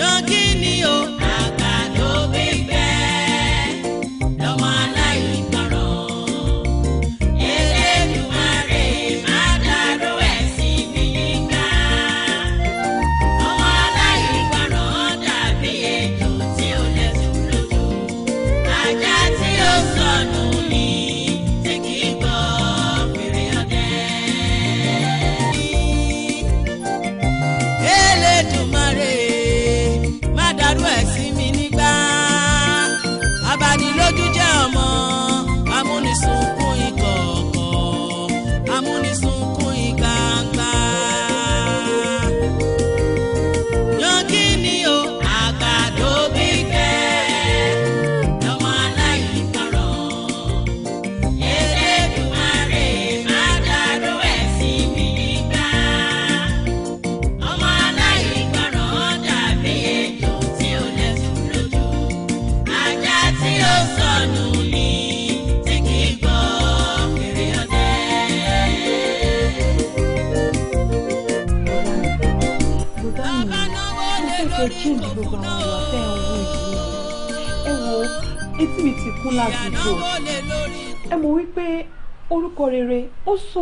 yọ̀ǹkì.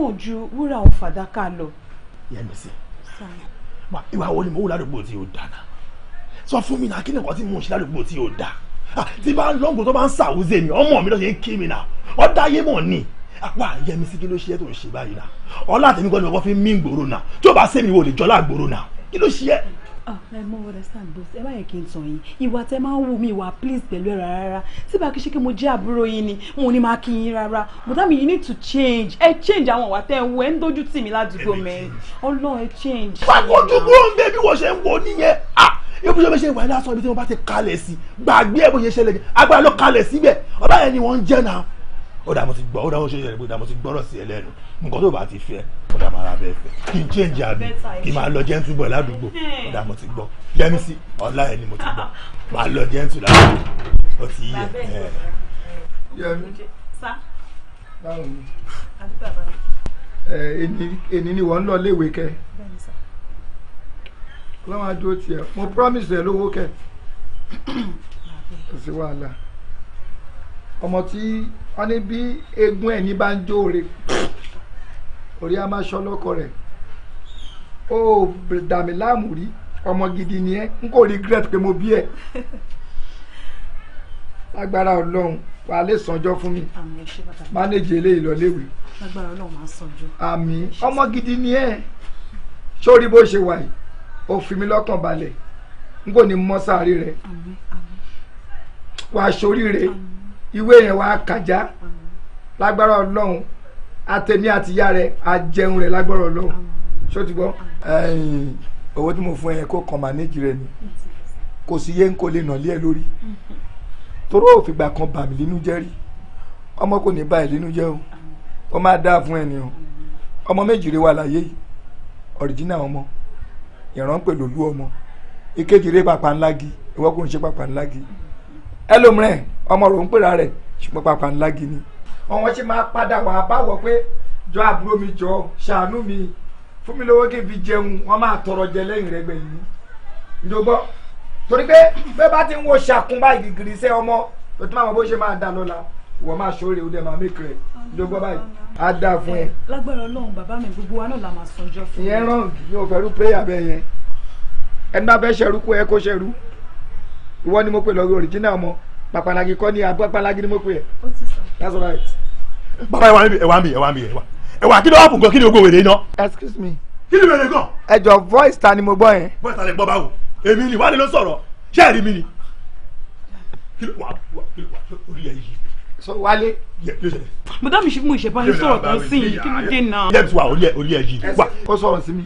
wọn ju wúrà o fàdákà lọ. Yẹ́misí ìwà wo ni mo wù ládùúgbò tí yóò dáná sọ fún mi náà kí ni nǹkan tí mo ń ṣe ládùúgbò tí o dá tí bá ń lọ́ngbò tó bá ń ṣàwùzẹ̀ mi ọmọ mi lọ́sẹ̀ ń kí mi náà ọ̀dà ayé mọ̀ ni wà Yẹ́misí kí ló ṣe é tó ń ṣe báyìí náà ọlá àtẹnugọ́ ni wọ́n fi ń mí gbòòrò náà tí ò bá sẹ́mi wò lè jọ́lá gbòòrò náà kí ló ṣe é. Ah, ẹ mọ understand bó ẹ bá yẹ kí n tàn yín ìwà tẹ máa ń wù mí ìwà please pẹ̀lú ẹ rárá tí bá kí ṣe kí mo jẹ́ àbúrò yín ni mo ní máa kí yín rárá but that means you need to change ẹ change àwọn ìwà tẹ ń wù ẹ ń dojú tì mí ládùúgbò mẹ́rin ọlọ́run ẹ change. pàkó ju kúrò ń bẹ bí wọ́n ṣe ń wọ nìyẹn ah ebi ṣe ṣe ìwà ẹ̀ lásán ibi tí wọ́n bá ti kalẹ̀ sí gbàgbé ẹ̀ bó ṣe ṣẹlẹ̀ agbára ló kalẹ̀ síbẹ̀ ọba yẹn ni wọ́n ń jẹ́ náà ó dà mo ti gbọ́ ó dà mo ṣe yẹrẹ pé ó dà mo ti gbọ́rọ̀ sí ẹ lẹ́nu nǹkan tó bá ti fẹ́ ó dà màrà bẹ́ẹ̀ fẹ́ kí n change àbí kí n máa lọ jẹ́ntù bọ̀ ládùúgbò ó dà mo ti gbọ́ yẹmi sí ọ̀la ẹ̀ ni mo ti gbọ́ máa lọ jẹ́ntù ládùúgbò ó ti yẹ. ẹni ni wọ́n ń lọ léwe kẹ́ lọ́wọ́n adó tiẹ̀ mo promise ẹ lówó kẹ́ kò sí wàhálà ọmọ tí wọ́n ní bí egun ẹ̀ ní bá ń jó re orí a máa ṣọ́ lọ́kọ rẹ̀ ó dàmí láàmú rí ọmọ gidi ni ẹ́ n kò regret pé mo bí ẹ̀ lágbára ọlọ́run wàá lè sanjọ́ fún mi mánéjì eléyìí lọ léwe lágbára ọlọ́run máa sanjọ́ àmì ọmọ gidi ni ẹ́ sórí bó ṣe wà yìí ó fi mí lọ́kàn balẹ̀ n kò ní mọ́ sáré rẹ̀ wàá ṣoríire. Àmín ìwé yẹn wàá kàjá lágbára ọlọ́run àtẹ̀mí àtìyá rẹ̀ àjẹun rẹ̀ lágbára ọlọ́run ṣó ti gbọ́. owó tí mo fún ẹ kó kàn mànéjì rẹ ni kò sí yé ń kó lè nà lé ẹ lórí toró òfìgbà kan bà mí nínú jẹ́ rí ọmọ kò ní bá ẹ nínú jẹ́ o ó máa dáa fún ẹni o ọmọ méjì rẹ wà láyé ọ̀ríjínà ọmọ ìran olú ọmọ ìkejì rẹ pàpà ńlági ìwọ́kùnrin ṣe pàpà ńlági. Mm ẹlòmíràn ọmọ rò ń pèrà rẹ̀ ṣùgbọ́n pàpà ńlá gini. ọ̀wọ́n ṣe máa padà wà báwọ̀ pé jọ àbúrò mi jọ ṣàánú mi fún mi lówó kí n fi jẹun wọ́n máa tọrọ jẹ lẹ́yìn rẹ̀ gbẹ̀yìn ìjọgbọ́ torí pé bẹ́ẹ̀ bá ti ń wo ṣàkún báyìí gígìrì iṣẹ́ ọmọ tó ti máa mọ bó ṣe máa dà lọ́la wọ́n máa ṣoore ó dẹ̀ máa mí kiri ìjọgbọ́ báyìí á dà fún ẹ. lágbára Ọlọ́run bàbá mi gbogbo wa náà la máa sanjọ́ fún mi. ìyẹn rán mi ò fẹ́ rú prayer bẹ́ẹ̀ yẹn ìwọ ni mo pè lọ́rọ̀ original mọ́ pàpàlàgì kọ́ ni àpàpàlàgì ni mo pè ẹ́ that's right. bàbá ẹwà mi ẹwà mi ẹwà mi ẹwà ẹwà kí ló wà fún gan kí ni ogun wèrè iná. excuse me. kí ni wèrè gan. ẹjọ voice ta ni mo gbọ́ yẹn. voice ta lè gbọ́ báwo èmi ni wàá lè lọ sọ̀rọ̀ ṣé ẹ̀rí mi ni. kí ló wà kí ló wà orí ẹ̀ yìí. sọ wálé. bùdá mi mú ìṣèpá yín sọ̀rọ̀ kan sí kí ló dé náà. ilé ti wà orí ẹ̀ yìí. kó sọ̀rọ̀ sí mi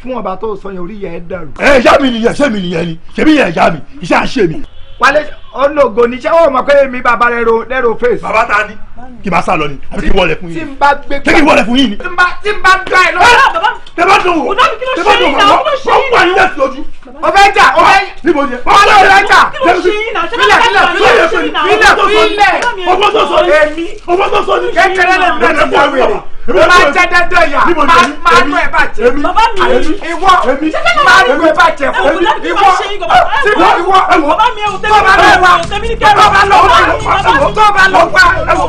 fún ọba tó sọ yẹn orí yẹn ẹ dàrú. ẹ ṣá mi nìyẹn ṣé mi nìyẹn ni ṣèbí yẹn ṣá mi iṣẹ́ àṣẹ mi. wálé ológo níṣẹ́ ó pé mi bàbá rẹ̀ ro lẹ́rọ fèsì. bàbá ta ni kí n bá sá lọ ni àbí kí n wọlé fún yín. tí n bá gbé gbà tí n wọlé fún yín ni. tí n bá tí n bá gbà ẹ lọ́wọ́. tẹ bá dùn wò tẹ bá dùn wò ah, wọ́n wà nílẹ̀ sí lójú. o fẹ́ jà o fẹ́. níbo jẹ wọ́n lọ rẹ jà. filẹ̀ filẹ̀ filẹ̀ filẹ̀ filẹ̀ ọgbọ́ tó ni èmi ọgbọ́ tó sọ ni. kékeré lè mi láti fọ wẹ̀rẹ̀. o máa jẹ dandan yà máa nù ẹ bàjẹ́. bàbá mi ìwọ máa nù ẹ bàjẹ́ fún ìwọ ìwọ ìwọ. bàbá mi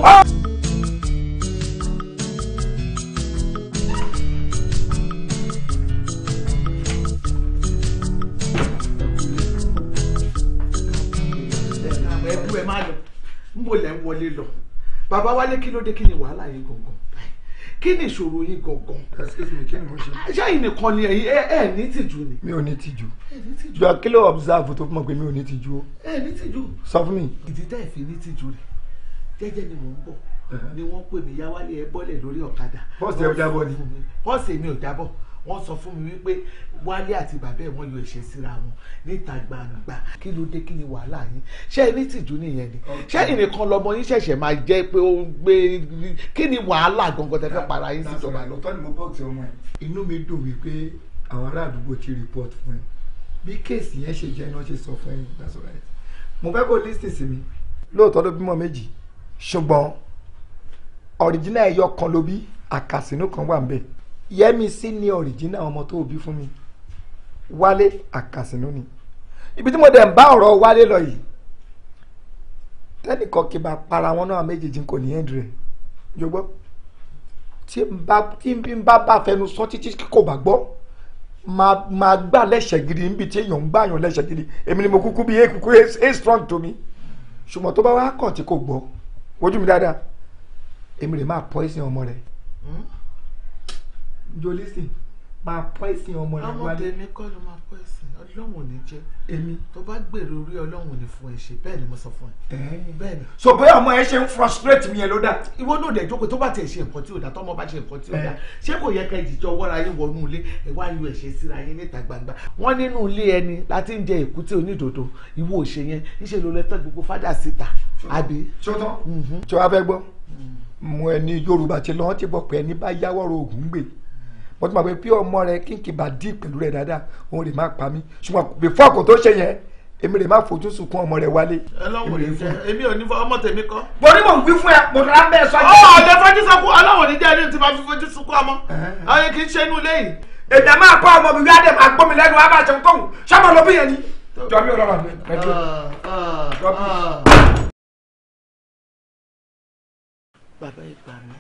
ẹ̀ wọlé lọ bàbá wálé kí ló dé kí ni wàhálà yín gangan kí ni ìṣòro yín gangan. excuse me kí ni mo ṣe. ṣé ẹ̀yin nìkan ni ẹ̀yin ẹ ní tìjú ni. mi ò ní tìjú jọ kí ló observe tó fún mi pé mi ò ní tìjú o. ẹ ní tìjú. sọ fún mi. ìdí tá ẹ fi ní tìjú rẹ jẹ́jẹ́ ni mò ń bọ̀ uh-huh. ni wọ́n pè mí yáwálé ẹ bọ́lẹ̀ lórí ọ̀kadà bọ́ọ̀sì ẹ̀ jábọ̀ ni bọ́ọ̀sì mi ò jábọ̀ wọ́n sọ fún mi wípé wálé àti bàbá ẹ̀ wọ́n yọ ẹ̀ṣẹ̀ síra wọn níta gbangba kí ló dé kí ni wàhálà yín ṣé ẹni tìjú nìyẹn ni ṣé ìnìkan lọmọ yín ṣẹ̀ṣẹ̀ máa jẹ́ pé ó ń gbé kí ni wàhálà gangan tẹ́ para yín síjọba lọ. tọ́ni mo bọ́ọ̀sì ọmọ ẹ̀ inú mi dùn mí pé àwọn ará àdúgbò ti rìpọ́t fún ẹ bí kéèsì yẹn ṣe jẹ́ iná ṣe sọ fún ẹ mo fẹ́ kó lísìsì mi lóòótọ́ ló bímọ méjì ṣùgbọ́n ọ̀ríjínà ẹ̀yọ kan ló bí àkàsínú kan wà nbẹ yẹmísí ni ọ̀ríjínà ọmọ tó bí fún mi wálé àkàsínú ni ibi tí mo dẹ̀ ń bá ọ̀rọ̀ wálé lọ yìí tẹ́nìkan kì bá para wọn náà méjèèjì kò ní ẹ̀ndì rẹ̀ yọgbọ́ tí n bá tí n bá bá fẹnu sọ títí kò bá gbọ́ máa gbà lẹ́sẹ̀ gidi níbi tí èèyàn ń gbà yàn lẹ́sẹ̀ gidi èmi ni mo kúkú bí èkúkú a strong to me ṣùgbọ́n tó bá wá kàn tí kò gbọ́ wojú mi dáadáa èmi rè máa poison ọmọ rẹ hmm? jolisi máa poison ọmọ rẹ wálé ọmọ tèmi kọ́ ló máa poison ọlọ́run ní jẹ́ èmi tó bá gbèrò orí ọlọ́run ní fún ẹ ṣe bẹ́ẹ̀ ni mo sọ fún ẹ. bẹ́ẹ̀ ni. so bóyá ọmọ ẹ ṣe ń frustrate mi yẹn ló dà. ìwọ náà dẹ̀ jókòó tó bá tiẹ̀ ṣe nǹkan tí ò dá tọ́mọ bá ṣe nǹkan tí ò dá ṣé kò yẹ ká ìjìjọ wọ́ra yín wọnú ilé ẹ wá yọ ẹ̀ṣẹ̀ síra yín níta gbangba. wọ́n nínú ilé ẹni láti ń jẹ èkúté onídòdó ìwọ òṣè yẹn níṣẹ́ ló lẹ tán gbogbo mo ti mọ̀ pé pí ọmọ rẹ kí n kì bá dì pẹ̀lú rẹ dáadáa òun lè má pa mí ṣùgbọ́n before àkó tó ṣe yẹn èmi lè má fojú sunkún ọmọ rẹ wálé. ọlọ́wọ́ ní jẹ́ èmi ò ní fọ ọmọ tèmi kọ́. mo ní mò ń wí fún ẹ mo rà bẹ́ẹ̀ sọ́jà. ọ ọ̀dẹ fojú sunkún ọlọ́wọ́ ní jẹ́ ẹni tí máa fi fojú sunkún ọmọ. ọyẹ kì í ṣe inú ilé yìí. èdè máa kọ́ ọmọ mi wíwádẹ́ máa gbọ́ mi lẹ́nu wá máa ṣe kóhùn sábà ló bí yẹn ni. jọ̀bí ọlọ́rọ̀ mi pẹ̀lú. bàbá ìgbà mi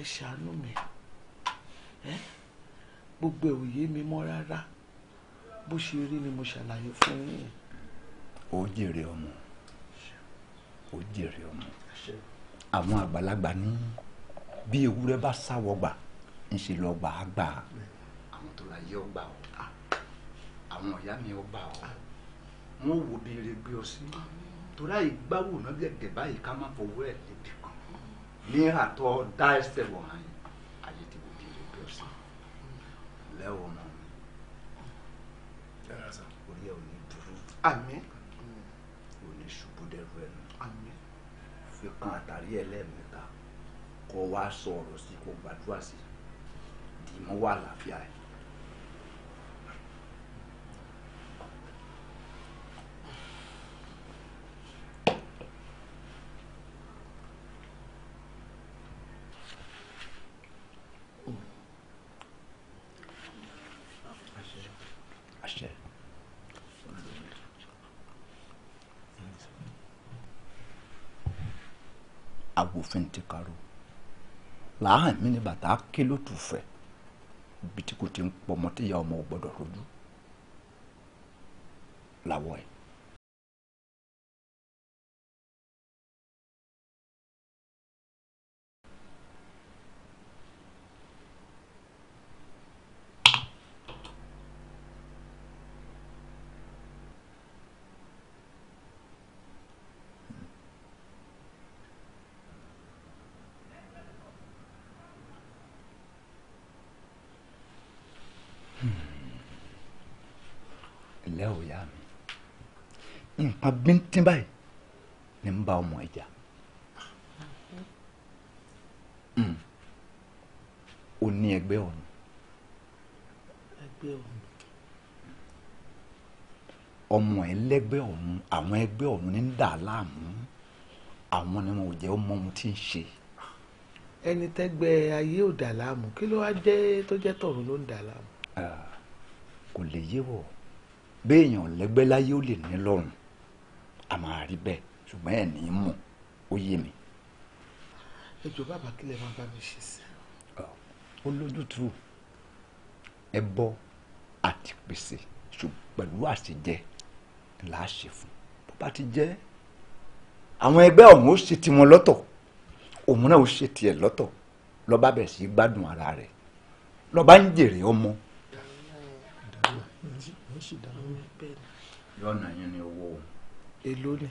ẹ ṣàánú mi gbogbo ẹ̀ ò yé mi mọ́ rárá bó ṣe rí ni mo ṣàlàyé fún yín. ó jèrè ọmọ ó jèrè ọmọ àwọn àgbàlagbà ní bí ewúrẹ́ bá sáwọ́ gbà ńṣe lọ gbà á gbà àwọn tó la yẹ ọ ọ àwọn ọ̀yá mi ọ ọ wọn wo bí ire gbé ọ sí torí àyè gbárùn náà gẹ̀gẹ̀ báyìí ká má fọwọ́ ẹ̀ lébi kan ní àtọ́ dá ẹsẹ̀ wọ̀nyí. pẹ̀lẹ́ o mi orí ẹ ò ní dúró ò ní ṣubú dẹrù ẹnu àmín fi àtàrí ẹ lẹ́ẹ̀mẹ́ta kó sọ ọ̀rọ̀ sí kó gbàdúrà sí dì mọ́ wà láfíà ẹ̀. agbófin ti karo làáhàn mi ni bàtà ké lótú fẹ ibi tí kò ti ń pọmọ tíyà ọmọ ò rojú làwọ̀ ẹ̀. ọmọ ẹlẹgbẹ́ ọ̀hún àwọn ẹgbẹ́ ọ̀hún ní ń dà láàmú àwọn ni wọn ò jẹ́ ọmọ ohun tí ń ṣe. ẹni tẹ́gbẹ́ ayé ò dà láàmú kí ló wá jẹ́ tó jẹ́ tọ̀run ló ń dà láàmú. kò lè yé béèyàn lẹ́gbẹ́ láyé ó lè ní lọ́rùn a máa rí bẹ́ẹ̀ ṣùgbọ́n ẹ̀ ní í ó yé mi. ẹ jọ bàbá kílẹ̀ máa bá mi ṣe sí. ó lójútùú ẹbọ àti pèsè pẹ̀lú àṣejẹ La á ṣe fún bó bá ti jẹ́ àwọn ẹgbẹ́ ọ̀hún ó ṣe tiwọn lọ́tọ̀ òun náà ó ṣe tiẹ̀ lọ́tọ̀ lọ́ba bẹ̀ sí gbádùn ara rẹ̀ lọ́ba ń jèrè ọmọ. yọ̀nà yín ni owó èlò ni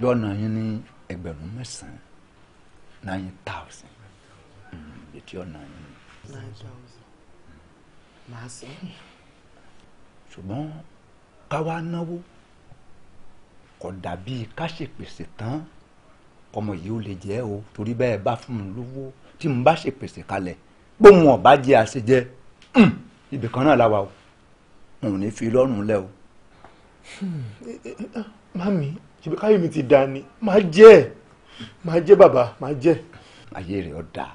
yọ̀nà yín ni ẹgbẹ̀rún mẹ́sàn-án nine thousand hmm, ètí ọ̀nà yín. nine thousand màá sọ. ṣùgbọ́n ká wá náwó kò dàbí ká ṣèpèsè tán ọmọ yìí ó lè jẹ́ o torí bẹ́ẹ̀ bá fún un lówó tí n bá ṣèpèsè kalẹ̀ gbóhùn ọ̀bá jẹ́ àṣejẹ hmm, ibì náà láwa o n ò ní fi lọ́rùn lẹ́ o. Hmm, mami ṣebí káyọ̀ mi ti da ni máa jẹ́ máa jẹ́ bàbá máa jẹ́. ayé rẹ̀ ọ̀ dáa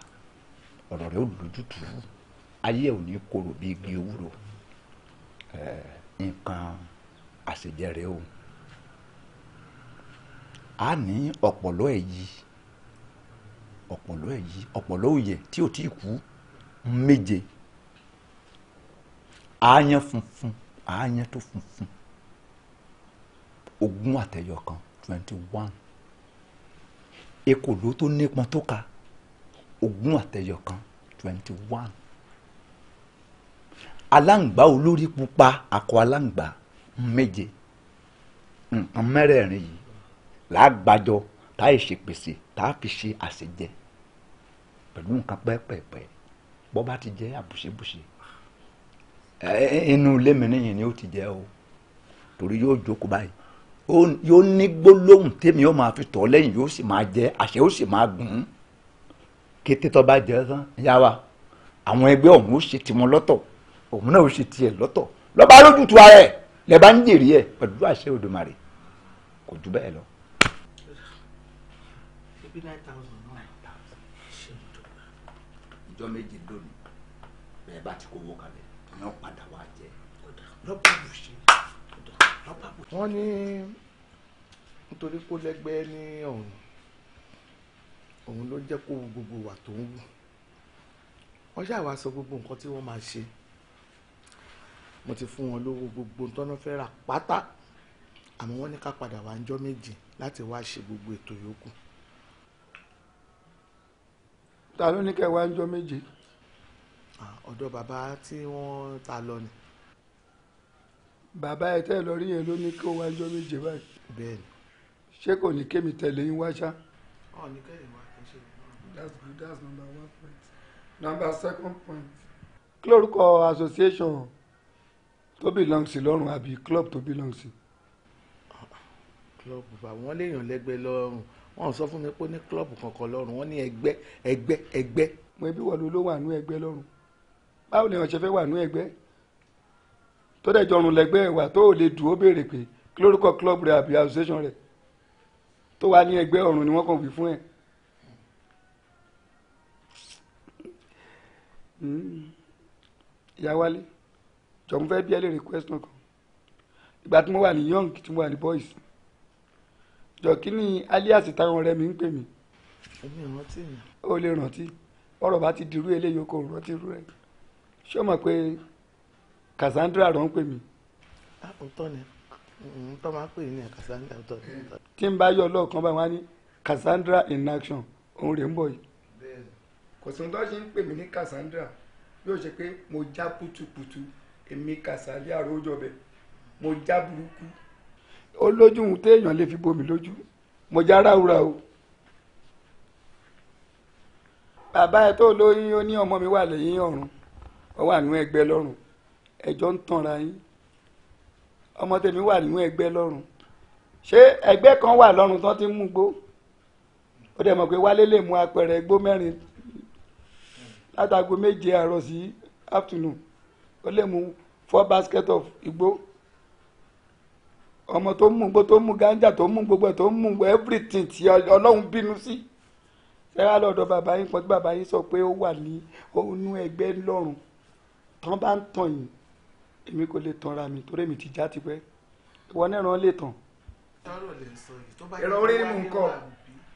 ọ̀rọ̀ rẹ̀ ó lójútùú ayé ò ní korò bí igi ewúro nǹkan àṣejẹrẹ o a ní ọ̀pọ̀lọ́ ẹ̀yí ọ̀pọ̀lọ́ ẹ̀yí ọ̀pọ̀lọ́ òye tí ò tí ì kú méje àáyán funfun àáyán tó funfun ogún àtẹyọ kan twenty one ekòló tó nípọn tó ka ogún àtẹyọ kan twenty one aláǹgbá olórí pupa akọ aláǹgbá méje nǹkan hmm, mẹ́rẹ̀ẹ̀rin yìí làágbàjọ tá a ṣèpèsè tá a fi ṣe àṣejẹ pẹ̀lú nǹkan pẹ́ẹ́pẹ́ẹ́pẹ́ bọ́ bá ti jẹ́ àbùṣebùṣe inú ilé mi nìyẹn ni ó ti jẹ́ o torí yóò jókòó báyìí yóò ní gbólóhùn tèmi yóò máa fi tọ̀ lẹ́yìn yóò sì máa jẹ àṣẹ yóò sì máa gùn ún kété tó bá jẹ tán yá wa àwọn ẹgbẹ́ ọ̀hún ó ṣe tiwọn lọ́tọ̀ òun náà ó ṣe tiẹ̀ lọ́tọ̀ lọ́ba lójútu ara ẹ̀ lẹ bá ń jèrè ẹ pẹ̀lú àṣẹ Olódùmarè kò jù bẹ́ẹ̀ lọ. ìjọ méjì lónìí bẹ́ẹ̀ bá ti kówó kalẹ̀ ìyàn padà wá jẹ wọ́n ní nítorí kó lẹ́gbẹ́ ní ọ̀hún òun ló jẹ́ kó gbogbo wa tó ń wù wọ́n ṣàwá sọ gbogbo nǹkan tí wọ́n máa ṣe mo ti fún wọn lówó gbogbo tọ́nà fẹ́ rà pátá àmọ́ wọ́n ní ká padà wá ńjọ́ méjì láti wá ṣe gbogbo ètò yòókù. ta ló ní kẹ́ wá ńjọ́ méjì. ọ̀dọ̀ bàbá tí wọ́n ta lọ ni. bàbá ẹ tẹ́ lọ rí yẹn ló ní kó wá ńjọ́ méjì báyìí. bẹ́ẹ̀ ni. ṣé kò ní kémi tẹ̀lé yín wá ṣá. ọ̀ ní kẹ́yìn wá kí n that's that's number one point. number second point. kí lórúkọ association tó belong sí lọ́rùn àbí club tó belong sí. club àwọn léèyàn lẹ́gbẹ́ lọ́rùn wọ́n sọ fún mi pé ní club kankan lọ́rùn wọ́n ní ẹgbẹ́ ẹgbẹ́ ẹgbẹ́. mo ibi wọ̀lú ló wà nú ẹgbẹ́ lọ́rùn báwo lèèyàn ṣe fẹ́ wà nú ẹgbẹ́ tó dẹ̀ jọrùn lẹ́gbẹ́ ẹ̀ wà tó ò lè dùn ó béèrè pé kí lórúkọ club rẹ àbí association rẹ tó wà ní ẹgbẹ́ ọ̀run ni wọ́n kàn wí fún ẹ̀. Hmm. ìyá wálé jọ mo fẹ́ bí ẹ lè rí question kan ìgbà tí mo wà ní young tí mo wà ní boys jọ kí ni alias táwọn ọ̀rẹ́ mi ń pè mí. èmi ò rántí mi. ó lè rántí ọ̀rọ̀ bá ti dirú eléyìí kò rántí rú rẹ̀ ṣé o mọ̀ pé Cassandra rán pè mí. àpótọ́ ah, ni mm, tó máa pè ní Cassandra tó ní. tí n bá yọ lọ́ọ̀kan báyìí wọ́n á ní Cassandra in action òun rèé ń bọ̀ yìí. kò sí ohun tó ṣe ń pè mí ní Cassandra yóò ṣe pé mo já putuputu èmi kàsálí àròjọbẹ mo já burúkú ó lójú ohun téèyàn lè fi bomi lójú mo já ráúra o bàbá ẹ tó lóyún ó ní ọmọ mi wà lẹ́yìn ọ̀run ó wà nínú ẹgbẹ́ lọ́rùn ẹjọ́ ń tanra yín ọmọ tèmi wà nínú ẹgbẹ́ lọ́rùn ṣé ẹgbẹ́ kan wà lọ́rùn tán ti ń mú gbó ó dẹ̀ mọ̀ pé wálé lè mú apẹ̀rẹ̀ gbó mẹ́rin látago méje àárọ̀ sí afternoon ó lè mú four basket of igbó ọmọ tó mú igbó tó mú ganja tó mú gbogbo ẹ̀ tó mú everything tí ọlọ́run bínú sí sẹ́wá lọ́dọ̀ bàbá yín pọ́n tí bàbá yín sọ pé ó wà ní inú ẹgbẹ́ lọ́rùn tán bá ń tàn yín èmi kò lè tàn mi torí èmi ti já tipẹ́ ìwọ náà ràn lè tàn. ìrọ̀ orí ni mò ń kọ́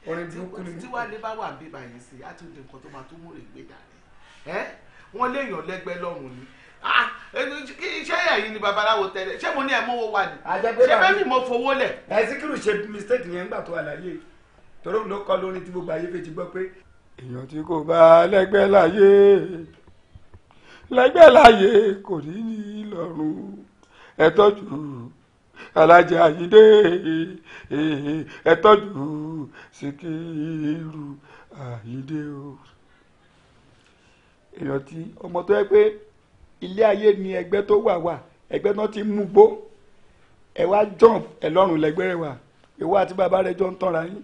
orin burúkú ni mò ń tí wàá ní bá wà bíbá yẹn sí i á tún di nǹkan tó máa tó múrè gbé dà rẹ̀ wọ́n léèyàn lẹ́gbẹ́ lọ́rùn ni Ah, ṣé ẹ̀yin ni babaláwo tẹ́lẹ̀ ṣé mo ní ẹ̀ mọ́wọ́ wà ní. ṣé bẹ́ẹ̀ ni mo fowó lẹ̀. ẹ̀sìkìrù ṣe mistake yẹn nígbà tó wà láyé torí ló kọ́ lórin tí gbogbo ayé fi ti gbọ́ pé. èèyàn tí kò bá lẹ́gbẹ́ láyé lẹ́gbẹ́ láyé kò ní í lọ́rùn ẹ tọ́jú alájà àyíndé ẹ tọ́jú Síkírù àyíndé o. èèyàn tí ọmọ tó yẹ pé ilé ayé ni ẹgbẹ́ tó wà wà ẹgbẹ́ náà ti mú gbó ẹ wá jọ̀n ẹ lọ́rùn lẹ́gbẹ́ rẹ wà ìwọ àti bàbá rẹ jọ ń tọ́ra yín.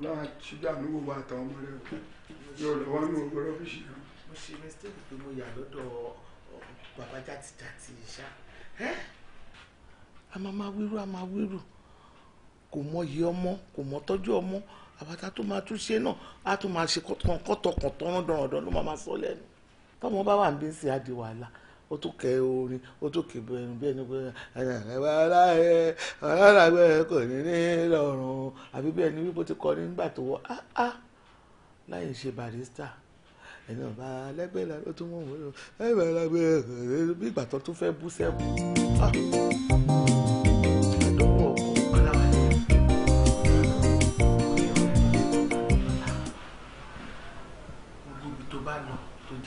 náà ṣúgà ní wa àtàwọn ọmọ rẹ o yóò lọ́wọ́ ní owó rọ́bìṣì náà. mo ṣe mistake pé mo yà lọ́dọ̀ bàbá jàtìjàtì ìṣá a máa máa wíru a máa wíru kò mọyì ọmọ kò mọ ọmọ àbátá tó máa tún ṣe náà á tún máa ṣe kọtọkọtọ kan dọrọdọ ló máa máa sọ lẹ́nu tọmọ bá wà ń bí sí adi wàhálà ó tún kẹ orin ó tún kẹ bẹ̀rù bí ẹni pé ẹ̀rọ aláàrẹ aláàrẹ kò ní ní lọ́rùn àbí bí ẹni wípé ó ti kọ nígbà tó wọ áá láyé ṣe barista ẹni ọba lẹgbẹ la ló tún mọ òun lọ ẹgbẹ la bí ìgbà tó tún fẹ́ bú sẹbù.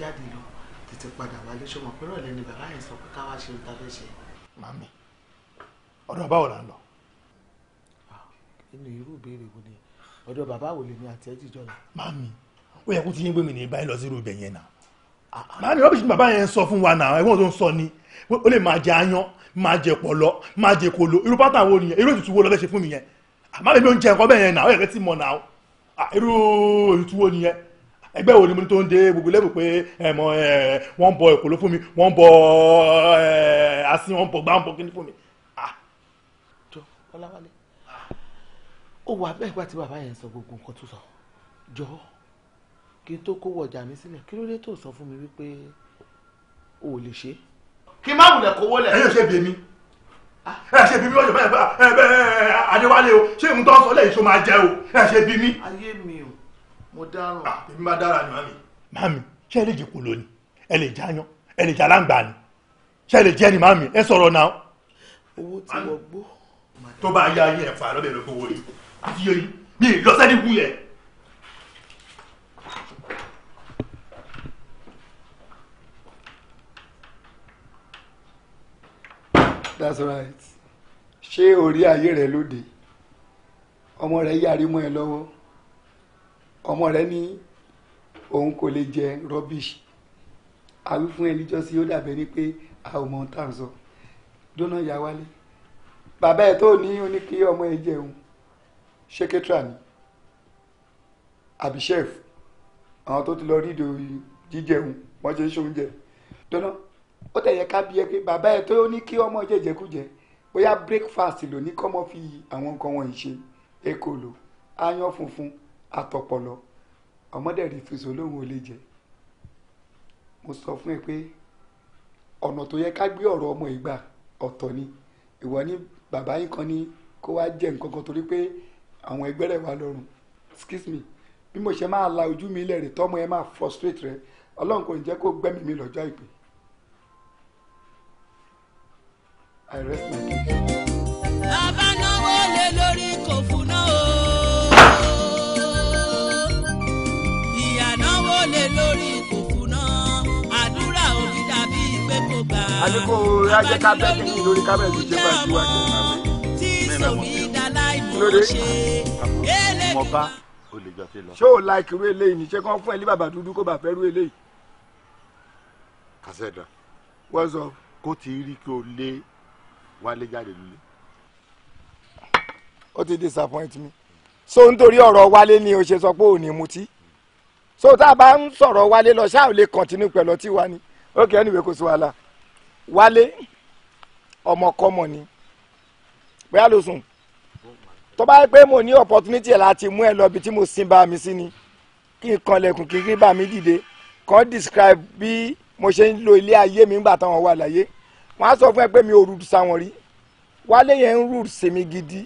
jáde lọ tètè padà wálé ṣé wọn pẹ́rọ̀ lẹ́ni bàbá yẹn sọ pé káwá ṣe ń ta fẹ́ ṣe. màmí ọ̀dọ̀ bàbá wo là ń lọ. inú irú ìbéèrè wo ni ọ̀dọ̀ bàbá wo lèmi àti ẹ̀ jíjọ lọ. màmí ó yẹ kó ti yín pé mi ní báyìí lọ sí irú ibẹ̀ yẹn náà. màmí rọ́bìṣì bàbá yẹn sọ fún wa náà ẹ̀wọ̀n tó ń sọ ni ó lè máa jẹ aáyán máa jẹ pọ̀lọ máa jẹ kolo irú pátá wo nìyẹn irú ètùtù wo lọ fẹ́ ṣe fún mi yẹn àmọ́ mi ló ń jẹ nǹkan bẹ́ẹ̀ yẹn náà ó yẹ kẹ́ ti mọ̀ náà irú ètùtù wo nìyẹn ẹgbẹ́ wo ni mo ní tó ń dé gbogbo lẹ́bù pé ẹ̀mọ ẹ̀ wọ́n ń bọ èkó fún mi wọ́n ń bọ ẹ̀ asin wọ́n ń bọ gbá ń bọ kíní fún mi. tó ọláwálé ó wà bẹ́ẹ̀ gbà tí bàbá yẹn sọ gbogbo nǹkan tó sọ jọ kí n tó kówó ọjà mi sílẹ̀ kí ló dé tó sọ fún mi wípé o ò lè ṣe. kí má wulẹ̀ kówó lẹ̀. ẹ yóò ṣe bí èmi ah. ẹ ṣe bí mi ọjọ́ bẹ́ẹ̀ bẹ́ẹ̀ Adéwálé o ṣé ìmúdọ́sọ lẹ́yìn tó mo dáràn. Ah, èmi máa dára ni màmí. màmí ṣé ẹ lè jẹ kòló ni ẹ lè jẹ ayan ẹ lè jẹ aláǹgbá ni ṣé ẹ lè jẹ ni màmí ẹ sọ̀rọ̀ náà. owó tí wọ́n gbó. tó bá yá ayé ẹ̀ fà lọ́bẹ̀ lọ́gbọ̀wọ́ yìí àti yẹ mi ì lọ sẹ́ni that's right ṣé orí ayé rẹ lóde ọmọ rẹ yàrí mọ́ ẹ lọ́wọ́ ọmọ rẹ ní òun kò lè jẹ rubbish àwí fún ẹni jọ́sí ó dàbẹ́ ni pé a ò mọ ohun tá à ń sọ dóná ya wálé bàbá ẹ tó ní oní ọmọ ẹ jẹun ṣékétrà ni àbí chef àwọn tó ti lọ rí ìdòwì jíjẹun wọ́n ṣe ń ṣoúnjẹ dóná ó tẹ̀yẹ ká bí ẹ pé bàbá ẹ tó ní kí ọmọ jẹjẹkújẹ bóyá breakfast ló ní kọ́mọ́ fi àwọn nǹkan wọ̀nyí ṣe ekòló aáyán funfun àtọpọlọ ọmọdé rìfìsì olóhùn ò lè jẹ mo sọ fún ẹ pé ọ̀nà tó yẹ ká gbé ọ̀rọ̀ ọmọ ìgbà ọ̀tọ̀ ni ìwọ ní bàbá yìí kan ní kó wá jẹ nǹkan kan torí pé àwọn ẹgbẹ́ rẹ̀ wà lọ́rùn excuse me bí mo ṣe máa la ojú mi lẹ́rìí tọ́mọ ẹ máa frustrate rẹ ọlọ́run kò ní jẹ́ kó gbẹ́mìí mi lọ́jọ́ àìpẹ́ I rest my case. bàbá náwó lé lórí kò fún. àní kò rájẹ́ kábẹ́ẹ̀tì yìí lórí kábẹ́ẹ̀tì jẹ́ bá ju wájú ọ̀nà mọba ṣé o like irú eléyìí ní ṣé kán fún ẹ ní bàbá dúdú kó bá fẹ́ irú eléyìí. kàṣẹ́dà. wọ́n kó ti rí kí o lé wálé jáde lulẹ̀. ó ti disappoint me. so nítorí ọ̀rọ̀ wálé ni o ṣe sọ pé ò ní mutí so tá a bá ń sọ̀rọ̀ wálé lọ ṣáà lè continue pẹ̀lú ọtí wa ni ok anyway kò sí wàhálà wálé ọmọkọ́mọ ni bóyá ló sùn tó bá yẹ pé mo ní opportunity ẹ̀ láti mú ẹ lọ ibi tí mo sin bá mi sí ni kí n kanlẹ̀kùn kí n kí bá mi dìde kàn describe bí mo ṣe ń lo ilé ayé mi nígbà táwọn wà láyé wọn á sọ fún ẹ pé mi ò rúdù sáwọn rí wálé yẹn ń rúdù sí mi gidi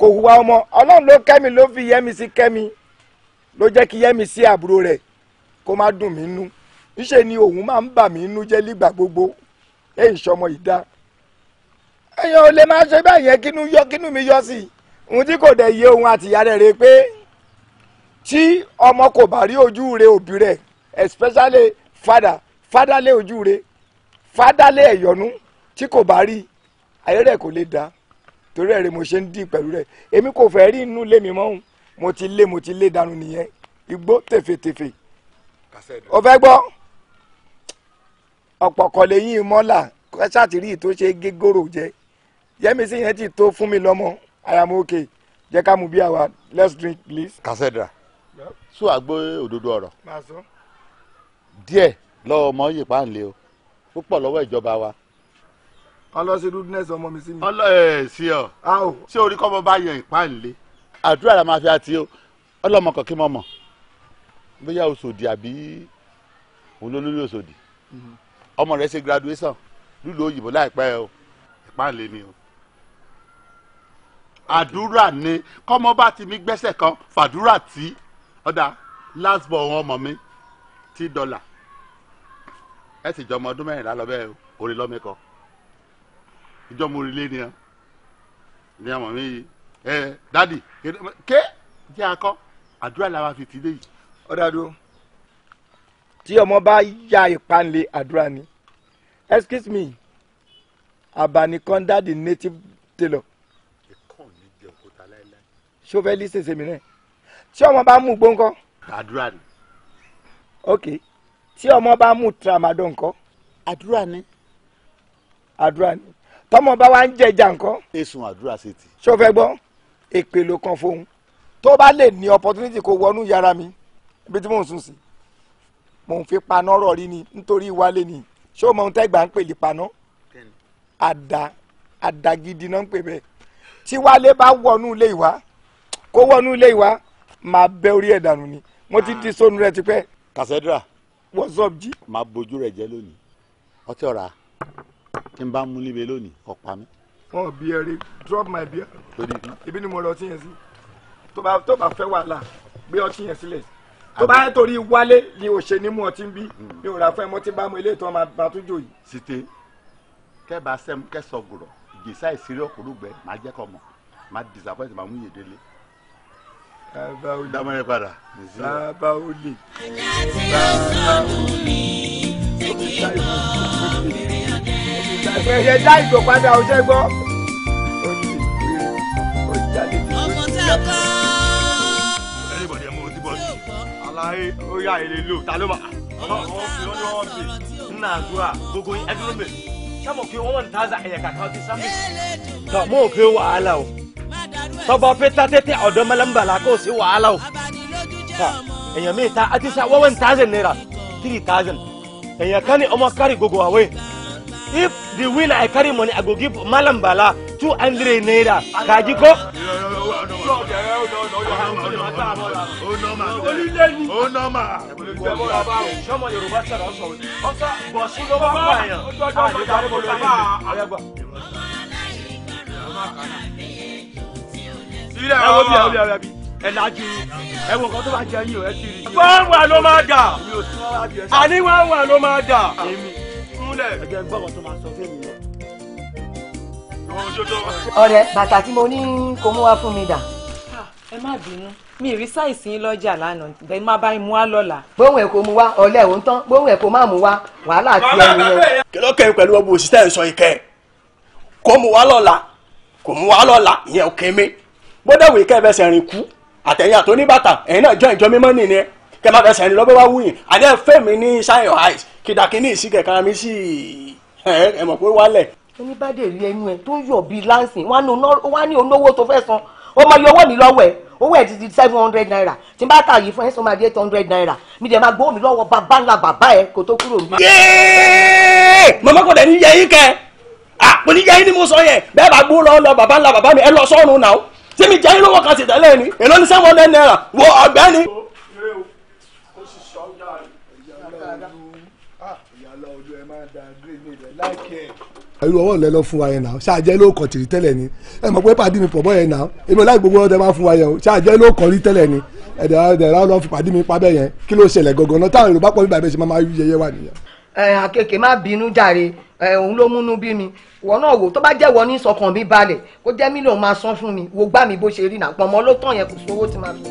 kò hùwà ọmọ ọlọ́run ló kẹ́mi ló fi yẹ́mi sí kẹ́mi ló jẹ́ kí yẹ́mi sí àbúrò rẹ̀ kó má dùn mí nú níṣẹ́ ni òun máa ń bà mí nú jẹ́ nígbà gbogbo èyí sọmọ ìdá èèyàn ò lè máa ṣe báyẹn kínú yọ kínú mi yọ sí i ohun tí kò dẹ̀ yé òun àti ìyá rẹ̀ rè pé tí ọmọ kò bá rí ojú rẹ òbí rẹ̀ especially father father lé ojú rẹ father lé ẹ̀yọ́nú tí kò bá rí ayé rẹ̀ kò lè dá torí ẹ̀rẹ̀ mo ṣe ń dì pẹ̀lú rẹ̀ èmi kò fẹ́ rí inú lé mi mọ́ mo ti lé mo ti lé dànù nìyẹn igbó tèfètèfè ó gbọ́ ọ̀pọ̀kọ̀lẹ̀ yín mọ́là ṣàtìrí tó ṣe gégóró jẹ yẹmísí yẹn ti tó fún mi lọ́mọ I am okay jẹ́ ká mu bí àwa let's drink please. kàṣẹ́dà sùn àgbo òdodo ọ̀rọ̀ díẹ̀ lọ́wọ́ ọmọ yìí pàǹlẹ̀ o púpọ̀ lọ́wọ́ ìjọba wa. ọlọ́sí rudness ọmọ mi sí mi. ọlọ ẹ sí ọ ṣé orí kọ́ mọ bá yan ìpàǹlẹ̀ àdúrà la máa fi àti o ọlọ́mọ kọ̀ọ̀kí mọ̀ mọ̀ bóyá Òṣòdì àbí olólórí Òṣòdì ọmọ rẹ ṣe graduation nílùú òyìnbó láìpẹ́ o ìpáǹlẹ̀ ni o àdúrà ni kọ́mọ bá ti mi gbẹ́sẹ̀ kan fàdúrà tí ọ̀dà last born ohun ọmọ mi tí dọ́là ẹ sì jọ ọmọ ọdún mẹ́rìnlá lọ bẹ́ẹ̀ orin lọ́mẹ́kọ ìjọ mo rí lé ni ọ ní ọmọ mi yìí ẹ dádì ké jẹ́ akọ́ àdúrà làwọn fi ti dé yìí. ọ̀dà dúró tí ọmọ bá ya ìpáǹlẹ̀ àdúrà ni excuse me abanikanda the native tailor. ẹ̀kọ́ mi jẹ òkúta láéláé. sọfẹ́lì ṣèṣe mi náà tí ọmọ bá mú gbóńkọ́. àdúrà ni. ok tí ọmọ bá mú tramadol ńkọ́. àdúrà ni. àdúrà ni tọmọ bá wa ń jẹjà ńkọ́. èsùn àdúrà ṣe ti. sọfẹ́ gbọ́ èpè ló kan fóun tó bá lè ní opportunity kó wọnú yàrá mi ibi tí mò ń sùn sí mò ń fi paná ọ̀rọ̀ ni nítorí wálé ni ṣé o mọ ohun tẹ́gbà ń pè lè paná àdá àdá gidi náà ń pè bẹ́ẹ̀ tí wálé bá wọnú ilé ìwá kó wọnú ilé ìwá máa bẹ orí ẹ̀ dànù ni mo ti di sónú rẹ tipẹ́. kàṣẹ́dúrà what's up jí. máa bójú rẹ̀ jẹ́ lónìí ọtí ọ̀ra kí n bá mú níbẹ̀ lónìí ọ̀pá mi. wọn ò bí ẹrí drop my beer ibi ni mo lọ ọtí yẹn sí tó bá fẹ́ wàhálà gbé ọtí yẹn sílẹ̀ tó bá yẹ torí wálé ni ò ṣe ní ọtí ń bí mi ò rà fún ẹ mo ti bá mu ilé ìtàn máa tún jò yìí. site kẹba sẹmu kẹsọ gùrọ ìgbésà ìṣeré ọkùnrin máa jẹ kọ mọ máa disappoint máa mú yè délé. dámọ̀ yẹn padà. bàbá olè. ajá tí ó sọ̀rọ̀ mi tí kì í gbọ́ obìnrin ọ̀dẹ́. ìgbàgbẹ́rẹ́ dá ìgò padà ọ̀ṣẹ́ gbọ́. ọmọ tá a kọ́. láyé ó yá ilé lò ta ló máa ọmọ ọmọ fi lọ́dún wọn fi nínú àdúrà gbogbo yín ẹdúró mi sábà pé wọn ta za ẹ̀yà kàkà ọtí sábà. tọ́ mo pe wàhálà o tọ́ba pé tatẹ́tẹ́ ọ̀dọ́ mẹ́lẹ́mbàlá kò sí wàhálà o. èèyàn mi ta àti sá wọ́n one thousand naira three thousand èèyàn kan ní ọmọ kárì gbogbo àwẹ̀ if the winner i carry money i go give Malambala bala two hundred naira kaji ko. ẹ wo bí ẹ wo bí tó bá jẹ yín o ẹ ti rí. wọ́n wà ló máa dà àní wọ́n wà ló máa dà múlẹ̀. ẹ jẹ́ gbọ́kàn tó máa sọ fún mi lọ. ọ̀rẹ́ bàtà tí mo ní kó mú wá fún mi dà. Ah, ẹ má bínú mi rí sáìsì yín lọ́jà lánàá bẹ́ẹ̀ má bá mú wá lọ́la. gbóhùn ẹ̀ kò mú wá ọ̀lẹ́ ò ń tán gbóhùn ẹ̀ kò má mú wá wàhálà àti ẹ̀yìn rẹ̀. kí ló pẹ̀lú ọmọ òṣìṣẹ́ ìsọ ìkẹ́ kó mú wá lọ́la kò mú wá lọ́la ìyẹn ò kéme bó dẹ̀wò ìkẹ́ ẹ̀ rìn kú àtẹ̀yìn àtọ́níbàtà ẹ̀yìn náà jọ ìjọ mímọ́ nìyẹn kẹ́ máa fẹsẹ̀ rìn lọ́bẹ̀ wá wúyìn àdé fẹ́mi ní shine your eyes kìdàkínní ìsìkẹ̀ kan mi sì ẹ mọ̀ pé wálẹ̀. oníbàdè rí ẹnu ẹ tó ń yọ bíi lansing wá ní olówó tó fẹ́ san ó máa yọ mi lọ́wọ́ ẹ̀ owó ẹ̀ ti di seven hundred naira tí n bá tà yìí fún ẹ̀ sọ máa di eight hundred naira mi dẹ̀ máa gbowó mi lọ́wọ́ bàbá ńlá bàbá ẹ̀ kó tó kúrò níbí. màmá kò dẹ̀ ní yẹ yín kẹ́ àpò ní yẹ yín ni mo sọ yẹn bẹ́ẹ̀ bá gbó lọ́wọ́ lọ bàbá ńlá bàbá mi ẹ lọ sọ́run náà sẹ́mi jẹ́ yín lọ́wọ́ kan sì tẹ́lẹ̀ ni èlò ní seven hundred naira wo ọ̀gbẹ́ni. irú ọwọ́ ìlẹ́ lọ fún wa yẹn náà ṣáàjẹ́ ló kọ̀ tìrì tẹ́lẹ̀ ni ẹ mọ̀ pé pàdé mi pọ̀ bọ́ yẹn náà èmi láì gbogbo ọdẹ máa fún wa yẹn o ṣáàjẹ́ ló kọ̀ rí tẹ́lẹ̀ ni ẹ̀dẹ̀ ẹ̀dẹ̀ rà lọ́ fi pàdé mi pa bẹ́ẹ̀ yẹn kí ló ṣẹlẹ̀ gangan náà táwọn Yorùbá pọ̀ bíbá ẹ̀bẹ̀ ṣe máa yẹyẹ wà nìyẹn. ẹ àkekèé má bínú jàre òun ló múnú bí mi wọ náà wò tó bá jẹ́ wọ ní sọkàn mi balẹ̀ kó jẹ́ mílíọ̀nù máa san fún mi wo gbá mi bó ṣe rí nà pọ̀ ló tàn yẹn kò sówó ti máa fi.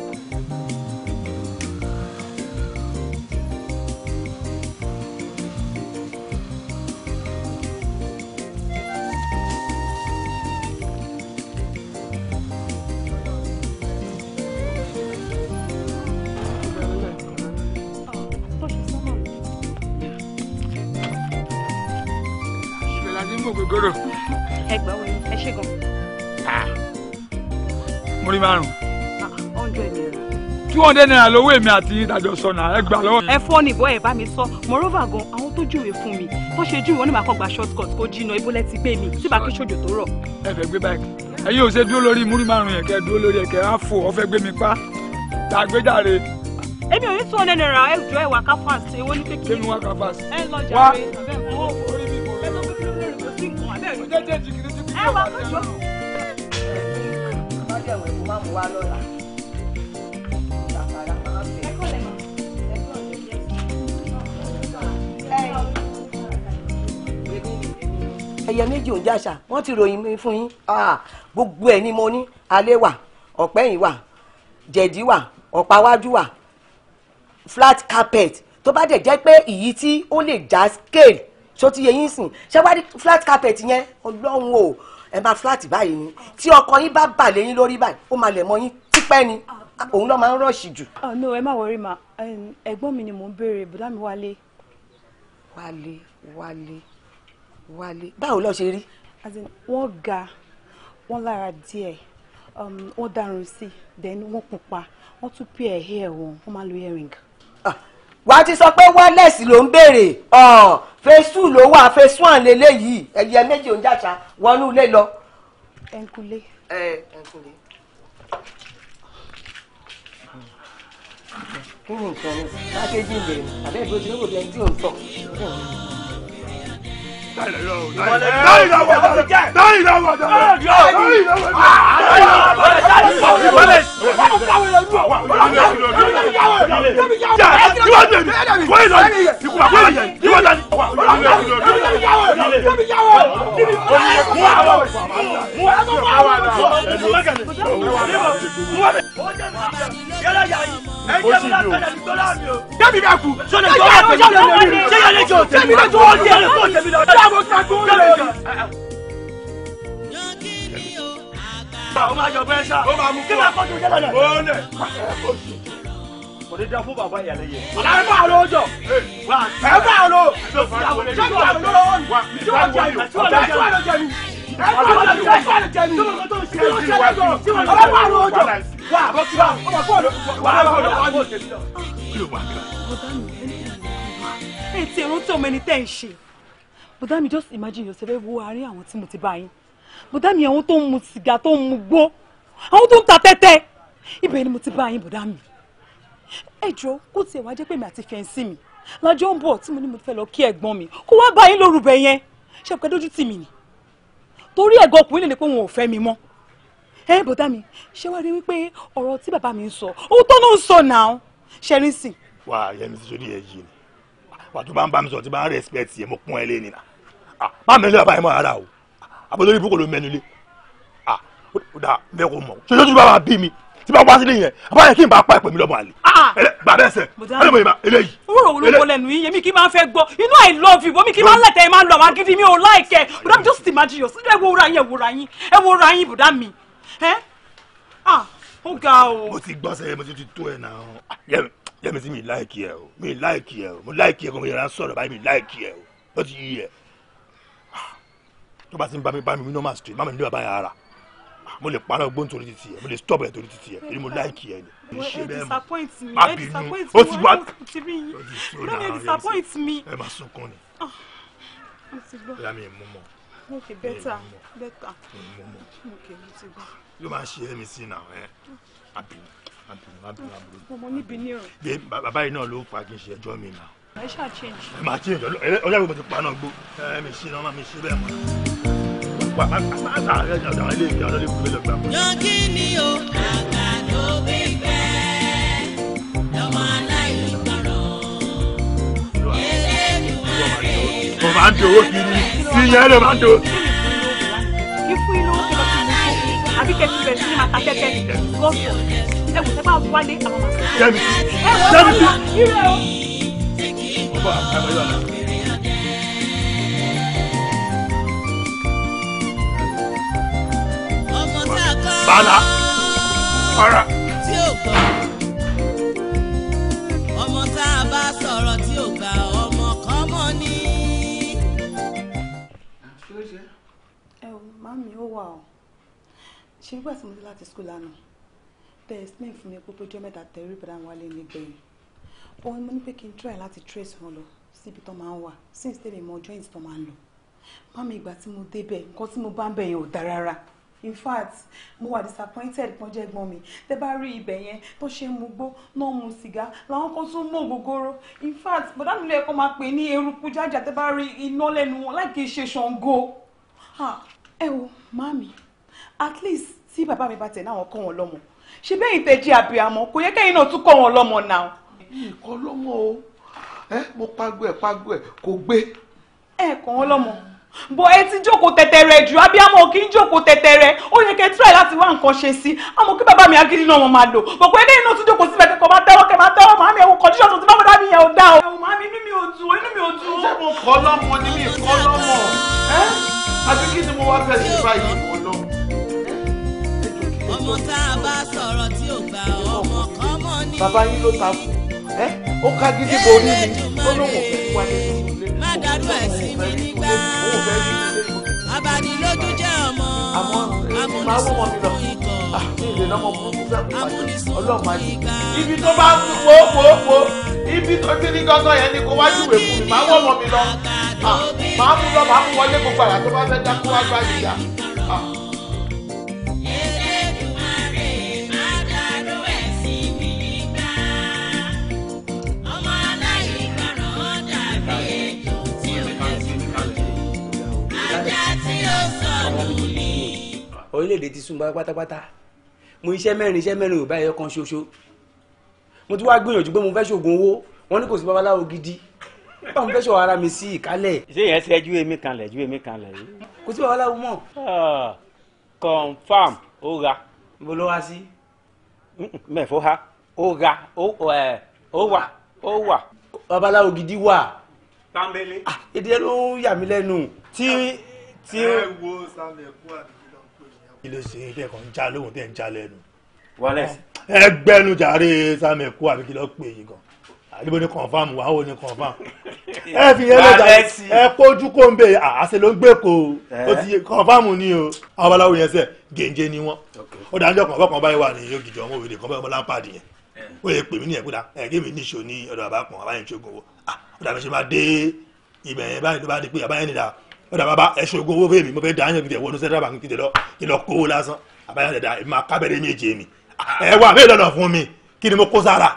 ògòrò. ẹgbẹ́ wo ni ẹ ṣe gan. mo rí márùn. hundred naira. two hundred naira lówó èmi àti ìdájọ́ sọ̀nà ẹ gbà lọ́wọ́. ẹ fọ́ nìbọn ẹ bá mi sọ moreover gan àwọn tó júwe fún mi tó ṣe júwe wọn ni màá kàn gba short cut kó jìnnà ibólẹ́ ti gbé mi tí bá kí sójò tó rọ̀. ẹ fẹ́ gbé báyìí ẹ̀yin ò ṣe dúró lórí múrí márùn yẹn kẹ́ dúró lórí ẹ̀ kẹ́ á fò ọ fẹ́ gbé mi pa tàgbéjáre èmi ò ní two hundred naira ẹ jọ ẹ wà ká fast èwo ní kékeré. kí ni wà ká fast. ẹ lọ jàre. wá jẹ́jẹ́ jìgìrì ti fi ṣe wà lẹ́nu. ọjọ́ ìwé kò má mú wa lọ́la. ẹyẹ méjì òun jàṣà wọn ti ròyìn mi fún yín gbogbo ẹ ni mo ní alẹ́ wà ọ̀pẹ́yìn wà jẹ̀dí wà ọ̀páwájú wà flat carpet tó bá dẹ̀ jẹ́ pé èyí tí ó lè já scale ṣó ti yẹ yín sìn ṣé wá rí flat carpet yẹn ọlọ́run o ẹ máa flat báyìí ni tí ọkọ yín bá bà lé yín lórí báyìí ó máa lẹ̀ mọ́ yín tipẹ́ ni òun ló máa ń rọ̀ṣì jù. Ah, no ẹ má wọrí ma ẹ̀gbọ́n mi ni mò ń béèrè bùdá mi wálé. wálé wálé wálé báwo ló ṣe rí. wọ́n ga wọ́n lára díẹ̀ um, wọ́n darun sí then wọ́n pupa wọ́n tún pí ẹ̀ hair wọn wọ́n máa lo earring. Ah, wà á ti sọ pé wireless ló ń béèrè phase two ló wà phase one lélẹ́yìí ẹ̀yẹ méjì òun jàṣà wọnú ilé lọ. ẹnkulé. ẹ ẹnkulé. kí ni nǹkan ní pákéjì ìbẹ̀rẹ̀ àbẹ́ẹ̀dúró tí ó wò lẹ́yìn tí ò ń tọ̀. Tẹ́mi bẹ́ẹ̀ kú. Sọ̀rọ̀ ìjọba àpèjọ́ lè lórí. Ṣé yẹn lè jọ tẹ̀mí lọ́jọ́? Tẹ̀mí lọ́jọ́ mo ṣàkó lè rí. ó máa a lọ jọ. ẹ bá a lọ. ṣé kí a lọ bùdá mi just imagine yourself ẹ wo àárín àwọn tí mo ti bá yín bùdá mi àwọn tó ń mu sìgá tó ń mu gbó àwọn tó ń ta tẹ́tẹ́ ibẹ̀ ni mo ti bá yín bùdá mi ẹ jọ kó tiẹ̀ wá jẹ́ pé mi àti fẹ́ǹsì mi lọ́jọ́ ń bọ̀ tí mo ní mo fẹ́ lọ kí ẹ̀gbọ́n mi kó wá bá yín lórúbẹ̀ yẹn ṣe pé dójú tì mí ni torí ẹ̀gọ́ ọkùnrin lè ní pé wọn ò fẹ́ mi mọ́ ẹ bùdá mi ṣé wàá rí wípé ọ̀rọ̀ tí bàbá mi ń sọ òun tó náà ń sọ náà ṣẹ́rin sìn. mi ti sọ ní ẹ ni wà tó bá ń bá mi sọ ti bá ń respect yẹn mo pọ́n ẹ lé nìyà Ah, má mẹ́lẹ́ bàbá yẹn mọ́ rárá o ah, àbọ̀lórí ibùkún ló mẹ́nu lé kódà ah, bẹ́ẹ̀ kò mọ̀ ṣoṣo tí bàbá bí mi tí bá wá sílé yẹn bàbá yẹn kí n bá pa ìpè mi lọ́mọ àlè. bàbá ẹsẹ̀ ẹlẹ́mọ̀ yìí ma eléyìí. wúrò wo ló wọlé nu yìí yẹmi kí n máa fẹ́ gbọ́ inú i love you bomi kí n máa lẹ̀tẹ̀ ẹ máa lọ àwọn agídí mi ò láìkẹ́ bùdá mi just imagine yourself ẹ wo ra yín ẹ wo ra yín ẹ wo ra yín bùdá mi ẹ ah ó ga o. mo ti gbọ́ sẹ́yìn mo ti ti tó ẹ̀ náà yẹmi sí mi láìkì ẹ o mi láìkì ẹ o mo láìkì ẹ kò mo yẹra sọ̀rọ̀ báyìí mi láìkì ẹ o ó ti yí ẹ tó bá ti ń bá mi bá mi normal street má ní bàbá yẹn ara mo lè parọ́ ọgbọ́n torí titi ẹ̀ mo lè stop ẹ̀ torí titi ẹ̀ èyí mo láìkì ẹ̀ ni. ẹ disappoint me ẹ disappoint me wọ́n ti rí yín no ẹ disappoint me. ẹ máa sunkún ni ìyá mú mọ́ okay better yóò máa ṣe ẹni sí náà ẹ abinu abinu abinu abinu. ọmọ níbi ní o. bàbá yìí náà ló pa kí n ṣe ẹjọ́ mi náà. ẹ ṣáà change. ẹ máa change ọjọ́ ìgbà tó pa náà gbó ẹ mi ṣe náà má mi ṣe bẹ́ẹ̀ mọ́ pa àgbà ilé ìgbà lórí ìgbà lọ́gbà. lọ́kì ni o àgbà tó bí bẹ́ẹ̀ lọ́mọ aláìgbọràn elédùnmarè bàbá. mo máa ń di owó kiri sí yẹn lè máa ń do. kíkú inú ó kẹlẹ fún mi fún àbí kẹsì bẹ̀rẹ̀ sí ni màá ta tẹ́tẹ́ gọ́ọ̀sọ̀ ẹ wò sẹ́gbà wálé àwọn màá. jẹ́mi jẹ́mi. ẹ wọ́n bá yà irú ẹ̀ o. bàálà. ọ̀rọ̀. tí ò gbọ́ ọmọ tá a bá sọ̀rọ̀ tí ò gbà ọmọ kan mọ́ ni. ẹ ò má mi ó wà o ṣe nígbà tí mo dé láti skul lánàá tẹ explain fún mi pé pé ọjọ́ mẹ́ta tẹ̀rí ìbára wọn lé nígbẹ̀yìn òun mo ní pé kí n try láti trace wọn lọ síbi tó máa ń wà since tẹ̀lé mọ ọjọ́ ìtàn máa ń lọ má mi ìgbà tí mo débẹ̀ nǹkan tí mo bá ń bẹ̀yẹn ò dáa rárá in fact mo wà disappointed pọ́n jẹ́ gbọ́n mi tẹ́ bá rí ibẹ̀ yẹn tó ṣe ń mugbó náà mu sìgá làwọn kan tún mú ògógóró in fact but mi ló yẹ kó máa pè ní eruku jájà tẹ́ bá rí iná lẹ́nu wọn láì kí n ṣe ṣàngó. ẹ wo màmí at least tí bàbá mi bá tẹ̀ náà wọ́n kọ́ wọn lọ́mọ ṣe bẹ́yìn tẹ́ jí abiyamọ kò yẹ kẹ́yìn náà tún kọ́ wọn lọ́mọ náà. ìkọ́ lọ́mọ o ẹ mo pagbo ẹ pagbo ẹ kò gbé. ẹ kọ́ wọn lọ́mọ. Mm bọ ẹ ti jókòó tẹtẹrẹ jù abiyamọ kì í jókòó tẹtẹrẹ ó yẹ kẹ tíráì láti wá nǹkan ṣe sí àmọ́ kí bàbá mi agídí náà wọn máa lò bọ̀pọ̀ ẹ lẹ́yìn náà tún jókòó síbẹ̀ kẹ́kọ̀ọ́ máa tẹ́wọ́ kẹ́ máa tẹ́wọ́ màámi ẹ̀wọ̀n kọ́ndíṣọ̀n tó ti bá bọ̀dá mi yẹn ò dá o. ẹ̀wọ̀n màámi inú mi ò dùn inú mi ò dùn. ṣé mo kọ́ lọ́mọ ní mi kọ́ lọ́mọ ẹ́ àbí kí ni mo wá fẹ́ sí báyìí ọmọ tá a bá sọ̀rọ̀ tí ò gbà ọmọ kọ́mọ ní. bàbá yín ló ta fún ẹ ó ká gidi borí mi ó lóun kò wá nínú má dàrú ẹ̀ sí mi nígbà abàdìlójú jẹ́ ọmọ amúnisùnkún ikọ̀ amúnisùnkún ìgbà. ibi tó bá ń wo wo ibi tó ti ní gángan yẹn ni kó wá júwèé fún mi máa wọ̀ mọ́ mi lọ ah, máa mú lọ máa mú wọlé gbogbo àrà tó bá fẹ́ dákú wá gbá yìí orílẹ̀-èdè ti súnmọ́ pátápátá mo iṣẹ́ mẹ́rin iṣẹ́ mẹ́rin yorùbá ẹ̀yọ kan ṣoṣo mo ti wá gbìyànjú pé mo fẹ́ ṣoògùn owó wọn ní kò sí babaláwo gidi báwo mo fẹ́ ṣọ ara mi sí ìkálẹ̀. ṣé yẹn ṣe ju èmi kan lẹ̀ ju èmi kan lẹ̀ yìí. kò sí babaláwo mọ̀. Ah, confam ó ra. mo lọ wá sí. mẹ́fọ́ ha ó ra ó wà ó wà. babaláwo gidi wà. tambele. Ah, èdè ló ń yà mí lẹ́nu tí tí ó. ẹ wo sálẹ̀ kú àdìgí lọ ṣe é tẹ̀ já lóhùn tẹ̀ ń já lẹ́nu. wálẹ̀sì. ẹ gbẹ́nu jàre sálẹ̀ kú àdìgí pé yìí gan àdìbò ní confam wà ó ní confam ẹ fi yẹn lọ́jà ẹ kójú kó ń bè àṣẹ ló ń gbé ko ó ti confam ni o àwọn babaláwo yẹn sẹ gèǹjẹ ni wọn ó dáńjọ kan fọkàn báyìí wà ní ògìjọ ọmọ òwìrì kan báyìí ọmọ láǹpàdì yẹn ó yẹ pèmí ní ẹ̀kúta ẹ̀gẹ́ mi níṣó ní ọ̀dọ̀ àbápọ̀n àbáyẹn ṣogun wo ó dàbí ṣe máa dé ibẹ̀ yẹn báyìí ló bá dé pé àbáyẹn nìdá ọ̀dà bàbá ẹ ṣògo owó bẹ́ẹ̀ mi mo fẹ́ da yàn kìtẹ̀ wọnú central bank kìtẹ̀ lọ kí lọ kó lásán àbáyọ dẹ̀dà ẹ̀ máa kábẹ̀rẹ̀ méje mi ah. ẹ wà mí lọ́nà fún mi kí ni mo kó sára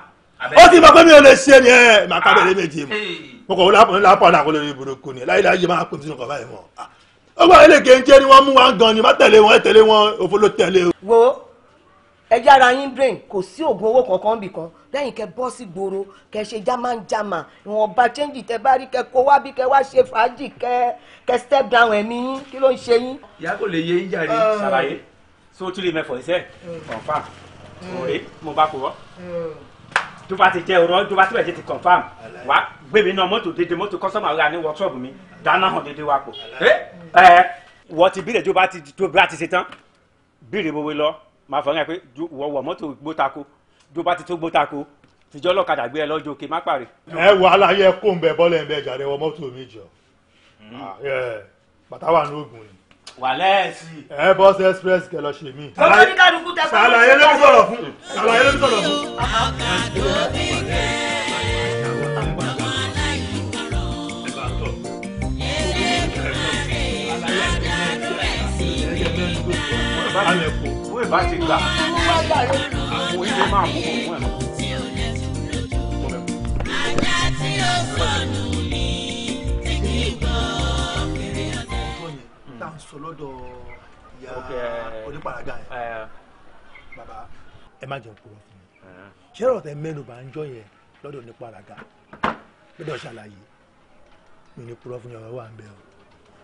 ó ti mọ pé mi ò lè ṣe ni ẹ máa ah. kábẹ̀rẹ̀ méje mi mo kọ̀ lápọ̀ lápọ̀ náà kó lórí ibùdókò ni láyéláyé máa pè sínú kọ̀ọ̀bá yẹn mọ́ ọgbà eléke ń jẹ́ ni wọ́n mú wa gan ni má tẹ̀lé wọn ẹ tẹ̀lé wọn òfolo tẹ̀lé. wo ẹ jára yín brain kò sí oògùn owó kankan bìkan lẹ́yìn kẹ bọ́ sí gbòòrò kẹ ṣe jámánjámà ìwọ̀nba chẹ́ńjì tẹ bá rí kẹ kó wá bí kẹ wá ṣe fàájì kẹ kẹ step down ẹ̀mí yín kí ló ń ṣe yín. ìyá kò lè yé yín jàre ṣàlàyé so tí lè mẹ́fọ̀ iṣẹ́ confam òré mo bá kó wọ́ tó bá ti jẹ́ ọ̀rọ̀ tó bá ti bẹ̀rẹ̀ ti confam wá gbé mi náà mọ́tò dédé mọ́tò kọ́sọ́mà rà ní wọ́tíṣọ́ọ̀bù mi dáná hàn dédé wa kò eh? wọ́n ti bílẹ̀ tó bá ti ṣe tán bílẹ̀ tó bá ti tó gbó tako tìjọ́ lọ́kadà gbé ẹ lọ́jọ́ òkè má pàrẹ̀. ẹ wọ aláyẹ kó ń bẹ bọ́lẹ̀ ń bẹ jàre wọ mọ́tò mi jọ hmm. ah, bàtà ní ogun ni. wàlẹ́ ẹ̀sì. ẹ bọ́s express kẹ lọ ṣe mí. ọmọ ní kálukú tẹ fún mi. ṣàlàyé ló ń sọ̀rọ̀ fún ṣàlàyé ló ń sọ̀rọ̀ fún. ọkàdó bí rẹ̀ bẹ́ẹ̀ bá ti gbà bá gbà yẹ mo ilé máa mú òun ẹ̀. ajá tí ó sọnù ni tí kì í gbọ́ kéré ọ̀tẹ̀. ọjọ́ yẹn tá à ń sọ lọ́dọ̀ ìyá onípàràgà yẹn bàbá ẹ má jẹun kúrò fún mi eh. ṣé ọ̀tẹ̀ mẹ́nu bá ń jọ yẹn lọ́dọ̀ onípàràgà lọ́dọ̀ ṣàlàyé mi ní kúrò fún yàrá wà ń bẹ̀ ọ́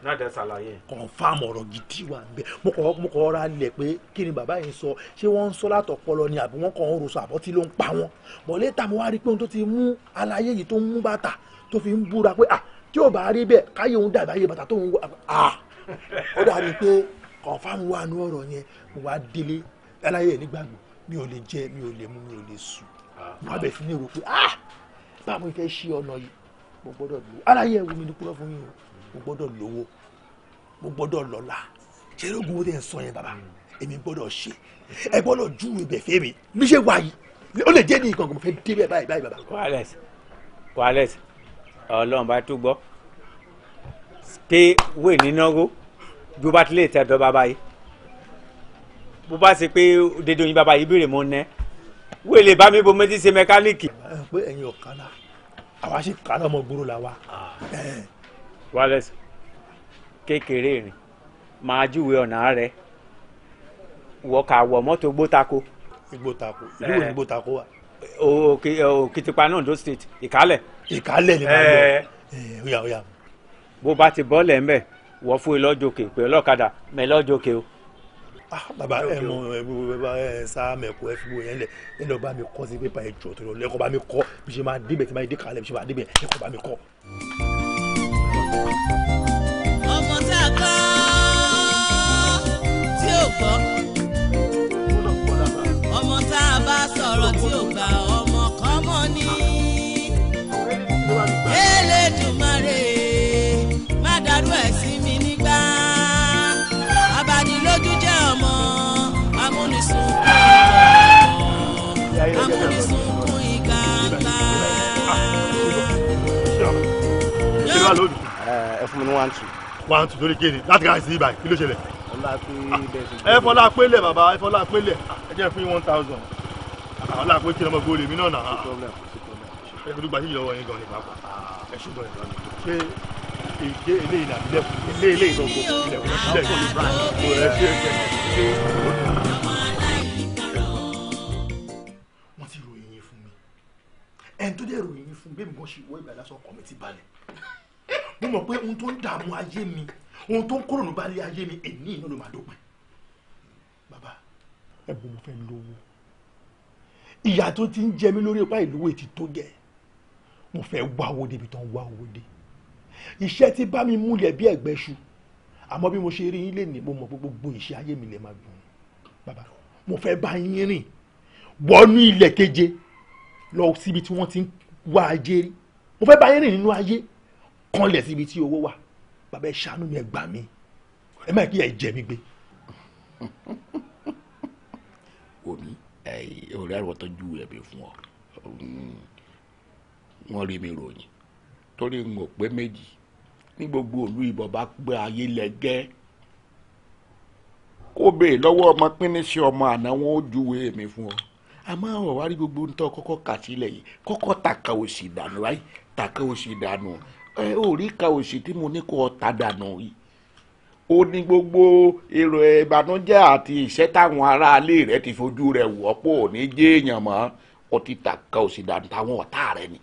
náà dẹ ṣàlàyé. confam ọ̀rọ̀ gidi wà ń bẹ mo kọ́ mo kọ́ ra lẹ̀ pé kí ni bàbá yìí sọ ṣé wọ́n ń sọ látọ̀ pọlọ ni àbí wọ́n kàn ń rosọ àbọ̀tí ló ń pa wọn bọ̀ létà mo wá rí i pé ohun tó ti mú aláyé yìí tó ń mú bàtà tó fi ń búra pé ah tí ò bá rí bẹ́ẹ̀ káyé òun dàbí ayé bàtà tó ń wá ah ó dàbí pé confam wà ní ọ̀rọ̀ yẹn mo wá délé aláyé yẹn nígbàgbọ́ mi ò lè jẹ mi ò lè mu mi ò lè sùn ah. mo abẹ fi ní èrò pé ah báwo ni fẹ́ ṣe ọ̀nà yìí mo gbọ́dọ̀ lò aláyé ẹ̀ wù mí ní kúrọ́ fún yín o mo gbọ́dọ̀ lówó mo gbọ́dọ̀ lọ́lá ṣe é lóògùn owó tẹ̀ ń sọ yẹn bàbá èmi gbọ́dọ̀ ṣe ẹ gbọ́dọ̀ ju ibẹ̀ fẹ́ mi bí ṣe wà yìí ó lè jẹ́ ní ìkànnì mo fẹ́ débẹ̀ báyìí báyìí bàbá. wàhálẹ̀sì wàhálẹ̀sì ọlọ́run bá tún gbọ́ pé wé nínáwó bí ó bá ti lè tẹ̀ dọ́ bàbá yìí bó bá ṣe pé dédé oyin bàbá yìí béèrè mọ́ nẹ́ wé lè bá mi bo méjì ṣe mẹkáníìkì. ẹ pé ẹ̀yin ọ̀kadà àwa ṣe kàdà ọmọ gbòòrò làwa. Ah. Wallace kékeré rìn máa júwe ọ̀nà rẹ̀ wọ kà wọ mọ́tò gbótako. gbótako ìlú wo eh. ni gbótako wà. òkìtìpá náà ló state ìkálẹ̀. ìkálẹ̀ ni màá lọ eh. Eh, bó bá ti bọ́ọ̀lẹ̀ ń bẹ̀ wọ́n fún ẹ lọ́jọ́kè pé ọlọ́kadà mẹ lọ́jọ́kè o. Ah, bàbá ẹ mọ ẹ bàbá ẹ sá mẹkọ ẹ fi wo yẹn lẹ ẹ lọ bá mi kọ sí pépà ẹ jọ tó lọ lẹkọọ bá mi kọ bí ṣe máa débẹ tí máa dé bí ṣe máa débẹ lẹkọọ bá mi kọ. gbọ́. ọmọ tá a bá sọ̀rọ̀ tí ò gbà ọmọ kọ́mọ ni. Elédùmarè má dàrú ẹ̀ sí mi nígbà. abanilójú jẹ́ ọmọ amúnisùnkún amúnisùnkún ìgbàgbà. ẹ fún mi ní one two. one two lórí kéde láti ká sí ibà kí ló ṣẹlẹ̀ ẹ fọlá pélé bàbá ẹ fọlá pélé ẹ jẹ́ fún yín one thousand àwọn aláàpẹ tí ọmọ gbòòlè mi náà nà ẹ kò dùgbà sí ìyọwọ gan ni pàápàá ah, ẹ ṣùgbọ́n ẹ lọ́nà ṣé èdè eléyìí nà ilé ilé ilé ìdógó ilé ilé ìdógó ẹ ṣe ṣe ṣe. wọ́n ti ròyìn yín fún mi ẹni tó dẹ̀ ròyìn yín fún mi bẹ́ẹ̀ mi ṣe wọ́ ìgbà lásán mi ti balẹ̀ mo mọ̀ pé ohun tó ń dààmú ayé mi ohun tó ń kúrò ní balẹ̀ ayé ni èmi iná ló máa dópin bàbá ẹ wo mo fẹ́ lówó ìyà tó ti ń jẹ mí lórí ipa ìlú ètí tó gẹ mo fẹ́ wá owó débi tó ń wá owó dé iṣẹ́ tí bá mi múlẹ̀ bí ẹ̀gbẹ́ ṣu àmọ́ bí mo ṣe rí yín lè ní mo mọ̀ pé gbogbo ìṣe ayé mi lè máa gbọ̀n bàbá mo fẹ́ bá yín rìn wọnú ilẹ̀ keje lọ síbi tí wọ́n ti ń wá ajé rí mo fẹ́ bá yín rìn nínú ayé kanlẹ̀ síbi tí owó wà bàbá ẹ ṣàánú mi ẹ gbà mí ẹ má kí ẹ jẹ mí gbé. omi ọ̀rẹ́ àrùn ọ̀tọ́jú rẹ̀ bí fún ọ wọ́n rí mi ròyìn torí n ò pé méjì ní gbogbo òlú ìbọn bá gbé ayé lẹ́gẹ́ kó bèè lọ́wọ́ ọmọ pínísí ọmọ àná wọn ó júwe mi fún ọ àmọ́ àwọn wárí gbogbo ń tọ́ kọ́kọ́ kà sílẹ̀ yìí kọ́kọ́ tàkà òsì dànù báyìí tàkà òsì dànù ẹ ò rí ka òsì tí mo ní kó o ta dànù yìí ó ní gbogbo èrò ìbànújẹ́ àti ìṣẹ́ táwọn aráalé rẹ ti fojú rẹ wò ó pò ní jéèyàn mọ́ ó ti ta ka òsì dànù táwọn ọ̀tá rẹ ni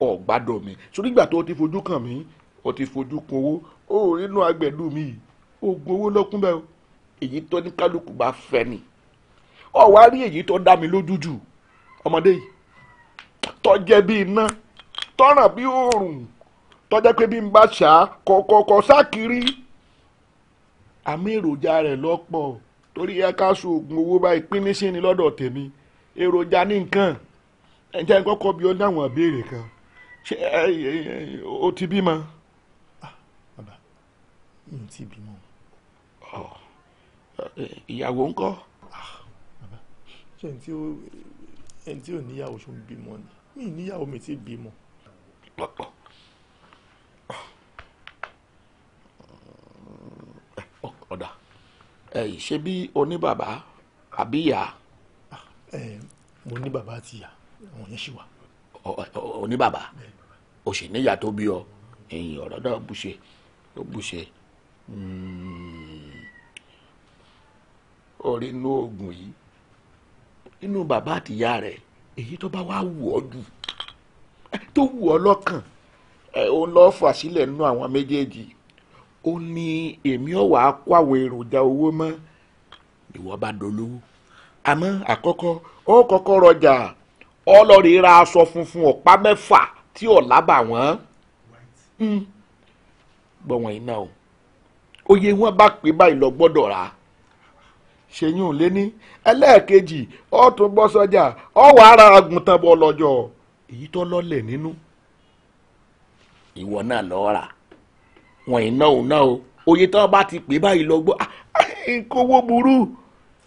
ó gbádùn mi sórí ìgbà tó o ti fojú kàn mí o ti fojú kun owó ó nínú agbẹ̀dù mi yìí ó gun owó lọ́kùn bẹ́ẹ̀ o èyí tó ní kálukú bá fẹ́ ni ó wá rí èyí tó dá mi lójú jù ọmọdé yìí tó jẹ́ iná tó ràn bí tọ́jẹ́ pé bí n bá ṣá kọ̀ọ̀kọ̀ọ̀kọ̀ sákiri àmì èròjà rẹ̀ lọ́pọ̀ torí ẹ̀ka ṣoògùn owó báyìí pínísí ni lọ́dọ̀ tèmi èròjà ní nǹkan ẹ̀jẹ̀ ń kọ́kọ́ bí ó dáwọn ìbéèrè kan ṣé o ti bímọ. Ah, bàbá mi ò tí ì bímọ. ìyàwó ńkọ́. Ah, bàbá ṣé ẹni tí ó ẹni tí ò níyàwó ṣó ń bímọ ni mi níyàwó mi ti bímọ. lọ́pọ̀ ọ̀dà ẹ̀yìn ṣé bí oníbàbá àbí ìyá. mo ní bàbá àti ìyá àwọn yẹn ṣì wà. oníbàbá o sì níyà tó bí ọ ẹ̀yìn ọ̀rọ̀ náà bùṣe ló bùṣe hmm. orí inú oògùn yìí inú bàbá àti ìyá rẹ èyí tó bá wá wù ọ jù tó wù ọ lọ́kàn ẹ lọ fà sílẹ̀ nínú àwọn méjèèjì ó ní èmi ò wá kó àwọn èròjà owó mọ́ ìwọ bá dolówó àmọ́ àkọ́kọ́ ó kọ́kọ́ rọjà ọ ọlọ́ọ̀rì ra aṣọ funfun ọ̀pá mẹ́fà tí ò lábà wọ́n hmm. gbọ́ wọn iná o oyè wọn bá pè báyìí lọ gbọ́dọ̀ rà á ṣèyí ò lé ní ẹlẹ́ẹ̀kejì ọ tún bọ́ sọ́jà ó wà á ra àgùntàn bọ́ lọ́jọ́ èyí tó lọ́lẹ̀ nínú ìwọ náà lọ́ọ́ rà wọn ìná ò ná o oye tí wọn bá ti pè báyìí lọ gbọ́ nkówó ah, ah, burú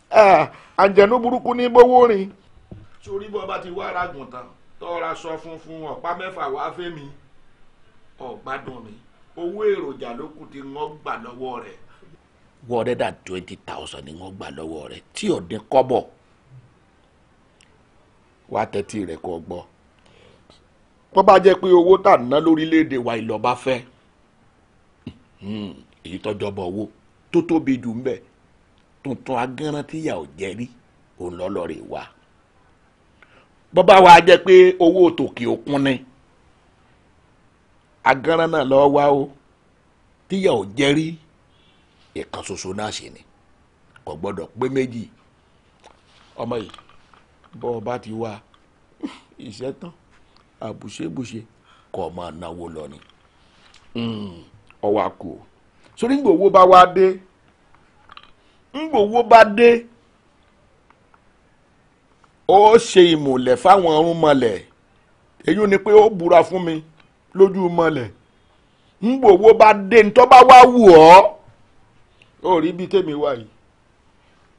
ah, àjẹnú burúkú ní bówó rìn. sórí bọ́ bá ti wá ara gùn tán tọ́ra sọ funfun ọ̀pá mẹ́fà wá fẹ́ mi ọ̀gbádùn mi owó èròjà ló kù tí wọ́n gbà lọ́wọ́ rẹ̀. one hundred twenty thousand ni wọ́n gbà lọ́wọ́ rẹ̀ tí ò dín kọ́bọ̀ wá tẹ́tí rẹ̀ kọ́ gbọ́. bó bá jẹ́ pé owó tà ná lórílẹ̀‐èdè wa ìlọ́ba fẹ́ Hmm, èyí tọjọbọ owó tó tóbi jù bẹ tuntun agánran tíyà jẹ rí òun lọlọ rè wá wa jẹ pé owó tòkè òkun ni agánran náà lọ wá o tíyà ò jẹ rí ìkan ṣoṣo náà sì ni kò gbọ́dọ̀ pé méjì ọmọ yìí ti wá iṣẹ́ tán àbùṣebùṣe kò máa náwó lọ hmm. ọwọ́ àkó sórí ngbò owó bá wá dé ngbò owó bá dé ó ṣe ìmọ̀lẹ̀ fáwọn ọ̀run mọ̀lẹ̀ èyí ni pé ó búra fún mi lójú mọ̀lẹ̀ ngbò owó bá dé ntọ́ bá wá wù ọ́ ó rí bí tèmi wà yìí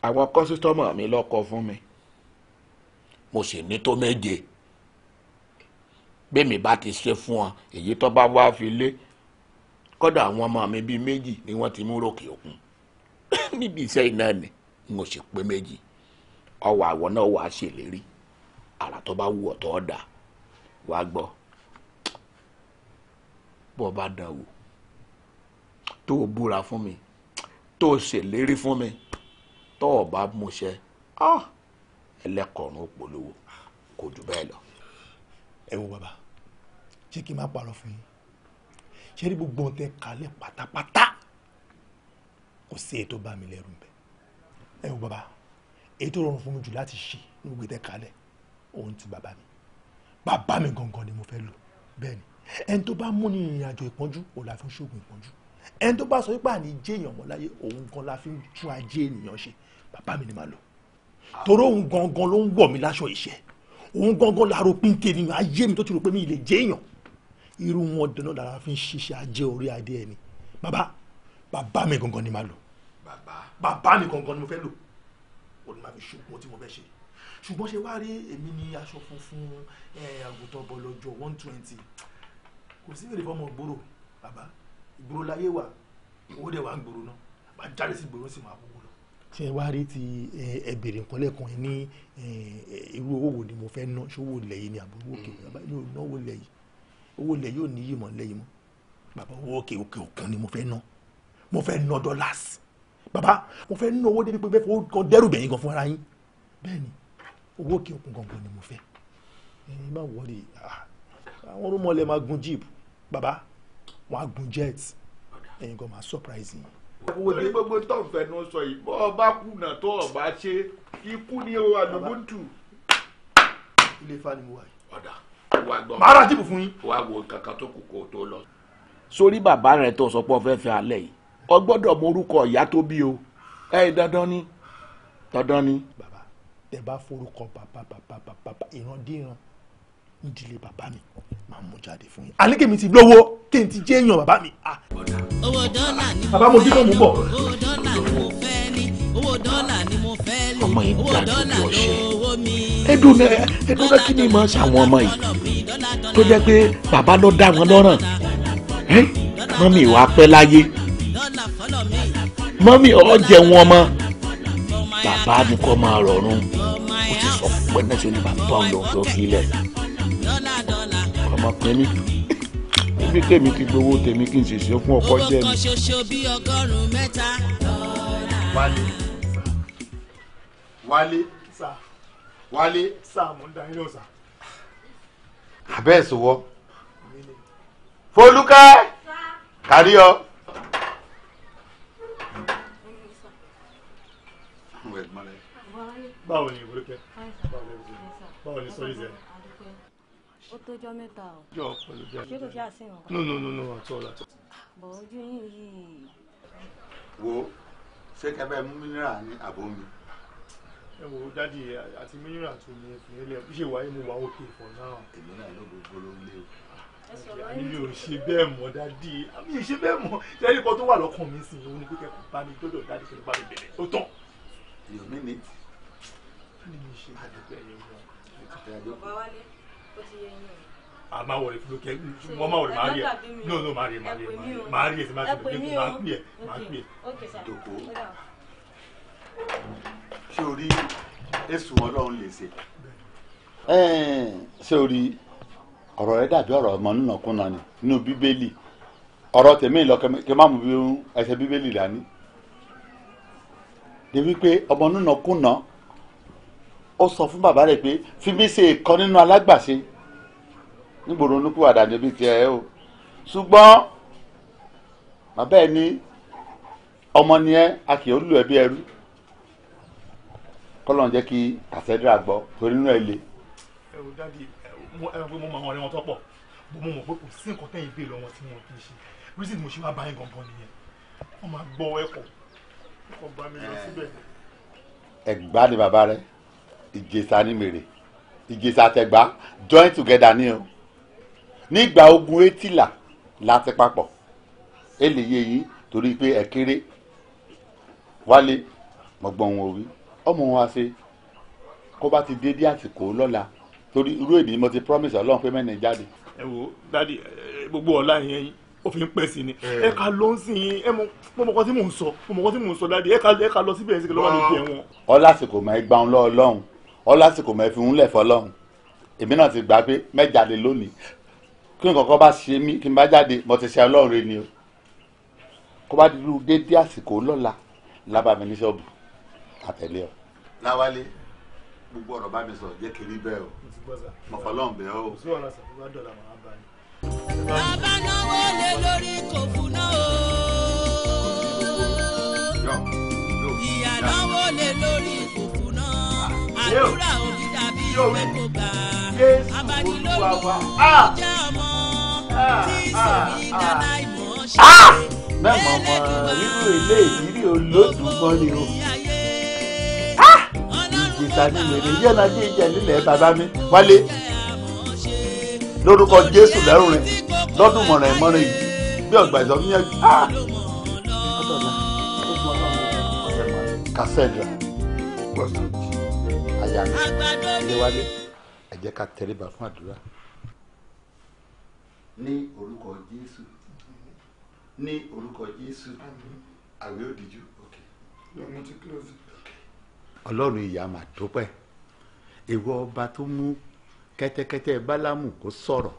àwọn kọ́sítọ́mọ̀ mi lọ́kọ fún mi mo sì ní tó méje bẹ́ẹ̀mi bá ti ṣe fún ọ èyí tó bá wá fi lé kọdọ àwọn ọmọ mi bíi méjì ni wọn ti mú rókè òkun níbi iṣẹ́ iná ni n ò sì pé méjì náà wàá ṣèlérí àrà tó bá wù ọ̀tọ̀ ọ̀dà wàá gbọ́ bó bá dàn wò tó o búra fún mi tó o ṣèlérí fún mi ah, ṣe rí gbogbo ohun tẹ kalẹ̀ pátápátá kò sí èyí tó bá mi lẹ́rù bẹ́ẹ̀ ẹ wo bàbá èyí tó rọrùn fún mi jù láti ṣe ní gbogbo tẹ kalẹ̀ ohun ti bàbá mi bàbá mi gangan ni mo fẹ́ lò bẹ́ẹ̀ ni ẹni tó bá mú ní ìrìn àjò ìpọ́njú òun la fi ń ṣoògùn ìpọ́njú ẹni tó bá sọ wípé àní jẹ́ èèyàn mọ́ láyé òun gan la fi ń tún ajé ènìyàn ṣe bàbá mi ni màá lò torí òun gangan ló ń wọ̀ mí láṣọ ìṣẹ́ òun gangan la ro pínké nínú ayé mi tó ti rò pé mi ì lè jẹ́ èèyàn irú wọn dáná dára fi ń ṣiṣẹ́ ajé orí adé ẹni bàbá bàbá mi gangan ni màá lò bàbá bàbá mi gangan ni mo fẹ́ lò ó ní màá fi ṣùgbọ́n tí mo fẹ́ ṣe ṣùgbọ́n ṣe wá rí èmi ní aṣọ funfun àgùntàn bọ̀lọ́jọ́ one twenty kò sí ìrèlè fọmọ gbòòrò bàbá ìgboro láyé wà owó dẹ̀ wà ń gbòòrò náà bá jáde sí gbòòrò sì máa wọ́wọ́ lọ. ṣé wàá rí ti ẹbèrè nǹkan lẹ́ẹ̀kan yìí ní irú owó wo ni mo fẹ́ ná ṣówó lẹ́yìn ni àbúrò òkè mm. mi ò náwó lẹ́yìn owó ilẹ̀ yóò níyì mọ́ lẹ́yìn mọ́ bàbá owó òkè òkè òkun ni mo fẹ́ ná mo fẹ́ ná dọ́làs bàbá mo fẹ́ ná owó débi pé bẹ́ẹ̀ fowó kan dẹ́rù bẹ̀yìn gan fún ara yín bẹ́ẹ̀ ni owó òkè òkun gangan ni mo fẹ́ ẹ̀yin má wọlé ah, àwọn orúmọlẹ̀ máa gun jeep bàbá wọn á gun jet ẹ̀yin gan máa surprise yín orí gbogbo tó ń fẹnu sọ yìí bọ́ ọ bá kùnà tó ọ bá ṣe ikú ni o àlùbùntù. ilé ifá ni mo wà yìí màá ra tíìpù fún yín. wàá wo kankan tó kù kó o tó lọ. sórí bàbá rẹ tó sọ pé ọfẹ́ fẹ́ alẹ́ yìí o gbọ́dọ̀ morúkọ ìyá tó bí o ẹ dandan ni dandan ni. bàbá tẹ bá forúkọ bàbá bàbá bàbá ìrandíran ìdílé bàbá mi máa mú jáde fún yín. àní kèmi ti lówó kí n ti jẹ́ èèyàn bàbá mi. Ah. owó dọ́là ni mo fẹ́ bàbá owó dọ́là ni mo fẹ́ ní owó dọ́là ni mo mi ẹdùnà ẹdùnà kí ni màá ṣàwọn ọmọ yìí tó jẹ́ pé bàbá ló dá wọn lọ́ràn mọ́mì wàá pẹ́ láyé mọ́mì ọ̀ jẹun ọmọ bàbá ni kò máa rọrùn ó ti sọ pé náà ṣe ni bàbá òun lòun tó fi lẹ̀ ọmọ pẹ́ẹ́mì bí tèmi ti gbowó tèmi kí n sì ṣe fún ọkọ jẹ mi. wálé wálé wálé. sáà mo ń da yín lọ sà. àbẹ́ẹ̀ sọ̀wọ́ folúkẹ́ kárí ọ. báwo ni folúkẹ́ báwo ni sọ́rí zẹ́. ó tójọ́ mẹ́ta o. jọ pẹ̀lú jẹ́ ṣé kò ṣe àṣeyàn kan. no no no no àtọ́ ọ̀la. bọ̀ yín yìí. wo ṣé kẹfẹ́ mú mineral ní àbọ̀ ẹ wo dádì àti mílíọ̀nù àtúnyẹ ìfìyẹ́lẹ̀ bí ṣe wáyé mo wà òkè for now. èmi náà ló gbogbo ló lé o mi ò ṣe bẹ́ẹ̀ mọ́ dádì mi ò ṣe bẹ́ẹ̀ mọ́ ṣẹ́rí kan tó wà lọ́kàn mi sì ni o ní pé kẹ́kọ̀ọ́ bá mi dọ́dọ̀ dádì kẹ́kọ̀ọ́ bá mi bẹ̀rẹ̀ ó tán. yóò mí mi. kí ni ṣe bá dùn yẹn mọ́. bàbá wálé ó ti yẹ yín o. a máa wọlé fún lókè wọn máa wọlé máa rí ẹ no no máa rí ẹ máa rí ẹ máa rí ẹ máa rí ẹ máa rí ẹ máa rí ẹ máa rí ẹ ṣé o rí èsù ọlọ́run lè ṣe. ṣé o rí ọ̀rọ̀ rẹ dàbí ọ̀rọ̀ ọmọ nínàkúnà ni nínú bíbélì ọ̀rọ̀ tèmi lọ kẹ má mú bí ẹsẹ̀ bíbélì dání. débi pé ọmọ nínàkúnà ó sọ fún bàbá rẹ pé fi mí ṣe ìkan nínú alágbàṣe nígboro onúkúwàdà níbi tiẹ̀ ẹ́ o ṣùgbọ́n bàbá ẹ ní ọmọ ni ẹ a kì í lù ẹ bí ẹrú kọ́lọ́n jẹ́ kí kàṣẹ́dìrà gbọ́ torí inú ẹ̀ le. ẹ o dáàdi mo ẹ pé mo mọ àwọn ọ̀rẹ́ wọn tó pọ̀ bó mo mọ̀ pé kò sí nǹkan tẹ́yìn béèrè wọn tí mo kì í ṣe reason mo ṣe wá báyìí gangan nìyẹn wọn máa gbọ́ ẹ̀kọ́ ẹ̀kọ́ bá mi lọ síbẹ̀. Ẹ̀gbá ni bàbá rẹ̀ Ìjẹ̀ṣà ni mèrè Ìjẹ̀ṣà àtẹ̀gbá join together ni o nígbà ogun etila láti papọ̀ eléyìí torí pé ẹ kéré wálé mọ̀gbọ́n wọn ò wí ọmọ wa ṣe kó bá ti dédé àsìkò lọ́la torí irú èdè mo ti promise ọlọ́run pé mẹ́rin jáde. ẹ wo dadi eh, gbogbo ọ̀la yẹn òfin pẹ̀ sí ni eh. ẹ ká lọ sí i ẹ mọ mọkàn tí mò ń sọ mọkàn tí mò ń sọ dadi ẹ ká lọ síbẹ̀ sí lọ́wọ́ lójú ẹ̀wọ̀n. ọlásìkò máa gbà ń lọ ọlọ́run ọlásìkò máa fi ń lẹ̀ fọlọ́run èmi náà ti gbà pé mẹ́jáde lónìí kí n kọ́kọ́ bá ṣe mí kí n bá jáde mo ti ṣe ọlọ́run rẹ ni o kó bá dirú dédé àsìkò lọ́la lábàmì ní àtẹ̀lé ọ. láwálé gbogbo ọ̀rọ̀ bá mi sọ̀rọ̀ jẹ́ kiri bẹ́ẹ̀ o mọ̀fọ́lọ́hún bẹ́ẹ̀ o. bàbá náwó lé lórí kò fúná o. ìyá náwó lé lórí kò fúná. Ah, àdúrà òbí tàbí ìwé kò gbà. abanilórúkọ ah! jẹ́ ọmọ ah, tí sèmi nana ìmọ̀ ṣe. mẹ́mọ̀ mọ irú ilé ìdílé olódùmọ̀ ni o. ìsàlẹ̀ ìrèrè yẹ́ la dé ìjẹ́ nílẹ̀ bàbá mi wálé lórúkọ jésù lẹ́rù rẹ̀ lọ́dún mọ̀ràn ìmọ̀ràn yìí bí ọ̀gbà ìsọ̀míyànjú àyà mi ìdíwálé ẹ jẹ́ ká tẹríba fún àdúrà. ní orúkọ jésù ní orúkọ jésù àwẹ̀ òdìjú. Okay. Yeah, ọlọ́run ìyá mà dúpẹ́ ìwọ ọba tó mú kẹ́tẹ́kẹ́tẹ́ bálámù kó sọ̀rọ̀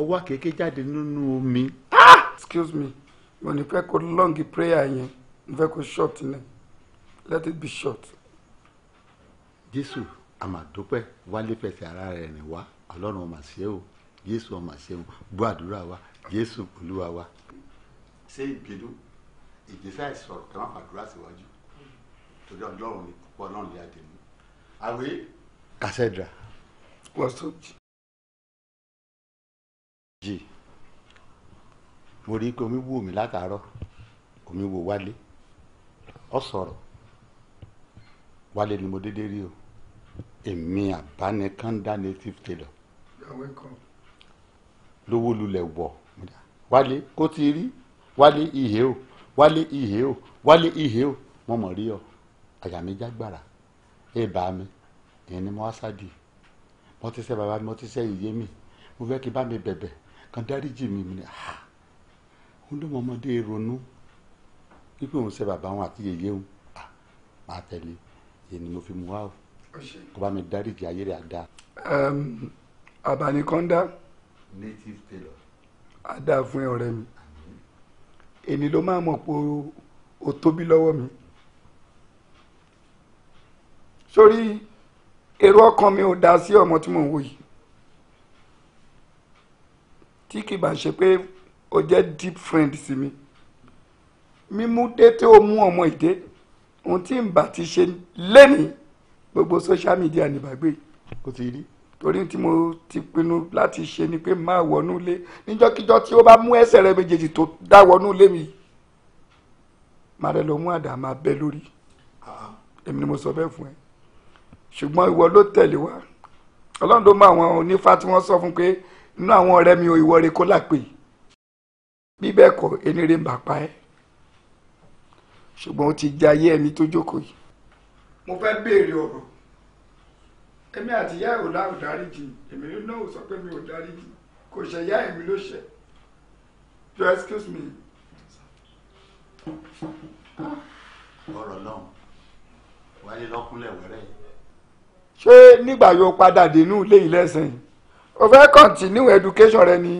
ọwọ́ kéèké jáde nínú omi. Ah! excuse me mo ní fẹ́ kó long prayer yẹn mo fẹ́ kó short ni let it be short. jésù a mà dúpẹ́ wálé fẹsẹ̀ ara rẹ̀ rìn wá ọlọ́run ọmọ ṣe o jésù ọmọ ṣe o gbọ́ àdúrà wa jésù olúwa wa. ṣé ìbínú ìgbésẹ̀ sọ̀rọ̀ kí wọ́n fàdúrà síwájú torí ọlọ́run ni pọ̀ náà lè àdèmú àwé. kàṣẹ́dra. wàsóòjì. jì mo rí i pé omi wò mí látàárọ̀ omi wò wálé ọ sọ̀rọ̀ wálé ni mo dédé rí o èmi àbánikánda native tailor lówó lulẹ̀ wọ̀ wálé kó ti rí wálé ìhé o wálé ìhé o wálé ìhé o mo mọ̀ rí ọ àyà mi jágbàrà èèbà mi èyí ni mo wá sáàdì mo ti ṣẹ̀ bàbá mi mo ti ṣẹ̀ ìyé mi mo fẹ́ kí bá mi bẹ̀bẹ̀ kan dáríjì mi mi ni ha òun ló mọ ọmọdé ronú wípé òun ṣẹ̀ bàbá wọn àti yèyé òun ha máa tẹ̀lé èyí ni mo fi mu wá o kó bá mi dáríjì ayé rẹ̀ àdá. àbánikọ́ńdá native tailor. a dáa fún ẹ ọ̀rẹ́ mi èmi ló máa mọ̀ pé o tóbi lọ́wọ́ mi sórí èrò ọkàn mi ò dá sí ọmọ tí mò ń wò yìí tí kì bá ṣe pé o jẹ́ deep friend sí mi mímú dé tí o mú ọmọ ìdé ohun tí n bá ti ṣe lẹ́nìí gbogbo social media nìbàgbé kò ti rí torí tí mo ti pinnu láti ṣe ni pé máa wọnú ilé níjọ́kíjọ́ tí ó bá mú ẹsẹ̀ rẹ méjèèjì tó dá wọnú ilé mi màá rẹ lọ mú àdá máa bẹ lórí ah. èmi ni mo sọ bẹ́ẹ̀ fún ẹ ṣùgbọ́n ìwọ ló tẹ̀lé wa ọlọ́run ló mọ àwọn onífá tí wọ́n sọ fún pé inú àwọn ọ̀rẹ́ mi ò ìwọ rẹ kó lápè bí bẹ́ẹ̀ kọ́ enire ń bà pa ẹ́ ṣùgbọ́n ó ti jẹ ayé ẹni tó jókòó yìí. mo fẹ́ béèrè ọ̀rọ̀ èmi àti ìyá ìwòlá ò dáríjì èmi náà ò sọ pé mi ò dáríjì kò ṣe ìyá èmi ló ṣe you excuse me. ọ̀rọ̀ náà wálé lọ́kúnlẹ̀ wẹ́rẹ́ yìí ṣé nígbà yóò padà dénú ilé ìlẹ́sìn o fẹ́ continue education rẹ ni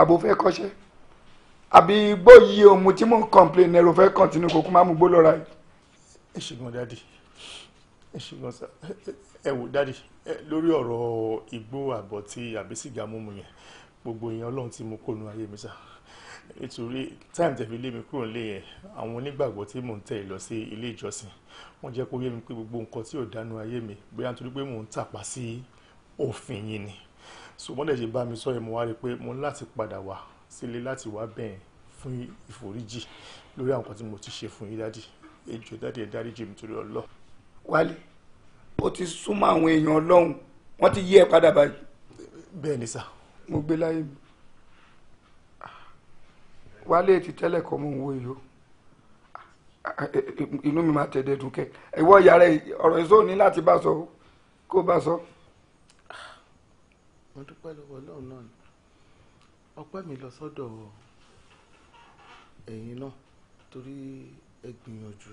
àbò fẹ́ kọ́ṣẹ́ àbí gbóyè ohun tí mò ń complain ẹ̀rọ fẹ́ continue kó kó má mú gbó lọ́ra yìí. ẹ ṣègùn dáàdì ẹ ṣègùn ẹ wò dáàdì lórí ọ̀rọ̀ igbó àbọ̀tí àbí sìgá mímu yẹn gbogbo èèyàn ọlọ́run ti mú kónú ayé mi sáà nítorí time tẹ̀ fi lé mi kúrò nílé yẹn àwọn onígbàgbọ́ tí mò ń tẹ̀ lọ sí ilé ìjọsìn wọ́n jẹ́ kó yé mi pé gbogbo nǹkan tí ò dánú ayé mi bóyá nítorí pé mò ń tàpá sí òfin yìí ni so wọ́n dẹ̀ ṣe bá mi sọ yẹn mo wá rí i pé mo ní láti padà wá sílé láti wá bẹ̀yìn fún ìforíjì lórí àwọn nǹkan tí mo ti ṣe fún yín dádì ẹ jọ̀ọ́ dádì ẹ dáríjì mi torí Ọlọ́run. wálé ó ti súnmọ́ àwọn èèyàn Ọlọ́run wọ́n ti yí ẹ padà báyìí. bẹ́ẹ̀ ni sà. mo gbé láyé mi wálé ti tẹ́lẹ̀ kọ́ mò ń wo yìí o inú mi máa tẹ̀dẹ̀ dùn kẹ́ ìwọ ìyá rẹ ọ̀rọ̀ èso ní láti bá sọ kó bá sọ. mo dúpẹ́ lọ́wọ́ ọlọ́run náà ni ọpẹ́ mi lọ sọ́dọ̀ ẹ̀yin náà torí ẹ gbìyànjú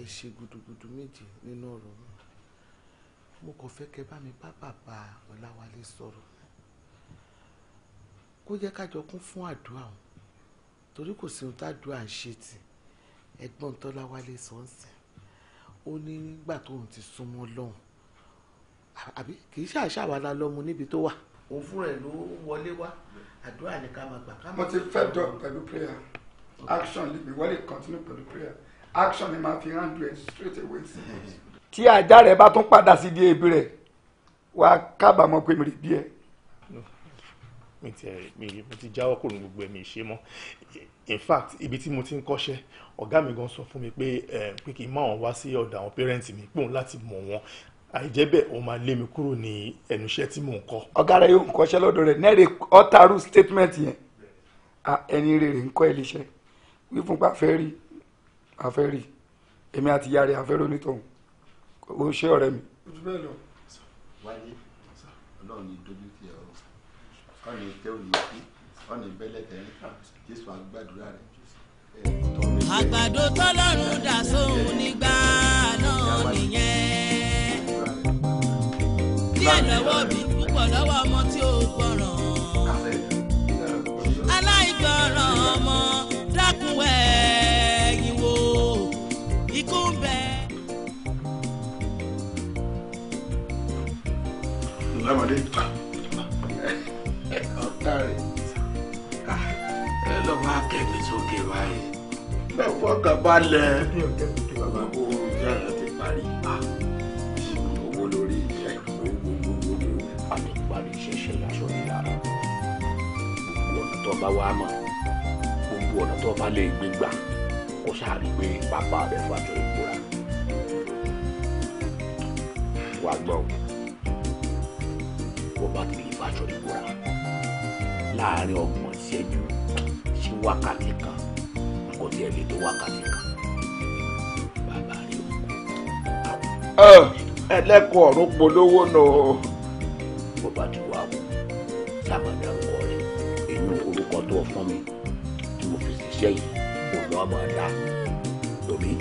ẹ ṣe gudugudu méje nínú ọ̀rọ̀ mi mo kàn fẹ́ kẹ́ bá mi bá bàbá Ọláwálé sọ̀rọ̀ kó jẹ́ ká jọ kún fún àdúrà wọn torí kò sí ohun tádùn à ń ṣe tì ẹ̀gbọ́n tọ́láwálé sọ́nsìn ó ní nígbà tóun ti súnmọ́ lọ́hùn àbí kì í ṣàṣàwálá lọ́mú níbi tó wà òun fúnra ẹ̀ ló wọlé wá àdúrà ní ká máa gbà ká máa. mo ti fẹ́ dọ̀ pẹ̀lú prayer action lè mi wọlé continue pẹ̀lú prayer action ni màá fi handle ẹ̀ straight away sí i. tí ajá rẹ bá tún padà sí di ebi rẹ wàá kábàámọ̀ pé mi rí bí ẹ mi ti mi mo ti jáwọ́ kúrò ní gbogbo ẹ̀mí ìṣe mọ́ in fact ibi tí mo ti ń kọ́ṣẹ́ ọ̀gá mi gan sọ fún mi pé pé kí n má wọn wá sí ọ̀dọ̀ àwọn pẹ́rẹ́ǹtì mi pòun láti mọ̀ wọn àìjẹ́bẹ̀ òun máa lé mi kúrò ní ẹnu iṣẹ́ tí mò ń kọ́. ọ̀gá rẹ̀ yóò ń kọ́ṣẹ́ lọ́dọ̀ rẹ̀ nẹ́ẹ̀rẹ̀ ọ́tàrú statement yẹn ẹni rere ń kọ́ ẹ léṣẹ́ wí fún pa fẹ́ rí afẹ́ rí èmi àti ìyá rẹ̀ afẹ́ ronítọ̀hún ó ṣe ọ̀rẹ́ mi. ojú bẹ́ẹ̀ lọ. wáyé ọlọ́run ní ọ̀nà ìtẹ́ òní kú ọ̀nà ìbẹ́lẹ̀ tẹ̀rín jésù àgbàdúrà rẹ̀. àgbàdo tọ́lọ́run dà sóhun nígbà náà nìyẹn díẹ̀ lọ́wọ́ bí púpọ̀ lọ́wọ́ ọmọ tí ó gbọ́ràn aláìgbọràn ọmọ dákúnwẹ̀ ìwò ikú ń bẹ. máa kẹ́mi sókè báyìí ẹ fọkàn balẹ̀ bàbá kó yàrá ti parí owó lórí ẹ gbogbogbò àti parí ṣẹṣẹ aṣọ ìdára gbogbo ọ̀nà tó bá wá mọ̀ gbogbo ọ̀nà tó bá lè gbé gbà kó sáà rí pé bàbá rẹ fàjọ ìbúra wàá gbọ́ bó bá ti lè fàjọ ìbúra láàárín ọgbọ̀n ìṣẹ́jú ṣe wákàtí kan n kò tiẹ̀ lè tó wákàtí kan bàbá rẹ ò kú. ẹlẹ́kùn ọ̀run polówó nù. bó bá ti wà wò lábàdà ọkọ rẹ inú orúkọ tó fún mi tí mo fi ṣiṣẹ́ yìí kò lọ́ àmọ́ dá lómi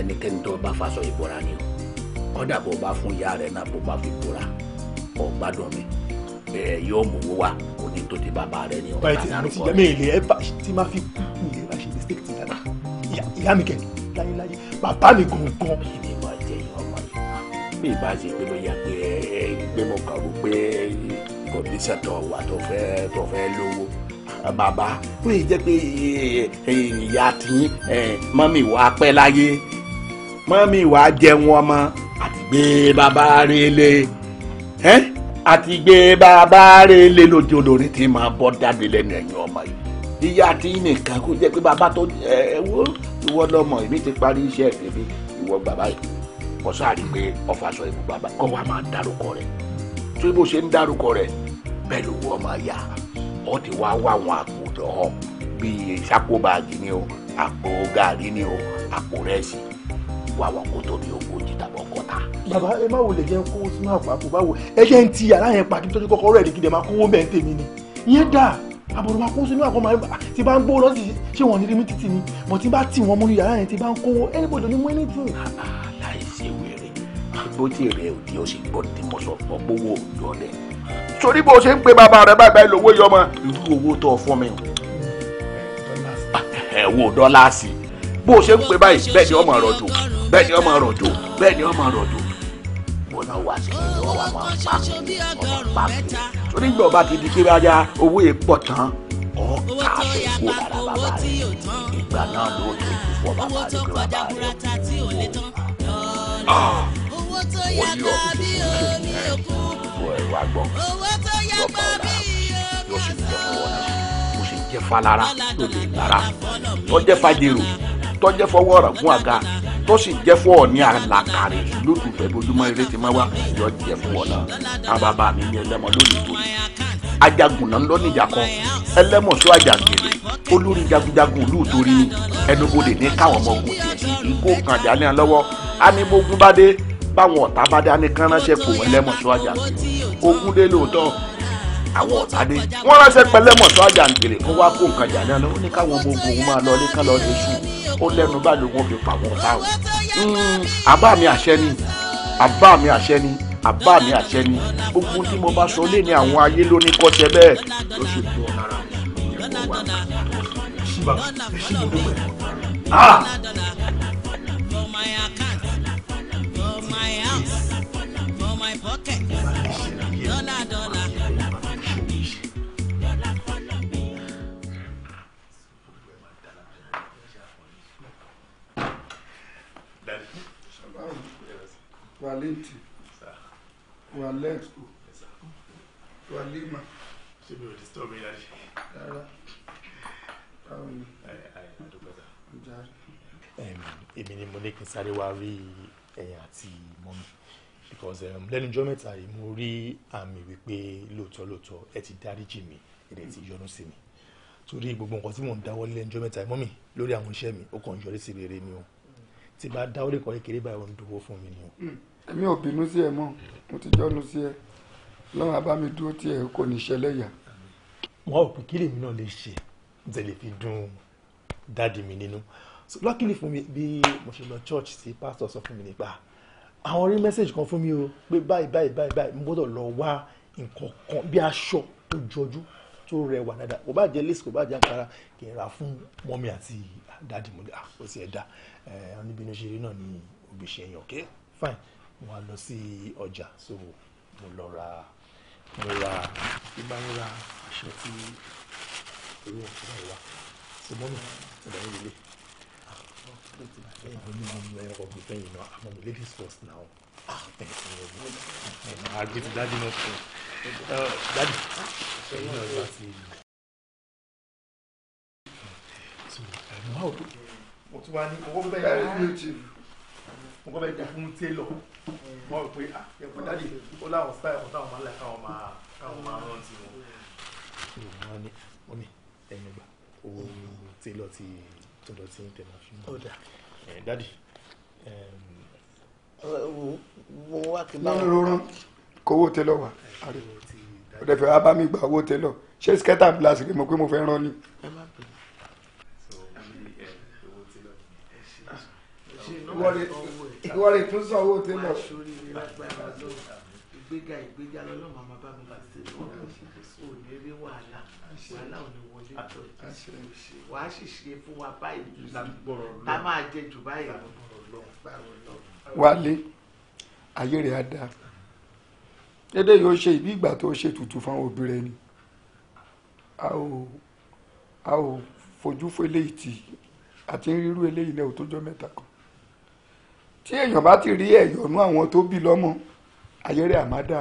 ẹnikẹ́ni tó bá faṣọ ìbora ni kọ́dà bó bá fún ìyá rẹ̀ náà bó bá fi bora ọ̀gbádùn mi bẹ́ẹ̀ yóò mú wá ní tó dé bàbá rẹ ní ọ̀gá náà kọ́ ẹ. mi ì lè bá tí máa fi kú mi bá ṣe mistake ti dada ìyá mi kẹ láyéláyé bàbá mi gangan. èmi máa jẹ ìwà wa bí ìbá ṣe pé bóyá pé ẹ gbé mọ kàwé pé kọ̀ǹdíṣà eh, tó wà tó fẹ́ tó fẹ́ lówó bàbá ó yẹ jẹ́ pé eh, eh, ìyá tí mọ́mì wàá pẹ́ láyé mọ́mì wàá jẹun ọmọ àti gbé bàbá rí lé ẹ́ àti gbé bàbá rẹ lé lójú olórin tí máa bọ́ dáadé lẹ́nu ẹ̀yìn ọmọ yìí ìyá tí nìkan kó jẹ́ pé bàbá tó ẹ wo ìwọ lọ́mọ èmi ti parí iṣẹ́ tèmi ìwọ bàbá yìí kò sáà rí i pé ọfà sọ ìbú bàbá kọ́ wa máa dárúkọ rẹ̀ tó bó ṣe ń dárúkọ rẹ̀ bẹ́ẹ̀ ló wọ́ máa yá ọ ti wá wá àwọn àpò tọ́ bíi sákóbáàgì ni o àpò gàrí ni o àpò rẹ́sì wà wọ́n kó tóbi ogójì bàbá ẹ má wò lè jẹ́ kó sínú àpò àpò báwo ẹ jẹ́ ń ti yàrá yẹn pa kí n tọ́jú kọ́kọ́ rẹ̀ ní kí n dẹ̀ máa kówó bẹ́ẹ̀ ń tèmi ni ìyẹn dáa àbọ̀rọ̀ máa kó sínú àkọ́mọ́ tí bá ń gbó lọ́sì ṣé wọ́n ní rí mi títì ni bọ̀ tí bá tì wọ́n mú yàrá yẹn tí bá ń kówó anybody ní mú anything. aláìsí wèrè bó ti rẹ òdi ó sì gbọ́ tí mo sọ fún gbówó òjò rẹ. sori bó ṣe ń pe bàbá rẹ báyìí lówó yọmọ irú owó tó fún mi. ẹ wo dọ́là sí bó ṣe ń pe báyìí bẹ́ẹ̀ ni ọmọ rọ̀ dùn bẹ́ẹ̀ ni wọ́n máa rọ̀jò bẹ́ẹ̀ ni wọ́n máa rọ̀jò wọn náà wá sí ẹ̀yìn wọn wá máa pààkì wọn máa pààkì torí ìgbà ọba ti di kí wáyà owó yẹn pọ̀ tán ọ̀ọ́ká àtẹ̀kù lára bàbá rẹ̀ ìgbà náà ló tó ju fún bàbá rẹ̀ pé bàbá rẹ̀ owó tó yàgbọ́ bí omi òkun owó tó yàgbọ́ bí omi òkun jẹ falara tó lè lara tọjẹ fajero tọjẹ fọwọra fún aga tó sì jẹ́ fún ọ ní àlàkàrẹ lótùtù ìbójúmọ́ eré ti máa wá yọ jẹ́ fún ọ náà àbàbà mi ní ẹlẹ́mọ lónìí tó yẹ ajagunna ńlọ níjà kan ẹlẹ́mọ̀ṣọ́ àjàgbèrè olórí jagunjagun ìlú torí ẹnubodè ní káwọn ọmọ ogun tiẹ̀ kó kan jáde hàn lọ́wọ́ ánimogun bá báwọn ọ̀tá bá dé anìkan ránṣẹ́ pò ẹlẹ́mọ̀ṣọ́ àjàgbèrè ogun dé lóòótọ́ àwọn ọ̀tá dé wọ́n ránṣẹ́ pẹ̀lẹ́mọ̀ṣọ́ àjàgbèrè kó wá kó nǹkan jáde hàn lọ́wọ́ ní káwọn ọmọ máa lọ ní kálọ̀ lóṣù ó lẹ́nu báyìí wọ́n fi pa wọ́n bá hmm, àbá mi àṣẹ ni àbá mi àṣẹ ni àbá mi àṣẹ ni gbogbo tí mo bá sọ lé ní àwọn ayé lóní kọ́ṣẹ́ bẹ́ẹ̀ ló ṣe tó ara ẹ̀kọ́ my pocket. Valenti Walexco Walima. ṣé mi ò disturb yín láti. rárá báwo ni. èmi ni mo ní kí n sáré wá rí ẹ̀yin àti mọ́mi because lẹ́nu ọjọ́ mẹ́ta yìí mo rí àmì wípé lóòótọ́ lóòótọ́ ẹ ti dáríjì mi èdè ti yọ́nú sí mi torí gbogbo nǹkan tí mò ń dáwọ́ lẹ́nu ọjọ́ mẹ́ta yìí mọ́mi lórí àwọn iṣẹ́ mi ó kàn yọrí sí rere ni o tí bá dáwọ́ lè kọ́ kékeré báyìí ó ń dúró fún mi ni o. Mm èmi ò bínú sí ẹ mọ́ mo ti jọ́nu sí ẹ lọ́run abámi dúró tí ẹ kò ní ṣẹlẹ̀ yà. wọn ò pè kí lèmi náà lè ṣe tẹ̀lé fi dùn dáàdi mi nínú luckily fún mi bí mo ṣe lọ church tí pastor sọ fún mi nípa àwọn rí message kan fún mi o pé báyìí báyìí báyìí báyìí mo gbọ́dọ̀ lọ wá nǹkan kan bí aṣọ tó jọjú tó rẹwà dáadáa kò bá jẹ lace kò bá jẹ ankara kì í ra fún mọ́mí àti dáàdi mo lè à ó ẹ̀ dá ẹ̀ ọ́ níbi ṣe rí náà ní òbí ṣe ok fine mo lọ sí ọjà so mo lọ ra mo ra ìgbà ń ra aṣọ tí owó ọ̀ṣọ́ náà wà so mọ́mí ọ̀dọ̀ yín lélẹ̀ ẹ̀yìn mi mú ẹ̀yìn ọkọ̀ mi fẹ́yìn náà àmọ́ mi ladies first now ẹ̀yìn àgbẹ̀ ti dájú náà fún dájú ẹ̀yìn náà bá ti lù. so wá ní owó bẹ́ẹ̀ mo kọ́ bẹ́ẹ̀ dà fún télọ̀ wọ́n rò pé ẹ̀kọ́ dáàdì ó láwọn sáà ẹ̀kọ́ táwọn máa ń lẹ̀ káwọn máa káwọn máa rántí wọn. wọ́n ní wọ́n ní ẹnu gbà owó télọ̀ ti tọ̀dọ̀ tí ń tẹ̀lé àfihàn. ó dà dáàdì. mo wá kí n bá wọn. rọrùn kówó télọ̀ wá ó dẹ̀ mi gba owó télọ̀ ṣé skẹ́tà blasi ni mo pé mo fẹ́ rán ni. wọ́n ní ìwọ rẹ̀ tún sọ owó tí lọ. ìgbéga ìgbéga lọ́lọ́ màmá bá mi bá ṣe lọ́wọ́ òní rí wàhálà wàhálà òní wọlé tọ́ wàá sì ṣe fún wa báyìí tá máa jẹ jù báyìí. wálé ayé rẹ̀ á dáa dédé yóò ṣe ìbí ìgbà tó ṣe tutù fáwọn òbí rẹ ni a ò a ò fojú fún eléyìí tí àti rírú eléyìí náà ò tó jọ mẹ́ta kan tí èèyàn bá ti rí ẹ̀yọ̀nú àwọn tó bí lọ́mọ ayẹ́rẹ́ àmádá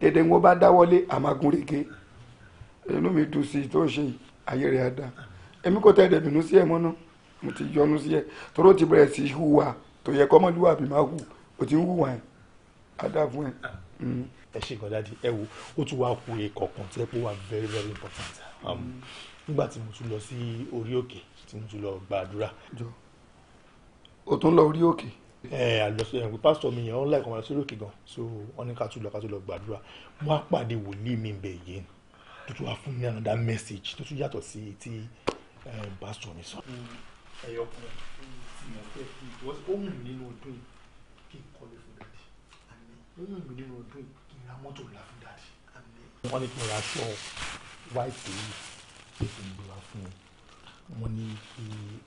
dẹ̀dẹ̀ wọn bá dáwọ́lé àmàgúnrégé inú mi dùn sí i tó ṣe ayẹ́rẹ́ àdá èmi kò tẹ̀lé bínú sí ẹ mọ́ náà mo ti yọnu sí ẹ tóró ti bẹ̀rẹ̀ sí hùwà tó yẹ kọ́mọlúwàbí máa hù ó ti ń hùwà ẹ̀ àdá fún ẹ. Mm. ẹ ṣe ìgbà dáadé ẹ wo ó tún wáá kú ìkọ̀kan tí ẹ pé wà very very important um, nígbà tí mo tún lọ sí orí òkè tí mo tún lọ gbàdúrà. o tún lọ orí òkè ẹ àlọsọ pásítọ̀ mi yẹn wọn láì kọ́ máa sórí òkè gan so wọn ní ká tún lọ ká tún lọ gbàdúrà wọn á pàdé wòlíì mi bẹ̀ yẹn tó tún wá fún mi another message tó tún yàtọ̀ sí ti eh, pásítọ̀ mi sọ. Mm. ẹyọ kan tí mo fẹ́ fi ó wù mí nínú ọdún yìí kí n kọ́lé fún dàdí ó wù mí nínú ọdún yìí kí n ra mọ́tò ńlá fún dàdí. wọ́n ní kí n ra aṣọ white yìí kí n gbé wá fún un wọ́n ní kí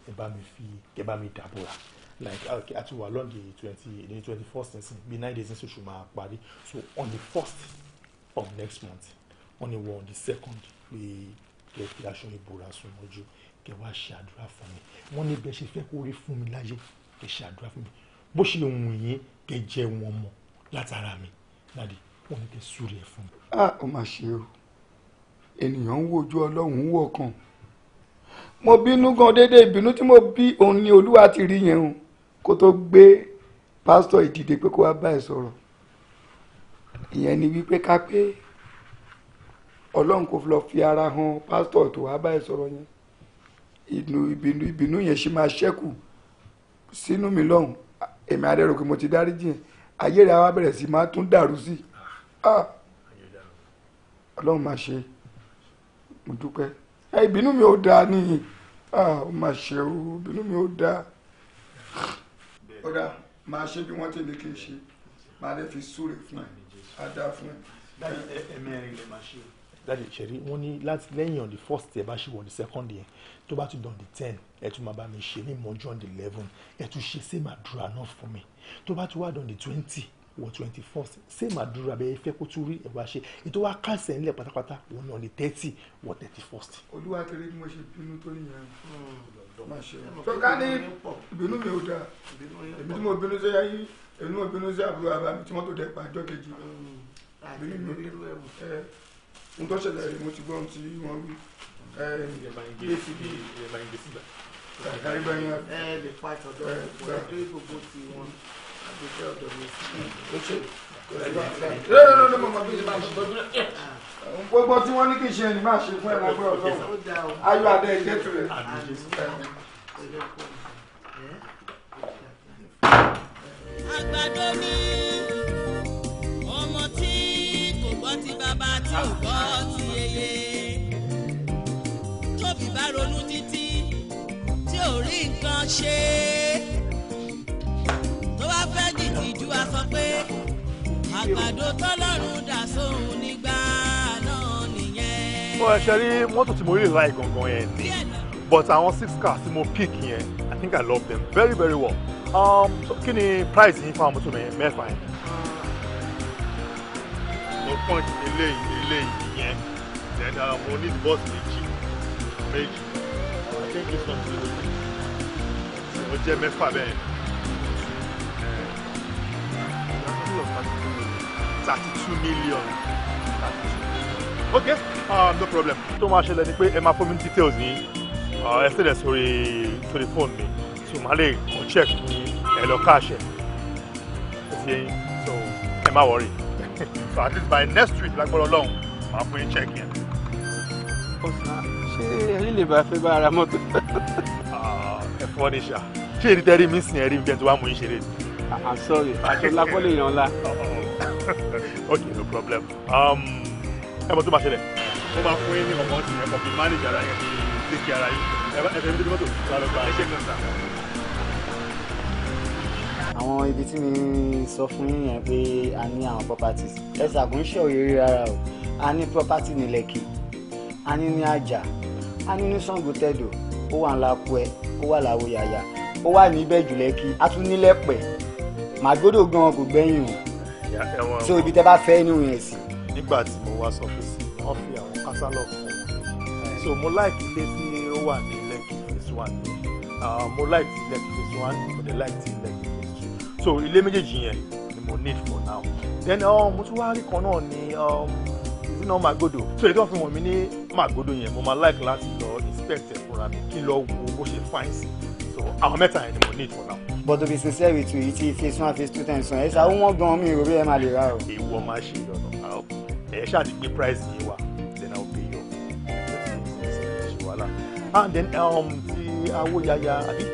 ẹ bá mi fi kẹ bá mi dàbò rà like ah, okay àti long the twenty the twenty first nsìn bíi nine days nsìn oṣù máa parí so on the first of next month wọ́n ní wọ́n on the second we kẹ́ fi aṣọ ìbora so moju kẹ́ wa ṣe àdúrà fún mi wọ́n ní bẹ́ẹ̀ ṣe fẹ́ kó rí fún mi láyé kẹ́ ṣe àdúrà fún mi bó ṣe wù yín kẹ́ jẹ́ wọn mọ́ látara mi láde wọ́n ní kẹ́ súre ẹ̀ fún mi. a ah, ò máa ṣe o ènìyàn ń wojú ọlọ́run wọ̀ kan mo bínú gan dédé ìbínú tí mo bí òun ni olúwa ti rí yẹn o kó tó gbé pásítọ̀ ìdìde pé kó wá bá ẹ sọ̀rọ̀ ìyẹn ni wípé ká pé ọlọ́run kò lọ fi ara hàn pásítọ̀ tó wá bá ẹ sọ̀rọ̀ yẹn ìbínú ìbínú ìbínú yẹn ṣì máa ṣẹ́kù sínú mi lọ́hùn èmi adẹ́rò pé mo ti dáríjì yẹn ayé rẹ̀ wá bẹ̀rẹ̀ sí máa tún dàrú sí ah! ọlọ́run máa ṣe mo dúpẹ́ ìbínú mi ò dáa nìyí ó mà ṣe o ìbínú mi ò dáa ó dáa máa ṣe bí wọ́n ti ní kí n ṣe máa lè fi súre fún ẹ á dáa fún ẹ. ẹ̀mẹ́rin lè máa ṣe o dáàdi cherry wọn ní láti lẹ́yìn on the first ẹ bá ṣe wọ on the second yẹn tó bá tún dán the ten ẹ tún máa bá mi ṣe ní mọ́jú on the eleven ẹ tún ṣe same àdúrà náà fún mi tó bá tún wá dán the twenty wọ twenty first same àdúrà bẹ́ẹ̀ fẹ́ kó tún rí ẹ̀wà ṣe ètò wa kàṣẹ̀ ńlẹ̀ pátápátá wọn náà ní thirty wọ thirty first. olúwa kiri bí mo ṣe bínú tó nìyẹn má ṣe tó ká ní ìbínú mi ò dáa èmi tí mo bínú sí ayé èmi tí mo bínú sí àbúrò àbá mi tí mọ́tò dẹ̀ pa àjọ kejì ìbínú mi ẹ n tó ṣẹlẹ̀ rẹ̀ mo ti gbọ́n tí wọ́n wí ẹ ẹ gbé sí bí ẹ lè pa àtọ̀dọ̀ ẹ gbogbo ti wọn gbogbo tí wọ́n ní kí n ṣe ni máa ṣe fún ẹ̀mọ́ pé ọ̀dọ́ ayọ̀ adé ẹ̀jẹ̀ tó àgbàdo ni ọmọ tí kò gbọ́ ti bàbá tí ò gbọ́ ti yeye tóbi bá ronú títí tí ò rí nǹkan ṣe é. pé àgbàdo tọ́lọ́run dà sóhun nígbà náà nìyẹn. mo ẹ rí mọ́tò tí mo rí láì gangan yẹn ni but àwọn six cars tí mo pick yẹn i think i love them very very well um, so, kí ni price yín fún àwọn mọ́tò mẹ́fà yẹn. mo pọ́ǹtì eléyìí eléyìí yẹn then uh, mo ní bọ́ọ̀sì méjì méjì i think it's something o jẹ́ mẹ́fà bẹ́ẹ̀. thirty-two million. okay um, no problem. tó máa ṣẹlẹ̀ ni pé ẹ máa fún mi details yín uh, ẹ sílẹ̀ sórí sórí fóònù mi tí màá lè kàn check ní ẹ lọ ẹ ti yẹn so ẹ má worry so at least by next week lágbọ́dọ̀ lọ́hùn màá fún yín check yẹn. ṣé ẹ̀rí lè bá fẹ́ bá ara mọ́tò. ẹ̀fọ́ ah, ni ṣá ṣé èdè tẹ́rí mi sìn ẹ̀rí mi bẹ́ẹ̀ tó wá mú yín ṣeré. I'm ah, ah, sorry àti lágbọ́lẹ̀ yàn ńlá. okay no problem um, ẹ mọ tó máa ṣẹlẹ̀ mo máa fún yín ní ọmọ ọtí ẹ mọ bíi manager ara yẹn bíi take ara yín ẹ bá ẹ fẹ́ mi tó mọ́tò lálọ́ gba iṣẹ́ kan àwọn ibi tí mi sọ fún yín pé a ní àwọn properties ẹsẹ àkúnṣe òyìnbó rárá o a ní property ní Lekki a ní ní àjà a ní ní Sàngótẹ́dọ̀ ó wà ńlá ẹ ó wà láwo yàyà ó wà ní Ìbẹ̀jú Lẹ́kì a tún ní Lẹ́pẹ̀ màgbódò gan kò gbẹ́yìn o so ibi tẹ́ bá fẹ́ inú yẹn sí. nígbà tí mo wá sọ fún sí wọn fi àwọn kásálọ̀ fún wọn so mo láìkí ilé tí ó wà ní Lekki phase one mo láìkí Lekki phase one mo dé láìkí Lekki phase so ilé méjèèjì yẹn ni mo need for now then um, mo tún wá rí kan náà ní ìdínà um, Magodo so èdè kan fi wọ̀n mí ní Magodo yẹn mo máa láìkí láti lọ inspect ẹ̀ fúnra mi kí n lọ wo bó ṣe fine sí so àwọn mẹ́ta yẹn ni mo need for now but to be sincere with you yìí ti phase one phase two times ẹ ṣáà wọ́n gan mi ìròrí ẹ máa lè ra o. èèwọ̀ máa ṣe ìyọ̀nà ẹ ṣáà ti gbé price yìí wá then um, i will pay you ṣe wàhálà and then ti awóyaya àbí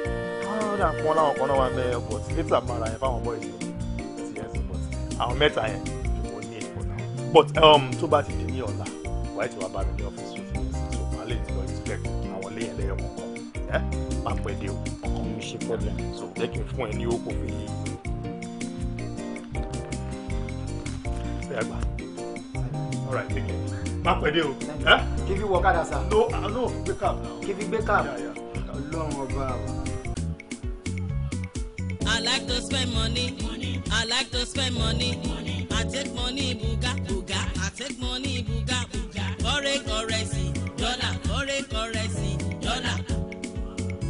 ọ̀dà fún ọ láwọn kan náà wà mẹ́ ẹ̀ but later mara yẹn fáwọn boys yẹn ti yẹn sí but àwọn mẹ́ta yẹn mo ní ìfọ̀nà but tó bá ti di ní ọ̀la wàá ti wá bá mi ní ọ́fíìsì. ẹ má pẹ́ dé o kò ní problem so jẹ́ kí n fún ẹ ní okòó fi yí. All take care má pẹ́ dé o. Eh? kí fi wọ kádà sá. no wake ah, up now. kí fi gbé cap. ọlọ́run ọba I like to spend money. money. I like to spend money. money. I take money buga buga. I take money buga buga. Correct currency, dollar, correct currency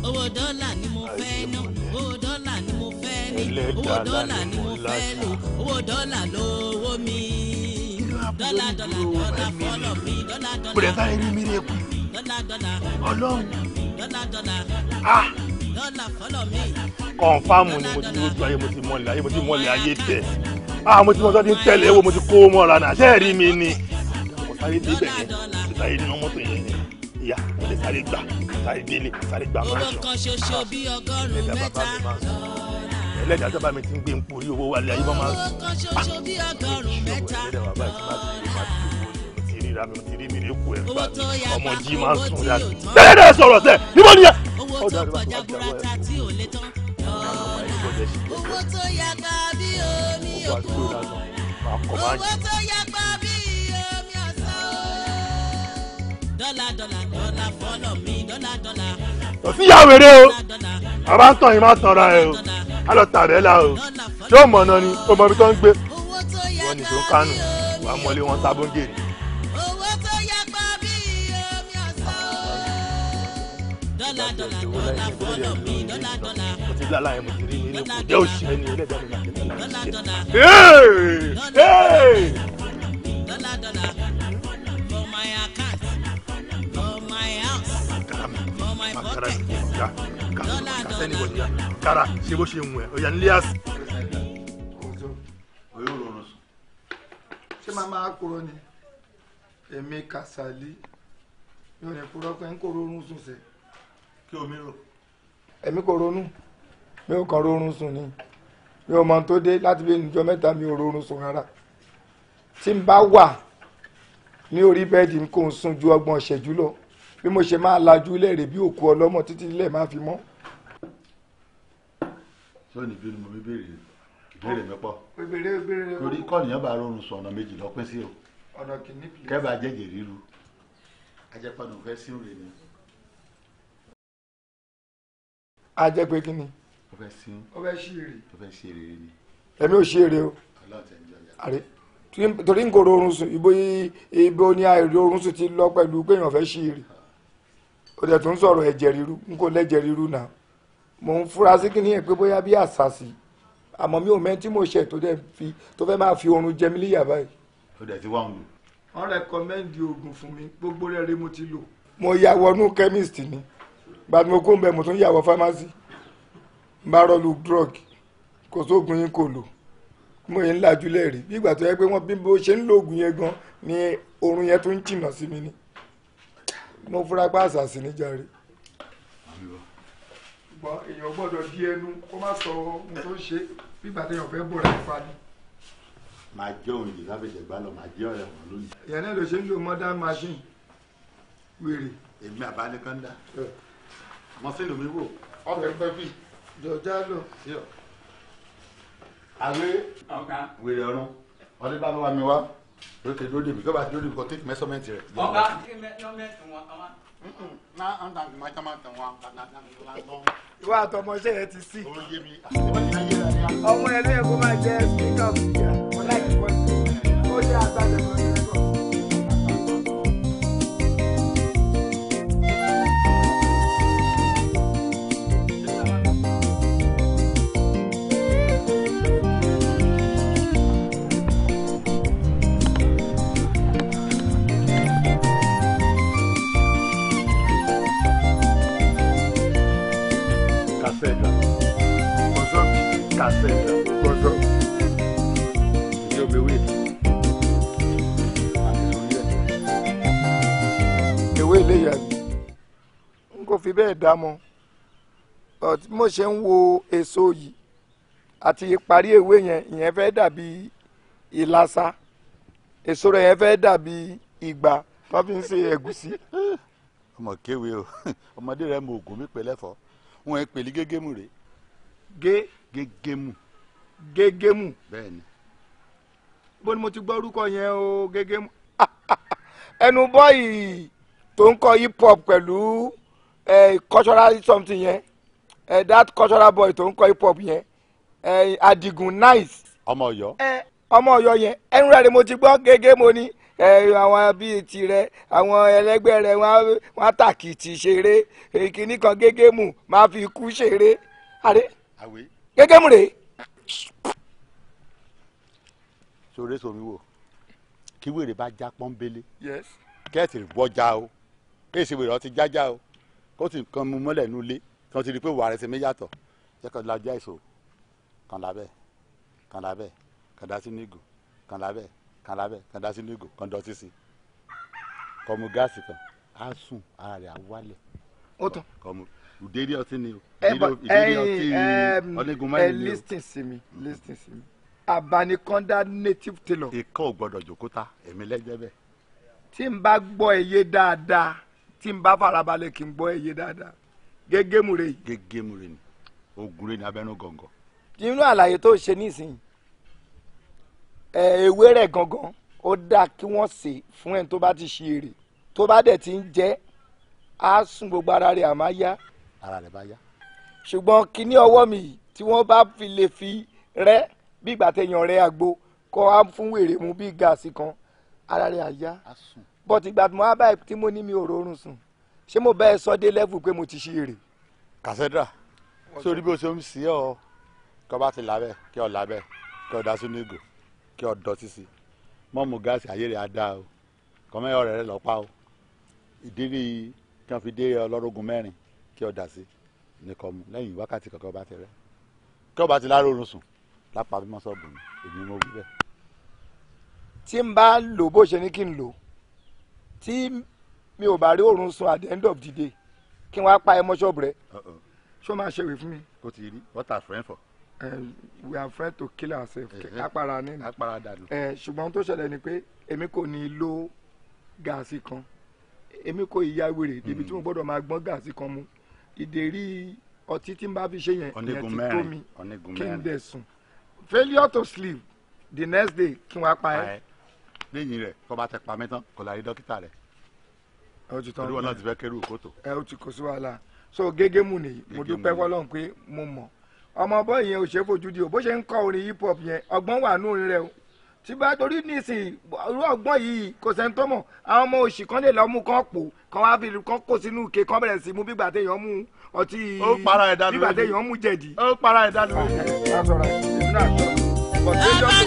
owó dọ́là ni mo fẹ́ ná owó dọ́là ni mo fẹ́ ní owó dọ́là ni mo fẹ́ lò owó dọ́là lówó mi dọ́là dọ́là dọ́là fọ́lọ̀ mi dọ́là dọ́là kúrẹ́ báyìí ní mi rẹ̀ kù dọ́là dọ́là ọlọ́run dọ́là dọ́là ah! dọ́là fọ́lọ̀ mi. kọ̀ǹfàmù ni mo ti lójú ayé mo ti mọ̀lẹ̀ ayé mo ti mọ̀lẹ̀ ayé tẹ̀ ah mo ti mọ̀ sọ́dún tẹ́lẹ̀ ewo mo ti kó mọ́ra náà sẹ́ẹ̀rí mi ni mo sáré débẹ̀ yẹn mo sáré nínú mọ́tò yẹn ìyá mo lè sáré gbà sáré délé sáré gba máa sọ. owó kan ṣoṣo ah, bí ọgọ́rùn-ún mẹ́ta lọ́la. ẹlẹ́dàá sábà mi ti ń gbé ń porí owó wálé ayé bọ́ máa sùn. owó kan ṣoṣo bí ah, ọgọ́rùn-ún mẹ́ta lọ́la ìlera mi ti rí mi ní kú ẹ bá ọmọ jí máa ń sùn dáadáa. tẹ́lẹ̀ náà sọ̀rọ̀ tẹ́ níbo ni yẹ. owó tó kọjá burata tí ò owó tó yàgbá bí omi òkú owó tó yàgbá bí kò sí ìyá wèrè o bàbá ń tàn yín má tanra ẹ o a lọ tàbẹ́ la o yóò mọ̀ náà ni ó mọ ibi tó ń gbé wọ́n ní tó ń kánú wàá mọ́lé wọn sábóńgè ni. Hey! Hey! kara sigi ya ka ka sẹ́ni kɔni ya kara ṣe bó ṣe ń wẹ̀ ọ̀yà nílé àsì. ṣé màá máa kúrò ni èmi Kasali yóò ní kúrò pé ń kó rorun sùn sẹ́. kí omi rò. èmi kò ronú mi ò kàn rorun sùn ni mi ò mọ tó dé láti bí ìjọ mẹ́ta mi ò rorun sùn rárá tí n bá wà ní orí bẹ́ẹ̀dì kò ń sùn ju ọgbọ̀n ìṣẹ́jú lọ bí mo ṣe máa lajú ilé rè bí òkú ọlọ́mọ títí ilé máa fi mọ́. sọ́ọ̀nì bí mo bí béèrè ìbéèrè mi pọ̀ bá rọrùn sọ ọ̀nà méjì lọ́pẹ́ sí o kẹ́bà jẹ́jẹ̀ ríru ajẹ́pọ̀nù fẹ́ sí ni. ajẹ́ pé kí ni. o fẹ́ sí o fẹ́ sí èrè. o fẹ́ sí èrè ni. ò sí èrè o. torí n kò orun sùn ibo ni àìrọrùn sùn ti lọ pẹ̀lú pé èèyàn fẹ́ sí èrè. ó dẹ̀ tún sọ̀rọ̀ ẹ̀jẹ̀ ríru n kò lẹ́jẹ̀ ríru náà mò ń fura sí kí nìyẹn pé bóyá bí àṣàṣì àmọ́ mi ò mẹ́ tí mo ṣe tó dẹ̀ fi tó fẹ́ máa fi oorun jẹ mí líyà báyìí. ó dẹ̀ ti wá òun lò. wọ́n rẹ́kọ̀mẹ́ndì oògùn fún mi gbogbo rẹ̀ mo ti lò. mo ya wọnú chemist ni gbàtí mo kó ń mo tún yà wọ pharmacy bá rọlù drug kò sóògùn yín kò lò mo yẹn ń lajú lẹ́rìí bí ìgbà tó yẹ pé wọ́n bí bó ṣe ń lo ni oorun yẹn tún mo fura pa àṣàṣì níjàre gbọ́ èèyàn gbọ́dọ̀ di ẹnu kó má sọ ohun tó ṣe bígbà téèyàn fẹ́ bòrà ìfà ni. máa jẹ́ òun yìí lábẹ́jẹ̀ gbá lọ máa jẹ́ ọ̀rẹ́ wọn lónìí. ìyẹn náà ló ṣe ń lo modern machine wèrè. èmi àbánikọ́ńdà mo fẹ́ lómi wò ọ̀fẹ́ pẹ́ bí. jọjá lọ. àwẹ̀ wèrè ọ̀run ọdún bá bá wa mi wá lókè ló débi tó bá ti ló débi kó take measurement rẹ. ọba kí measurement wọn kan wá. na an ta gbìmọ̀ ẹja máa tẹ̀ wọn ka na na ló ń lọ. ìwà àtọmọṣẹ́ yẹn ti sí. ọmọ yé mi ọmọ ẹ lóye kó máa jẹ speaker of media ó láì kọ́ ó jẹ́ àgbàdo lórí. ourselves and God drop. He'll be with you. Ewé ilé yà mí. N kò fi bẹ́ẹ̀ dá mọ́. But mo ṣe ń wo èso yìí àti ìparí ewé yẹn ìyẹn fẹ́ dàbí ìlasa. Èso rẹ̀ yẹn fẹ́ dàbí ìgbà tó fi ń ṣe ẹ̀gúsí. Ọmọ kéwé o, ọmọdé rẹ̀ mọ ògùn mi pẹ̀lẹ́fọ̀, wọn ẹ pèlí gégé mú rè. Gé gegemu. gegemu. bẹ́ẹ̀ni. bó ni mo ti gbọ́ orúkọ yẹn o gegemu. ẹnu bọ́ọ̀yì tó ń kọ hip hop pẹ̀lú cultural something yẹn that cultural boy tó ń kọ hip hop yẹn eh, adigun nice. ọmọ Ọ̀yọ́. Eh, ọmọ Ọ̀yọ́ yẹn ẹnu rẹ ni mo ti gbọ́ gegemu ni àwọn bíi tirẹ àwọn ẹlẹgbẹ́ rẹ wọn á tàkìtì ṣeré èkìní kan gegemu máa fi ikú ṣeré. àwẹ̀ gẹ́gẹ́ mú rèé. sọ̀rọ̀ sọ̀rọ̀ wò kí wèrè bá já pọ́nbélé kẹ́ẹ̀tì bọ́jà o kí wèrè ọtí jájá o kó tì kan mu mọ́lẹ̀ nulẹ̀ kí wọ́n ti rí i pé wàá rẹ̀ ṣe méjàtọ̀ jẹ́ kan lajú lábẹ́ kan lábẹ́ kan dá sínú ìgò kan lábẹ́ kan lábẹ́ kan dá sínú ìgò kan dọ́tí sí kọ́mu gáàsì kan á sùn ara rẹ̀ á wálẹ̀. ó tán ìdérí ọtí ni o ìdérí ọtí ọ̀nẹ́gun mẹ́rin ni o. ẹ listen abanikanda native tailor. ikọ́ ò gbọ́dọ̀ jòkóta èmi lẹ́jẹ́ bẹ́ẹ̀. tí n bá gbọ́ ẹyẹ dáadáa tí n bá farabalẹ̀ kí n gbọ́ ẹyẹ dáadáa gẹ́gẹ́ mu re yìí. gẹ́gẹ́ mu re ni ogun re ni abẹ́nú gọ̀ǹgọ̀. nínú àlàyé tó ṣe nísìnyí ẹ ewé gangan ó dáa kí wọ́n sè fún ẹni tó bá ti ṣe èrè tó bá dẹ̀ ti ń jẹ́ á sùn gbogbo ara rẹ̀ àmọ́ yá ara rẹ̀ bá yá. ṣùgbọ́n kinní ọwọ́ mi yìí tí wọ́n bá fi lè fi rẹ́ bí ìgbà téèyàn rẹ́ àgbo kọ́ á fún wèrè mu bí gáàsì kan ara rẹ̀ á yá. bọ́tí ìgbà tí mo wá báyìí tí mo ní mi ò rọrùn sùn ṣé mo bá ẹ sọ dé lẹ́fù pé mo ti ṣe èrè. kàṣẹ́dà sórí bí o ṣe ń sí ọ kí ọ bá ti lábẹ́ kí ọ lábẹ́ kí ọ dá sínú ìgò kí ọ dọ sísí mọ́ mu gáàsì ayé rẹ̀ á o kọ́mẹ́yọ̀ rẹ̀ lọ́pàá o ìdírí kí wọ́n fi dé ọlọ́rọ̀gùn mẹ́rin kí ọ dà sí nìkan mu lẹ́yìn wákàtí kankan bá ti rẹ́ kí ọba ti láàárọ̀ oorun sùn lápá mímọ́ sọ́ọ̀bù mi èmi mo wí bẹ́ẹ̀. tí n bá lò bó ṣe ní kí n lò tí mi ò bá rí oorun sùn at the end of the day kí n wá pa ẹmọ ṣọ́ọ̀bù rẹ uh-uh. ṣó máa ṣe wí fún mi. o ti rí what are friends for. we are friends to kill ourselves kápára nínú kápára dànù. ṣùgbọ́n tó ṣẹlẹ̀ ni pé èmi kò ní lo gáàsì kan èmi kò ìyá wèrè débi hmm. tí mo gbọ́dọ̀ máa gbọ́n gáàsì kan mu ìdérí ọtí tí n bá fi ṣe yẹn ìyẹn ti tó mi kí n dẹ̀ sùn failure to sleep the next day kí n wá pa ẹ́. lẹ́yìn rẹ̀ kó bá tẹ pa mí tán kò láyé dókítà rẹ̀ torí wọn náà ti fẹ́ kẹ́rù òkótó. ẹ o ti kò sí wàhálà so gégé mu nìyí mo dúpẹ́ fọlọ́run pé mo mọ̀ ọmọ bọ́ọ̀ yẹn ò ṣe é fojú di o bó ṣe ń kọ orin hip hop yẹn ọgbọ́n wà nù orin rẹ o tí bá torí nísìn irú ọgbọ́n yìí kò sẹ́ni tó mọ̀ àwọn ọmọ òṣì kan lè lọ mú pò kán wá fi kán kó sínú ike kán bẹ̀rẹ̀ sí mú bí gbàtẹ́ yàn mú ọtí bí gbàtẹ́ yàn mú jẹ̀dí. ó para ẹ̀dá lórí. ẹ bá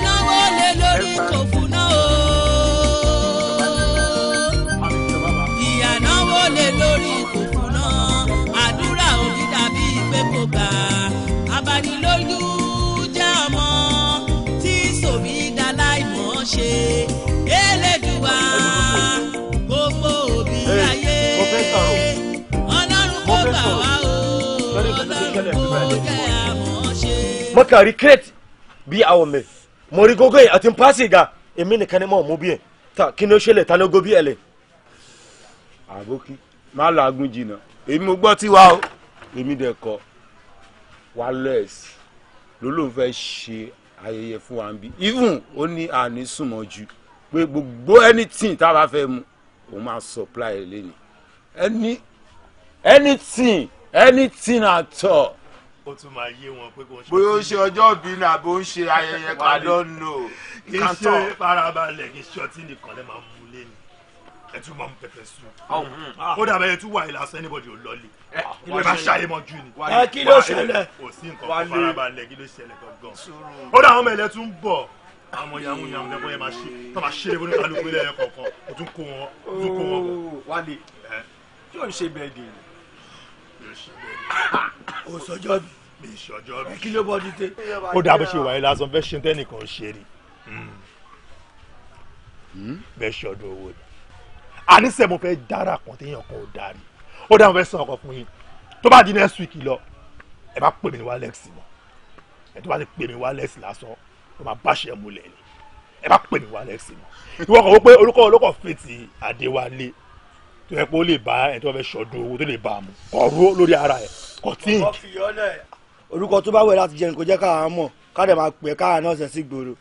náwó lé lórí kò fún náà o. ìyá náwó lé lórí kò fún náà àdúrà òbí dàbí pé kò gbà abánilójú. kan ṣe elédùwà gbogbo òbí ayé ọlọ́run kó gbà wá o ọlọ́run kó jẹ́ àmọ́ mo kàn rí crate bí àwọn mi mo rí gógó yìí àti ń pàṣẹ ìgà èmi nìkan ni mo mú bí yẹn ta kí ni ó ṣẹlẹ̀ ta ló gó bí ẹ lẹ̀. àbókí má làágùn jìnnà èmi mo gbọ́ tiwa o èmi dẹ̀ kọ wálẹ̀sì ló lóun fẹ́ ṣe ayẹyẹ fún wa ń bí even ó ní àní súnmọ́ ju pé gbogbo anything tá a bá fẹ́ mu òun máa supply ẹ̀ any anything anything at all. ó tún máa yé wọn pé kò ń ṣe. bóyá ṣe ọjọ́ ìbí ni àbí ń ṣe ayẹyẹ kan lọ́nà. kì í ṣe farabalẹ̀ kì í nìkan lẹ́ máa mú lẹ́nu ẹ tún mọ pẹpẹ sùn ó dàbẹ ẹ tún wà yìí lásán anybody ò lọlé ẹ bá ṣàyè mọjú ni ẹ kí ló eh, ṣẹlẹ̀ kò sí nǹkan farabalẹ̀ kí ló ṣẹlẹ̀ gangan ó dà àwọn ọmọ ẹlẹ tún bọ àwọn yàmú yàmú lẹbọ yẹn máa ṣe tó máa ṣe ebó ní kálukú ilé ẹ kọ̀ọ̀kan o tún kó wọn o tún kó wọn bọ. Oh, wálé yóò eh? ṣe bẹ́ẹ̀ dè o sọjọ bi mi sọjọ bi kí ló bọ dídé. Eh, ó dà bó ṣe wà yìí lásán fẹ́ ṣe tẹ́nìkan ṣe ni hmm. Hmm? bẹ́ẹ̀ ṣọdún owó ni àníṣe mo fẹ́ dára kan téèyàn kan ò darí ó dáhùn fẹ́ sàn ọkọ̀ fún yín tó bá di next week lọ ẹ bá pè mí wá lẹ́ẹ̀sì mọ́ ẹ tó bá ti pè mí wá lẹ́ẹ̀sì lásán ó máa báṣẹ múlẹ̀ ni ẹ bá pè mí wá lẹ́ẹ̀sì mọ́ ìwọ kàn wó pé olùkọ olùkọ fètì Adéwálé tó yẹ pé ó lè bá ẹ tó fẹ́ sọdún owó tó lè bá a mú kọ̀ọ̀rọ̀ lórí ara ẹ kọ̀tíǹkì. ọkọ̀ fìyọ́lẹ̀ orúkọ tó bá wẹ̀ láti jẹ́ nǹkan jẹ́ káà mọ̀ káàdẹ̀ máa pè káà náà ṣẹ̀ sí gbòòrò.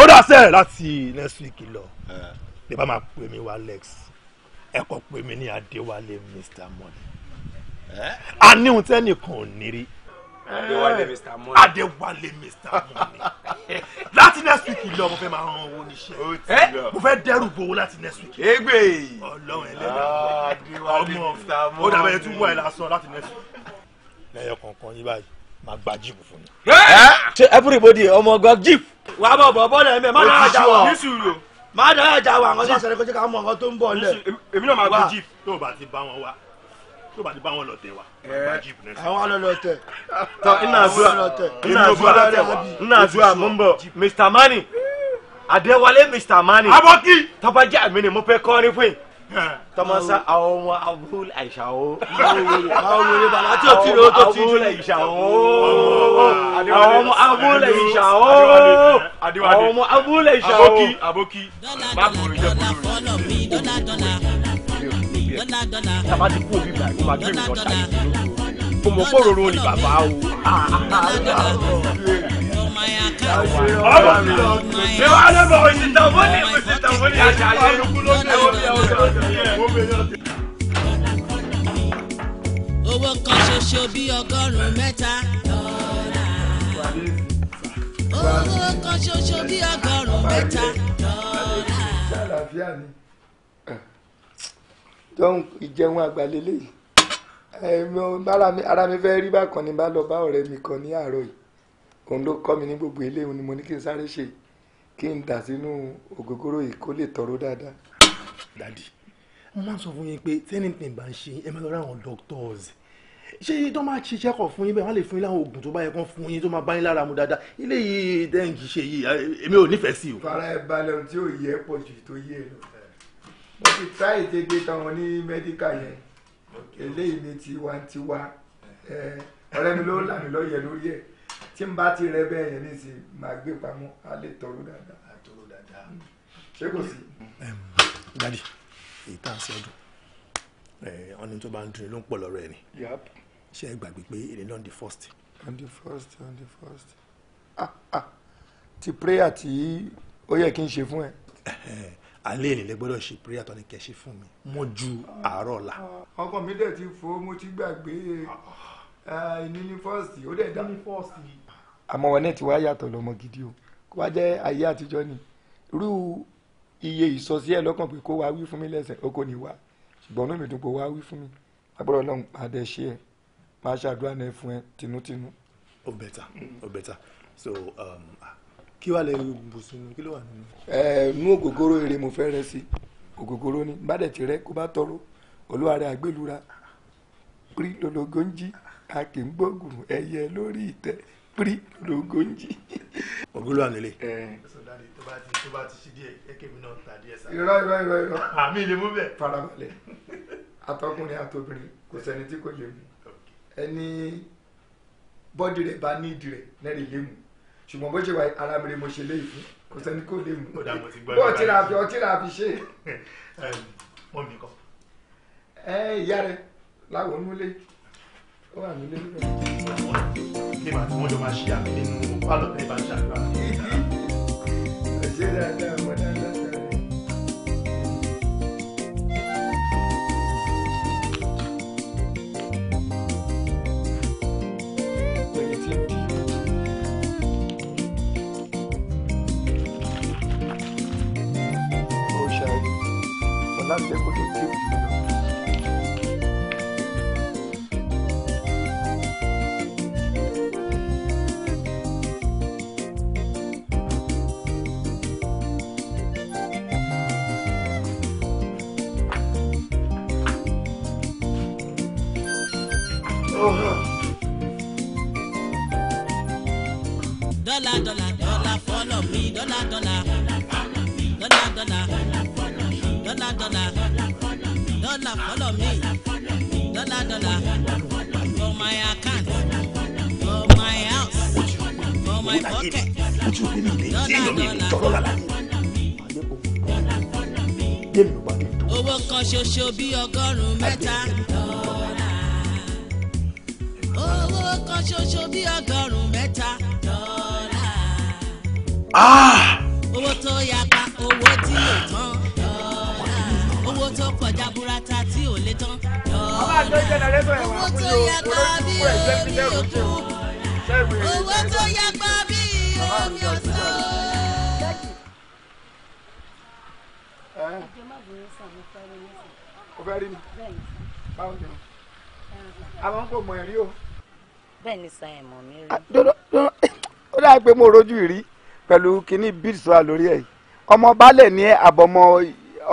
ó dà sẹ́ẹ̀ láti next week lọ lè bá máa pè mí wá lex ẹ kọ pè mí ní adéwálé mr money a ní ohun tẹ́nìkan ò ní rí adéwálé mr money adéwálé mr money láti next week lọ mo fẹ́ máa rán owó níṣẹ́ mo fẹ́ dẹ́rù bowó láti next week. egbe ọlọ́run ẹlẹ́dàá ọmọ ó dàbẹ̀ ẹ tún wọ ẹ lásán láti next week. lẹ́yọ̀ kọ̀ọ̀kan yín báyìí máa gba jíìpù fún mi. ṣé everybody ọmọ ọgọ jíìpù. wàá bọ̀ bọ̀ bọ́ọ̀lù ẹ̀mí ẹ̀ má dára jà wọ̀ máa dọ̀rọ̀ ìjà wa àwọn tó ń ṣẹlẹ̀ kọjá káwọn tó ń bọ̀ lẹ̀. èmi náà máa gbé jeep tó o bá ti bá wọn wá tó o bá ti bá wọn lọ tẹ wa àwọn alọlọ tẹ. tọ iná àdúrà iná àdúrà iná àdúrà mo ń bọ̀ Mr Mani Adéwálé Mr Mani. abọ́kí. tọ́bajá mi ni mo fẹ́ kọrin fún yìí tọmọsá àwọn ọmọ abúlé àìsàwò àwọn ọmọ yorùbá láti òtí ló tó ti dùn àìsàwò àwọn ọmọ abúlé àìsàwò àwọn ọmọ abúlé àìsàwò. aboki aboki báàbò ìjọ kúrò ní tàbá ti kú òbí báyìí máa gbé mi lọ ṣáà yìí lóko mo mọ̀ pé òróró ni bàbá o ọmọ mi lọ ṣé wàá lọ bọ òsì tán fún ní òsì tán fún ní àṣà àṣà olùkú ló dé omi ọjọ́ ọjọ́ owó kan ṣoṣo bí ọgọ́rùn-ún mẹ́ta dọ́là owó kan ṣoṣo bí ọgọ́rùn-ún mẹ́ta dọ́là. jọ́hún ìjẹun àgbà lélẹ́yìí ara mi fẹ́ rí bákan ní bá lọ bá ọ̀rẹ́ mi kan ní àárọ̀ yìí òun ló kọ́ mi ní gbogbo eléyìí ni mo ní kí n sáré ṣe kí n dà sínú ògógóró yìí kó lè tọrọ dáadáa. dadi mo máa ń sọ fún yín pé tẹ́nìtìn bá ń ṣe ẹ máa lọ ra àwọn doctors ṣé iye tó máa ṣiṣẹ́ kọ̀ fún yín bẹ́ẹ̀ wọ́n lè fún yín láwọn oògùn tó bá yẹ kán fún yín tó máa bá yín lára mu dáadáa ilé yìí dẹ́ǹkì ṣe yìí èmi ò nífẹ̀ẹ́ sí o. fara ẹ balẹ̀ ohun tí ò yẹ pọ̀ jù tó yé e lọ wọ́n ti tá ìdégbé táwọn ní mẹ́díkà yẹn eléyìí ni tiwantiwa ọ̀rẹ́ mi ló là mí lọ́yẹ̀ lórí ẹ̀ tí n bá ti rẹ bẹ́ẹ̀ yẹn nísìnyí máa gbé pamọ́ á lè tọrọ dáadáa. á tọrọ dáadáa ṣé kò sí. dadi èyí tá a ṣe ọdún wọn tó bá ń dunni ló ń pọ̀ lọ́rọ̀ ẹ̀ ni ṣé ẹ gbàgbé pé èdè náà di first. on the first on the first ah ah ti prayer tí ó yẹ kí n ṣe fún ẹ. alẹ́ èlé gbọ́dọ̀ ṣe prayer tó ní kẹ́ ṣe fún mi mo ju àárọ̀ la. ọkàn mi dẹ̀ ti fo mo ti gbàgbé ah, ah. Ah, ìní ní first ó dẹ̀ dá. ní first yìí àmọ́ wọn náà ti wá yàtọ̀ lọ́mọ gidi o kó wá jẹ́ ayé àtijọ́ ni irú iye ìsọsí ẹ lọ́kàn pé kó wá wí fún mi lẹ́sẹ̀ ó kò ní wá ṣùgbọ́n inú mi dùn kó wá wí fún mi agbọ́dọ̀ náà pàdé ṣe ẹ máa ṣàdúrà náà fún ẹ tinútinú. ó bẹ̀tà ó bẹ̀tà so um, kí wàá lè bù sínú kí ló wà nínú. ẹ nú ògógóró eré mo fẹ́ rẹ sí ògógóró ni bá dẹ̀ ti rẹ kó bá tọrọ olúwarẹ àgbélura rí lọ́lọ́gọ́ ń jí a kì í gbógun ẹyẹ lórí ìtẹ́ pírí lógo ń jí. ògúlò àlele. tó bá ti tó bá ti ṣí díẹ̀ ẹ̀kẹ́ mi náà ta díẹ̀ sáré. irọ́ irọ́ irọ́ irọ́. àmì ìlú mú bẹ̀. farabalẹ̀ atọ́kùnrin àtobìnrin kò sẹ́ni tí kò lè mú ẹni bọ́dì rẹ̀ bá ní ìdí rẹ̀ lẹ́rìí lè mú ṣùgbọ́n bó ṣe wà ara mi mo ṣe léyìí fún kò sẹ́ni kò lè mú bó ọtí ra fi ọtí ra fi ṣe. ẹ ìyá rẹ láwọn ń ó wà nílé nílé. ilé màá tí dọ́là dọ́là dọ́là fọ́lọ̀ mi dọ́là dọ́là dọ́là dọ́là dọ́là dọ́là dọ́là follow me. dọ́là dọ́là for my account for my house for my pocket dọ́là dọ́là. owó kan ṣoṣo bíi ọgọ́rùn-ún mẹ́ta owó kan ṣoṣo bíi ọgọ́rùn-ún mẹ́ta. Ah! owó tó yapa owó tí ò tán owó tó kọjá burata tí ò lè tán owó tó yapa bí omi òkun owó tó yapa bí omi ọ̀sán. o fẹ́ rí mi báwo ni àwọn kò mọ̀ ẹ̀rí o. bẹ́ẹ̀ ni sáyẹn mọ̀ mi rí. Ah, ó dáa mo rojú ìrí pẹ̀lú kínní bíìsì wa lórí ẹ̀ ọmọ baálẹ̀ ní àbọ̀mọ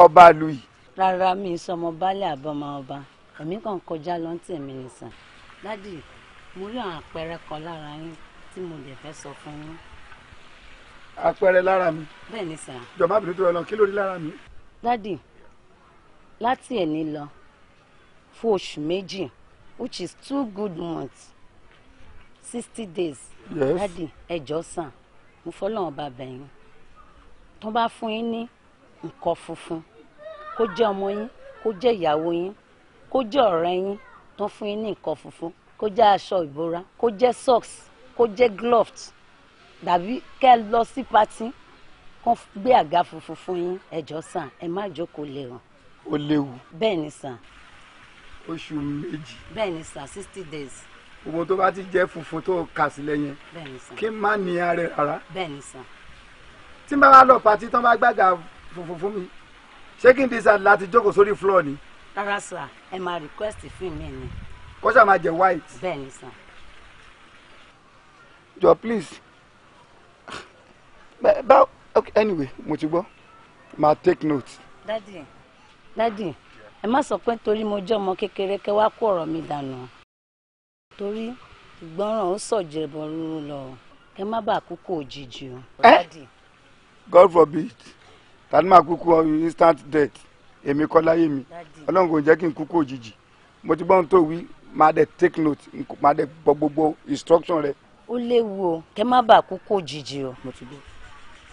ọba lu yìí. rárá mi sọ ọmọ baálẹ̀ àbọ̀mọ ọba èmi kàn kọjá lọ ń tèmi nìsàn dádì mo rí àwọn àpẹẹrẹ kan lára yín tí mo lè fẹ́ sọ fún yín. àpẹẹrẹ lára mi. bẹ́ẹ̀ni sà. jọba bìnrin tó yọ lọ kí ló rí lára mi. dádì láti ẹ̀ní lọ fún oṣù méjì which is two good months sixty days. yes dádì ẹjọ́ sàn mo fọlọ́run bá bẹ̀yìn tó bá fún yín ní nǹkan funfun kó jẹ́ ọmọ yín kó jẹ́ ìyàwó yín kó jẹ́ ọ̀rẹ́ yín tó fún yín ní nǹkan funfun kó jẹ́ aṣọ ìbora kó jẹ́ socks kó jẹ́ gloves dàbí kẹ́ ẹ lọ sí patí kó gbé àga funfun fún yín ẹjọ́ sàn ẹ má jókòó lè hàn. ó léwu. bẹ́ẹ̀ sàn. oṣù méjì. bẹ́ẹ̀ sàn sixty days gbogbo tó bá ti jẹ́ funfun tó kà sílẹ̀ yẹn kí n má ní ààrẹ rárá tí n bá wá lọ pàtí tán bá gbàgà funfun fún mi ṣé kí n di sáà láti jókòó sórí floor ni. rárá sà ẹ máa request fún mi ni. kó ṣáà máa jẹ white. bẹ́ẹ̀ni sà. jọ please ba ok anyway mo ti gbọ́ máa take note. dadi dadi ẹ má sọ pé torí mo jẹ́ ọmọ kékeré kẹ́ wá kó ọ̀rọ̀ mi dànù torí ìgbọràn ó sọ̀jẹ̀ bọ̀rún lọ kẹ má bàa kúkú òjijì o. Eh? God forbid tani máa kúkú instant death èmi kọ́ láyé mi ọlọ́run kò jẹ́ kí n kúkú òjijì mo ti gbọ́n tó wí máa dẹ̀ take note máa dẹ̀ gbọ́ gbogbo instruction rẹ. ó léwu o kẹ má bàa kúkú òjijì o. mo ti gbọ́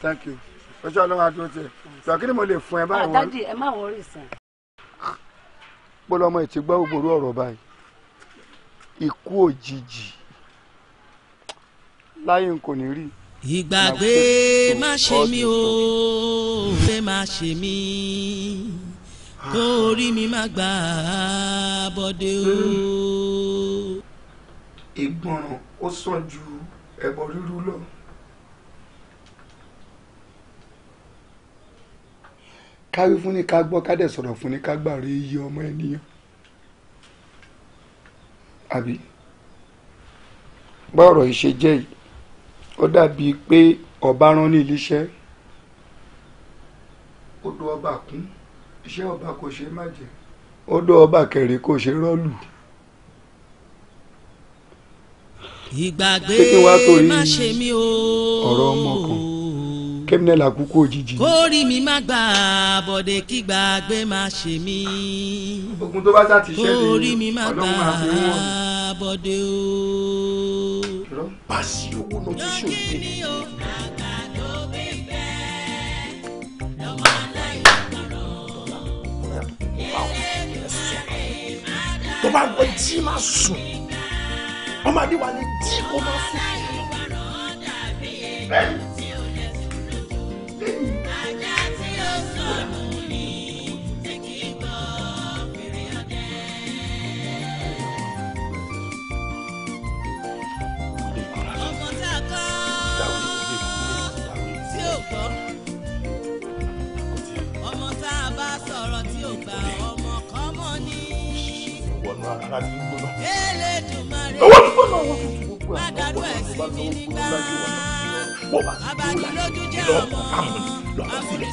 thank you oṣù ọlọ́run àti oṣù ẹ̀ sọ kí ni mo lè fún ẹ báyìí. Ah, dádì ẹ má wọrí sàn. pọ́lọ́mọ ẹ̀ ti gbọ́ ògbóró ọ̀rọ̀ báyìí ikú òjijì láyé n kò ní rí. ìgbàgbé má ṣe mí o fẹ́ má ṣe mí kó orí mi má gbà á bọ́dé o. ìgbọràn ó sàn ju ẹbọ rírú lọ. káwí fún ni ká gbọ́ ká dẹ̀ sọ̀rọ̀ fún ni ká gbà iye ọmọ ènìyàn àbí bọ́ọ̀rọ̀ yìí ṣe jẹ́ yìí ó dàbí pé ọba rán ní iléeṣẹ́ ó do ọba kún iṣẹ́ ọba kò ṣe má jẹ́ ó do ọba kẹrì kò ṣe rọ́ọ̀lù. ìgbàgbé má ṣe mí o ọ̀rọ̀ ọmọ kan kẹ́mínà là kú kú òjijì. kórì mi má gbà bọ̀dẹ̀ kí gbàgbé má ṣe mí. ogun tó bá sá ti ṣe ni ọlọ́run máa fi wọ́n. bọ̀dẹ̀ o. pàṣẹ owó náà ti ṣòfin. tó bá wọ jí máa sùn ọmọdé wà ní jí kó máa sùn. gbóná ara mi gbóná. owó mi gbóná owó mi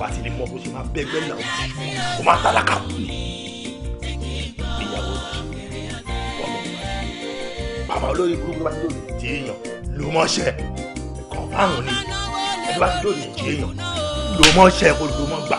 bá ti lè mọ bó ṣe máa bẹ́gbẹ́ náà ó máa tálákà kù ìyàwó ọmọ bàbá olórí burúkú bá ti lò lè èèyàn ló mọ́ṣẹ́ kàn fáwọn ni ẹni bá ti lò lè èèyàn ló mọ́ṣẹ́ kó ló mọ́ gbà.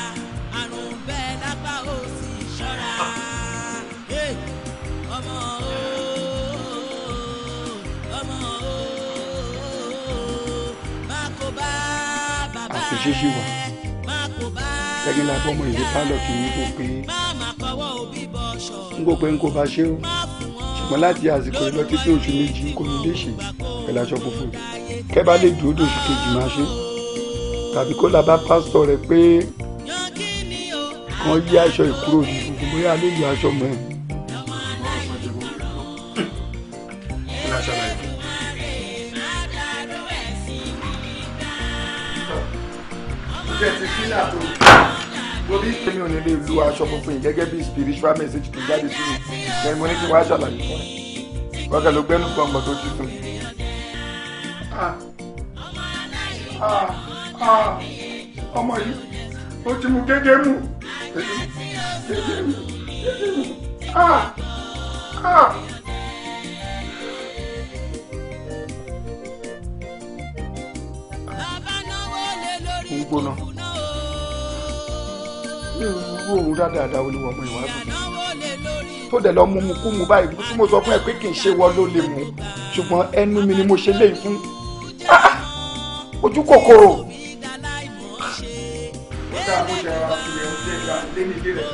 ṣe ṣì wà lẹ́yìn la bọ́mọ ìlú pálọ̀ kì í kó pé n kò pé n kò bá ṣe o ṣùgbọ́n láti àsìkò ìlọ títí oṣù méjì n kò ní lè ṣe pẹ̀lú aṣọ funfun kẹ́ bá lè dúró dòṣù kejì máa ṣe tàbí kó la bá pásítọ̀ rẹ̀ pé kàn yí aṣọ ìkúrò ní funfun bóyá lè lo aṣọ mọ́ ẹ̀. kọ́míṣánná tó torí èmi ò ní lè lu aṣọ funfun gẹ́gẹ́ bí spiritual message tó jáde sí mi lẹ́yìn mo ní kí n wá ṣàlàyé fún ẹ wọ́n kẹ́ ló gbẹ́nu kan mọ̀ tó tuntun. Ah, ah, ah, ọmọ yìí ó ti mú gẹ́gẹ́ mú gẹ́gẹ́ mú gẹ́gẹ́ mú. ń gbóná irú òru dáadáa olúwa ọmọ ìwà dùn tó dẹ̀ lọ mú mu kú mu báyìí tí mo sọ fún ẹ pé kì í ṣe wọ ló lè mú ṣùgbọ́n ẹnu mi ni mo ṣe léyìí fún ojú kòkòrò. dáa mo ṣe ara fi ẹ̀ ń dé ìgbà lé ní ilé rẹ̀.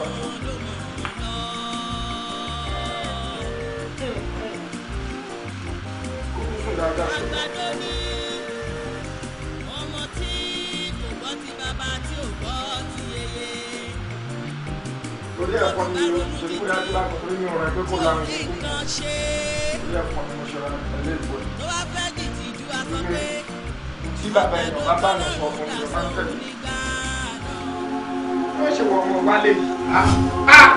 Thank you. dáadáa sọ. àgbàdo ní ọmọ tí kò gbọ́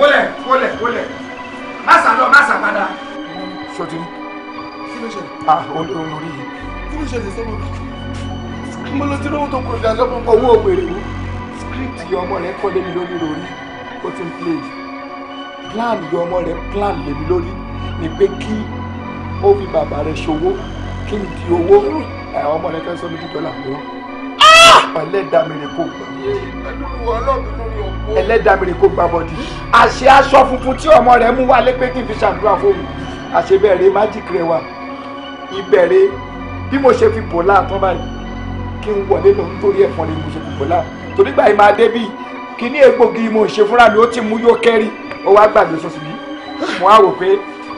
wọlẹ̀ wọlẹ̀ wọlẹ̀ má sà lọ má sà padà. sọtí kí ló ṣẹlẹ̀. ah olórí yìí. kí ló ṣẹlẹ̀ sọ́wọ́ mi. mo lọ sí lọ́wọ́ tó kúrò dájọ́ fún owó òpèrè o. script yọ ọmọ rẹ kọ́ lémi lórí lórí ó ti ń play plan yọ ọmọ rẹ plan lémi lórí ni pé kí ó fi bàbá rẹ ṣòwò kí n di owó ọmọ rẹ kẹsàn-án méjì lọ́wọ́ ẹlẹ́dàá mi rè kó gbà. ẹlẹ́dàá mi rè kó gbà bọ́dí. àṣẹ aṣọ funfun tí ọmọ rẹ̀ mú wálé pé kí n fi ṣàdúrà fóun àṣẹ bẹ̀rẹ̀ májìkì rẹ̀ wà ìbẹ̀rẹ̀ bí mo ṣe fi bò láàtọ́ báyìí kí n wọlé lọ nítorí ẹ̀fọn ni mo ṣe fi bò láà torí gbà yìí máa dé bíi kí ní egbògi mo ṣe fúnra mi ó ti mú yó kẹ́rì ó wá gbàgbé sọ́sì bí mo á wò pé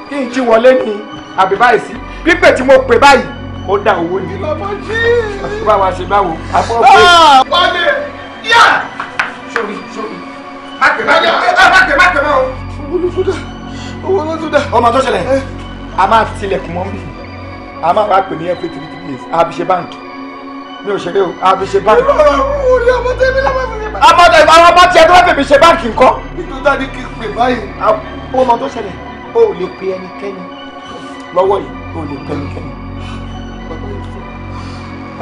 kí n ti wọlé ní àbí báyìí sí pípè tí mo pè báyìí ó dá owó ni. àti báwa ṣe báwo. Ah! wọlé yá. sori sori má tẹ̀ má tẹ̀ má owó ló tún dà owó ló tún dà. ọmọ tó ṣẹlẹ̀ a máa tilẹ̀kùn mọ́ mi a máa wá pè ní ẹ̀fẹ̀ tìrìtì place àbíṣe báńkì mi ò ṣeré o àbí ṣe báńkì. orí ọmọ tẹ́mi lọ́wọ́ fi ṣe báńkì. àmọ́tẹ́ àwọn ọmọ tiẹ̀ tó wá fèmí ṣe báńkì ńkọ́. nítorí ní kí n pè báyìí. ọmọ tó ṣẹlẹ̀ o ò lè pe ẹnikẹ́ni lọ́wọ́ yìí o ò lè pe ẹnikẹ́ni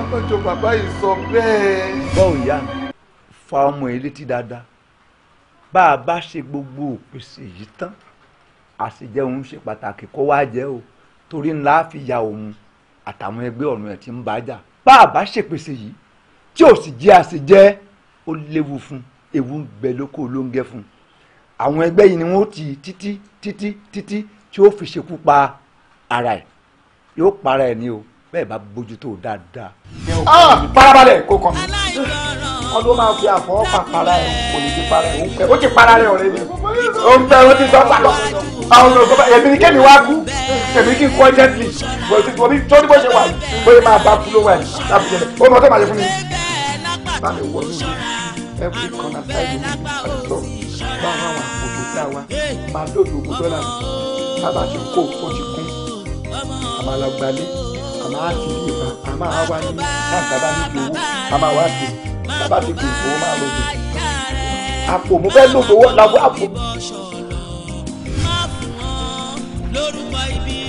abájọ bàbá yìí sọ bẹ́ẹ̀. bọ́ọ̀ ìyá fa ọmọ yìí létí dáadáa bá a bá ṣe gbogbo òpèsè yìí tán àṣejẹun ṣe pàtàkì kó wá jẹ o torí ńlá fi ya òun àtàwọn ẹgbẹ́ ọ̀run ẹ̀ ti ń bájà bá a bá ṣèpèsè yìí tí ò sì jẹ́ àṣejẹ ó léwu fún ewu ń bẹ lóko olóńgẹ fún àwọn ẹgbẹ́ yìí ni wọ́n ti títí títí títí tí ó fi ṣekú pa ara ẹ̀ yóò para ẹ̀ ní o bẹ́ẹ̀ bá bójútó dáadáa. Ah! parabalẹ̀ kó kàn mí ọdún máa fi àfọwọ́ pa para ẹ̀ kò ní ti para ẹ̀ ó ti para rẹ̀ ọ̀rẹ́ mi ó ń bẹ̀rù ó ti sọ pàtó àwọn olùkọ́ èmi ni kémi wá kú èmi kí n kọ́ gently bó ti bó ti tó ní bó ṣe wà yìí bó ṣe máa bá kú ló wà yìí láti jẹ́ ó mọ̀ máa ṣe fún mi. bá wọ inú every corner side mi àdúgbò bá wà òkè tá a wá máa dòdò òkú dọ́là mi bá ti kó o ti kún àmàlà gbalẹ̀ a máa ti bí ìbá a máa wá ní láǹkà bá níbi owó a máa wá ti bàbá ti kò ìfowó máa lòdì àpò mo fẹ́ lòdòwọ́ làwọn àpò. lórúkọ ibi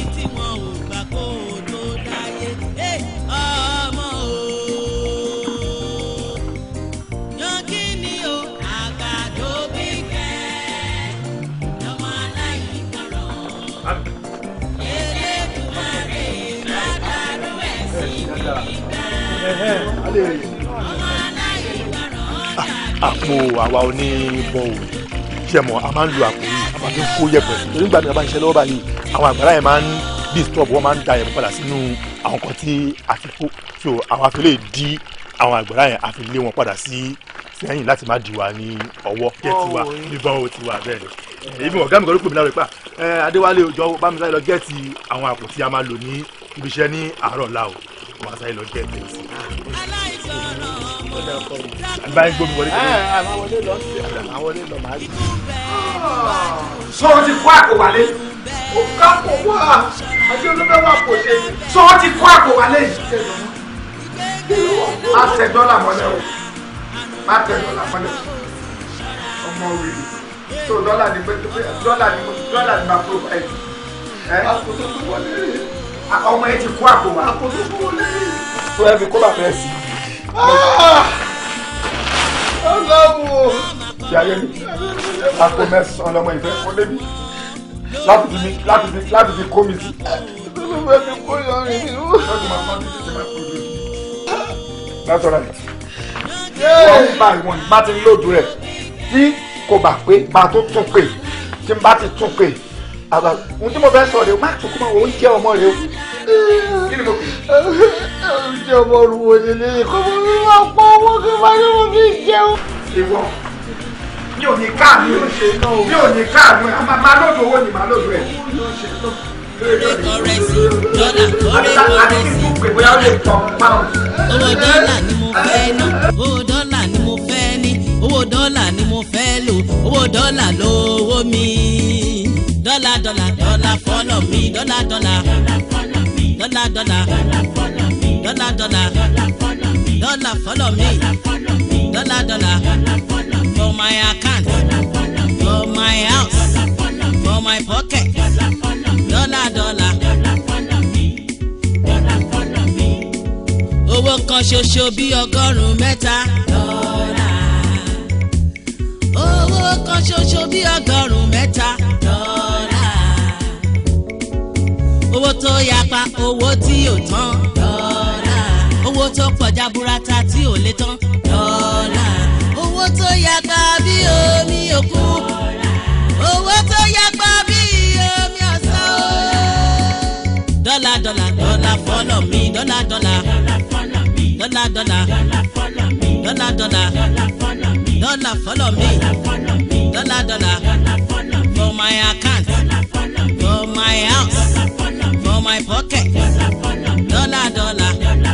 àpò àwa ò ní bọ̀wọ̀ ṣe mọ̀ a máa ń lo àpò yìí a máa fi ń kó yẹ̀pẹ̀ nígbà mìíràn bá ń ṣe lọ́wọ́ báyìí àwọn àgbàrá yẹn máa ń disturb wọ́n máa ń da yẹn padà sínú àwọn kan tí a ti kó so àwọn afi di àwọn àgbàrá yẹn àfi lé wọn padà sí sẹ́yìn láti má di wa ní ọwọ́ kẹ́ tiwa oh. bíbá o tiwa bẹ́ẹ̀ ni ibi ọ̀gá mi kan ló pè mí lára ipa eh, Adéwálé òjò bámi sáré lọ gẹ́ẹ̀tì àwọn àpò tí a máa lò ní ibiṣẹ́ ní àárọ̀ ọ̀la wọ́n sáré lọ jẹ́ ẹ̀tẹ̀ sí. aláìsọ̀rọ̀ ọmọ àgbáyé gbómi wọlé tó lọ. àwọn wọlé lọ sí àwọn wọlé lọ máa rí. sọ̀rọ̀ ti kó àpò wálé ó ká pò wá àti olóbẹ́ wà pò ṣe sọ̀rọ̀ ti kó àpò wálé má tẹ dọ́là mọ́lẹ̀ o má tẹ dọ́là mọ́lẹ̀ ọmọ wìrì tó dọ́là ni pé dọ́là ni dọ́là ni ma provide. ẹ má tó tó wọlé ọmọ ẹ ti kó àpò wa. àpò tó kú lé. tó ẹ fi kó bàbá ẹ sí. ọlọ́wọ́. Ah! ṣe ayé mi àpò mẹ́sàn-án lọ́mọ ìfẹ́ kó débi láti fi láti fi láti fi kó mi sí. ìgbésẹ̀ fẹ́ fi kó yọrin mi. lọ́dún máa ń bá mi ṣe máa mi. that's all right. wọ́n bá ìwọ̀n ìbá ti ń lòdù rẹ̀ tí kò bá pé bá tó tún pè tí n bá ti tún pè àbá ohun tí mo fẹ́ sọ rè o má sunkún mọ́ òun jẹ́ ọmọ rẹ o. kí ni mo fi. òun jẹ́ ọmọ òrùwò nílé ìkọ́ mo fi wá pọ́ owó kí n bá ní mo fi jẹun. ìwọ mi owó dọ́là ni mo fẹ́ ná owó dọ́là ni mo fẹ́ ní owó dọ́là ni mo fẹ́ lò owó dọ́là lówó mi. Dola, dọ́là fọ́lọ̀ mi dola. Dola, dọ́là dọ́là dola, dola. Dola, follow me, dola, dola. for my account for my house for my pocket dọ́là dola, owó kan ṣoṣo bíi ọgọ́rùn-ún mẹ́ta. dọ́là owó kan ṣoṣo bíi ọgọ́rùn-ún mẹ́ta. owó tó yapa owó tí ò tán dọ́là owó tó pọ̀ jaburata tí ò lè tán dọ́là owó tó yapa bí omi òkun owó tó yapa bí omi ọ̀sán o. dọ́là dọ́là dọ́là fọ́lọ̀ mi dọ́là dọ́là dọ́là dọ́là dọ́là dọ́là dọ́là fọ́lọ̀ mi dọ́là dọ́là for my account for my house my pocket. Dollar, dollar.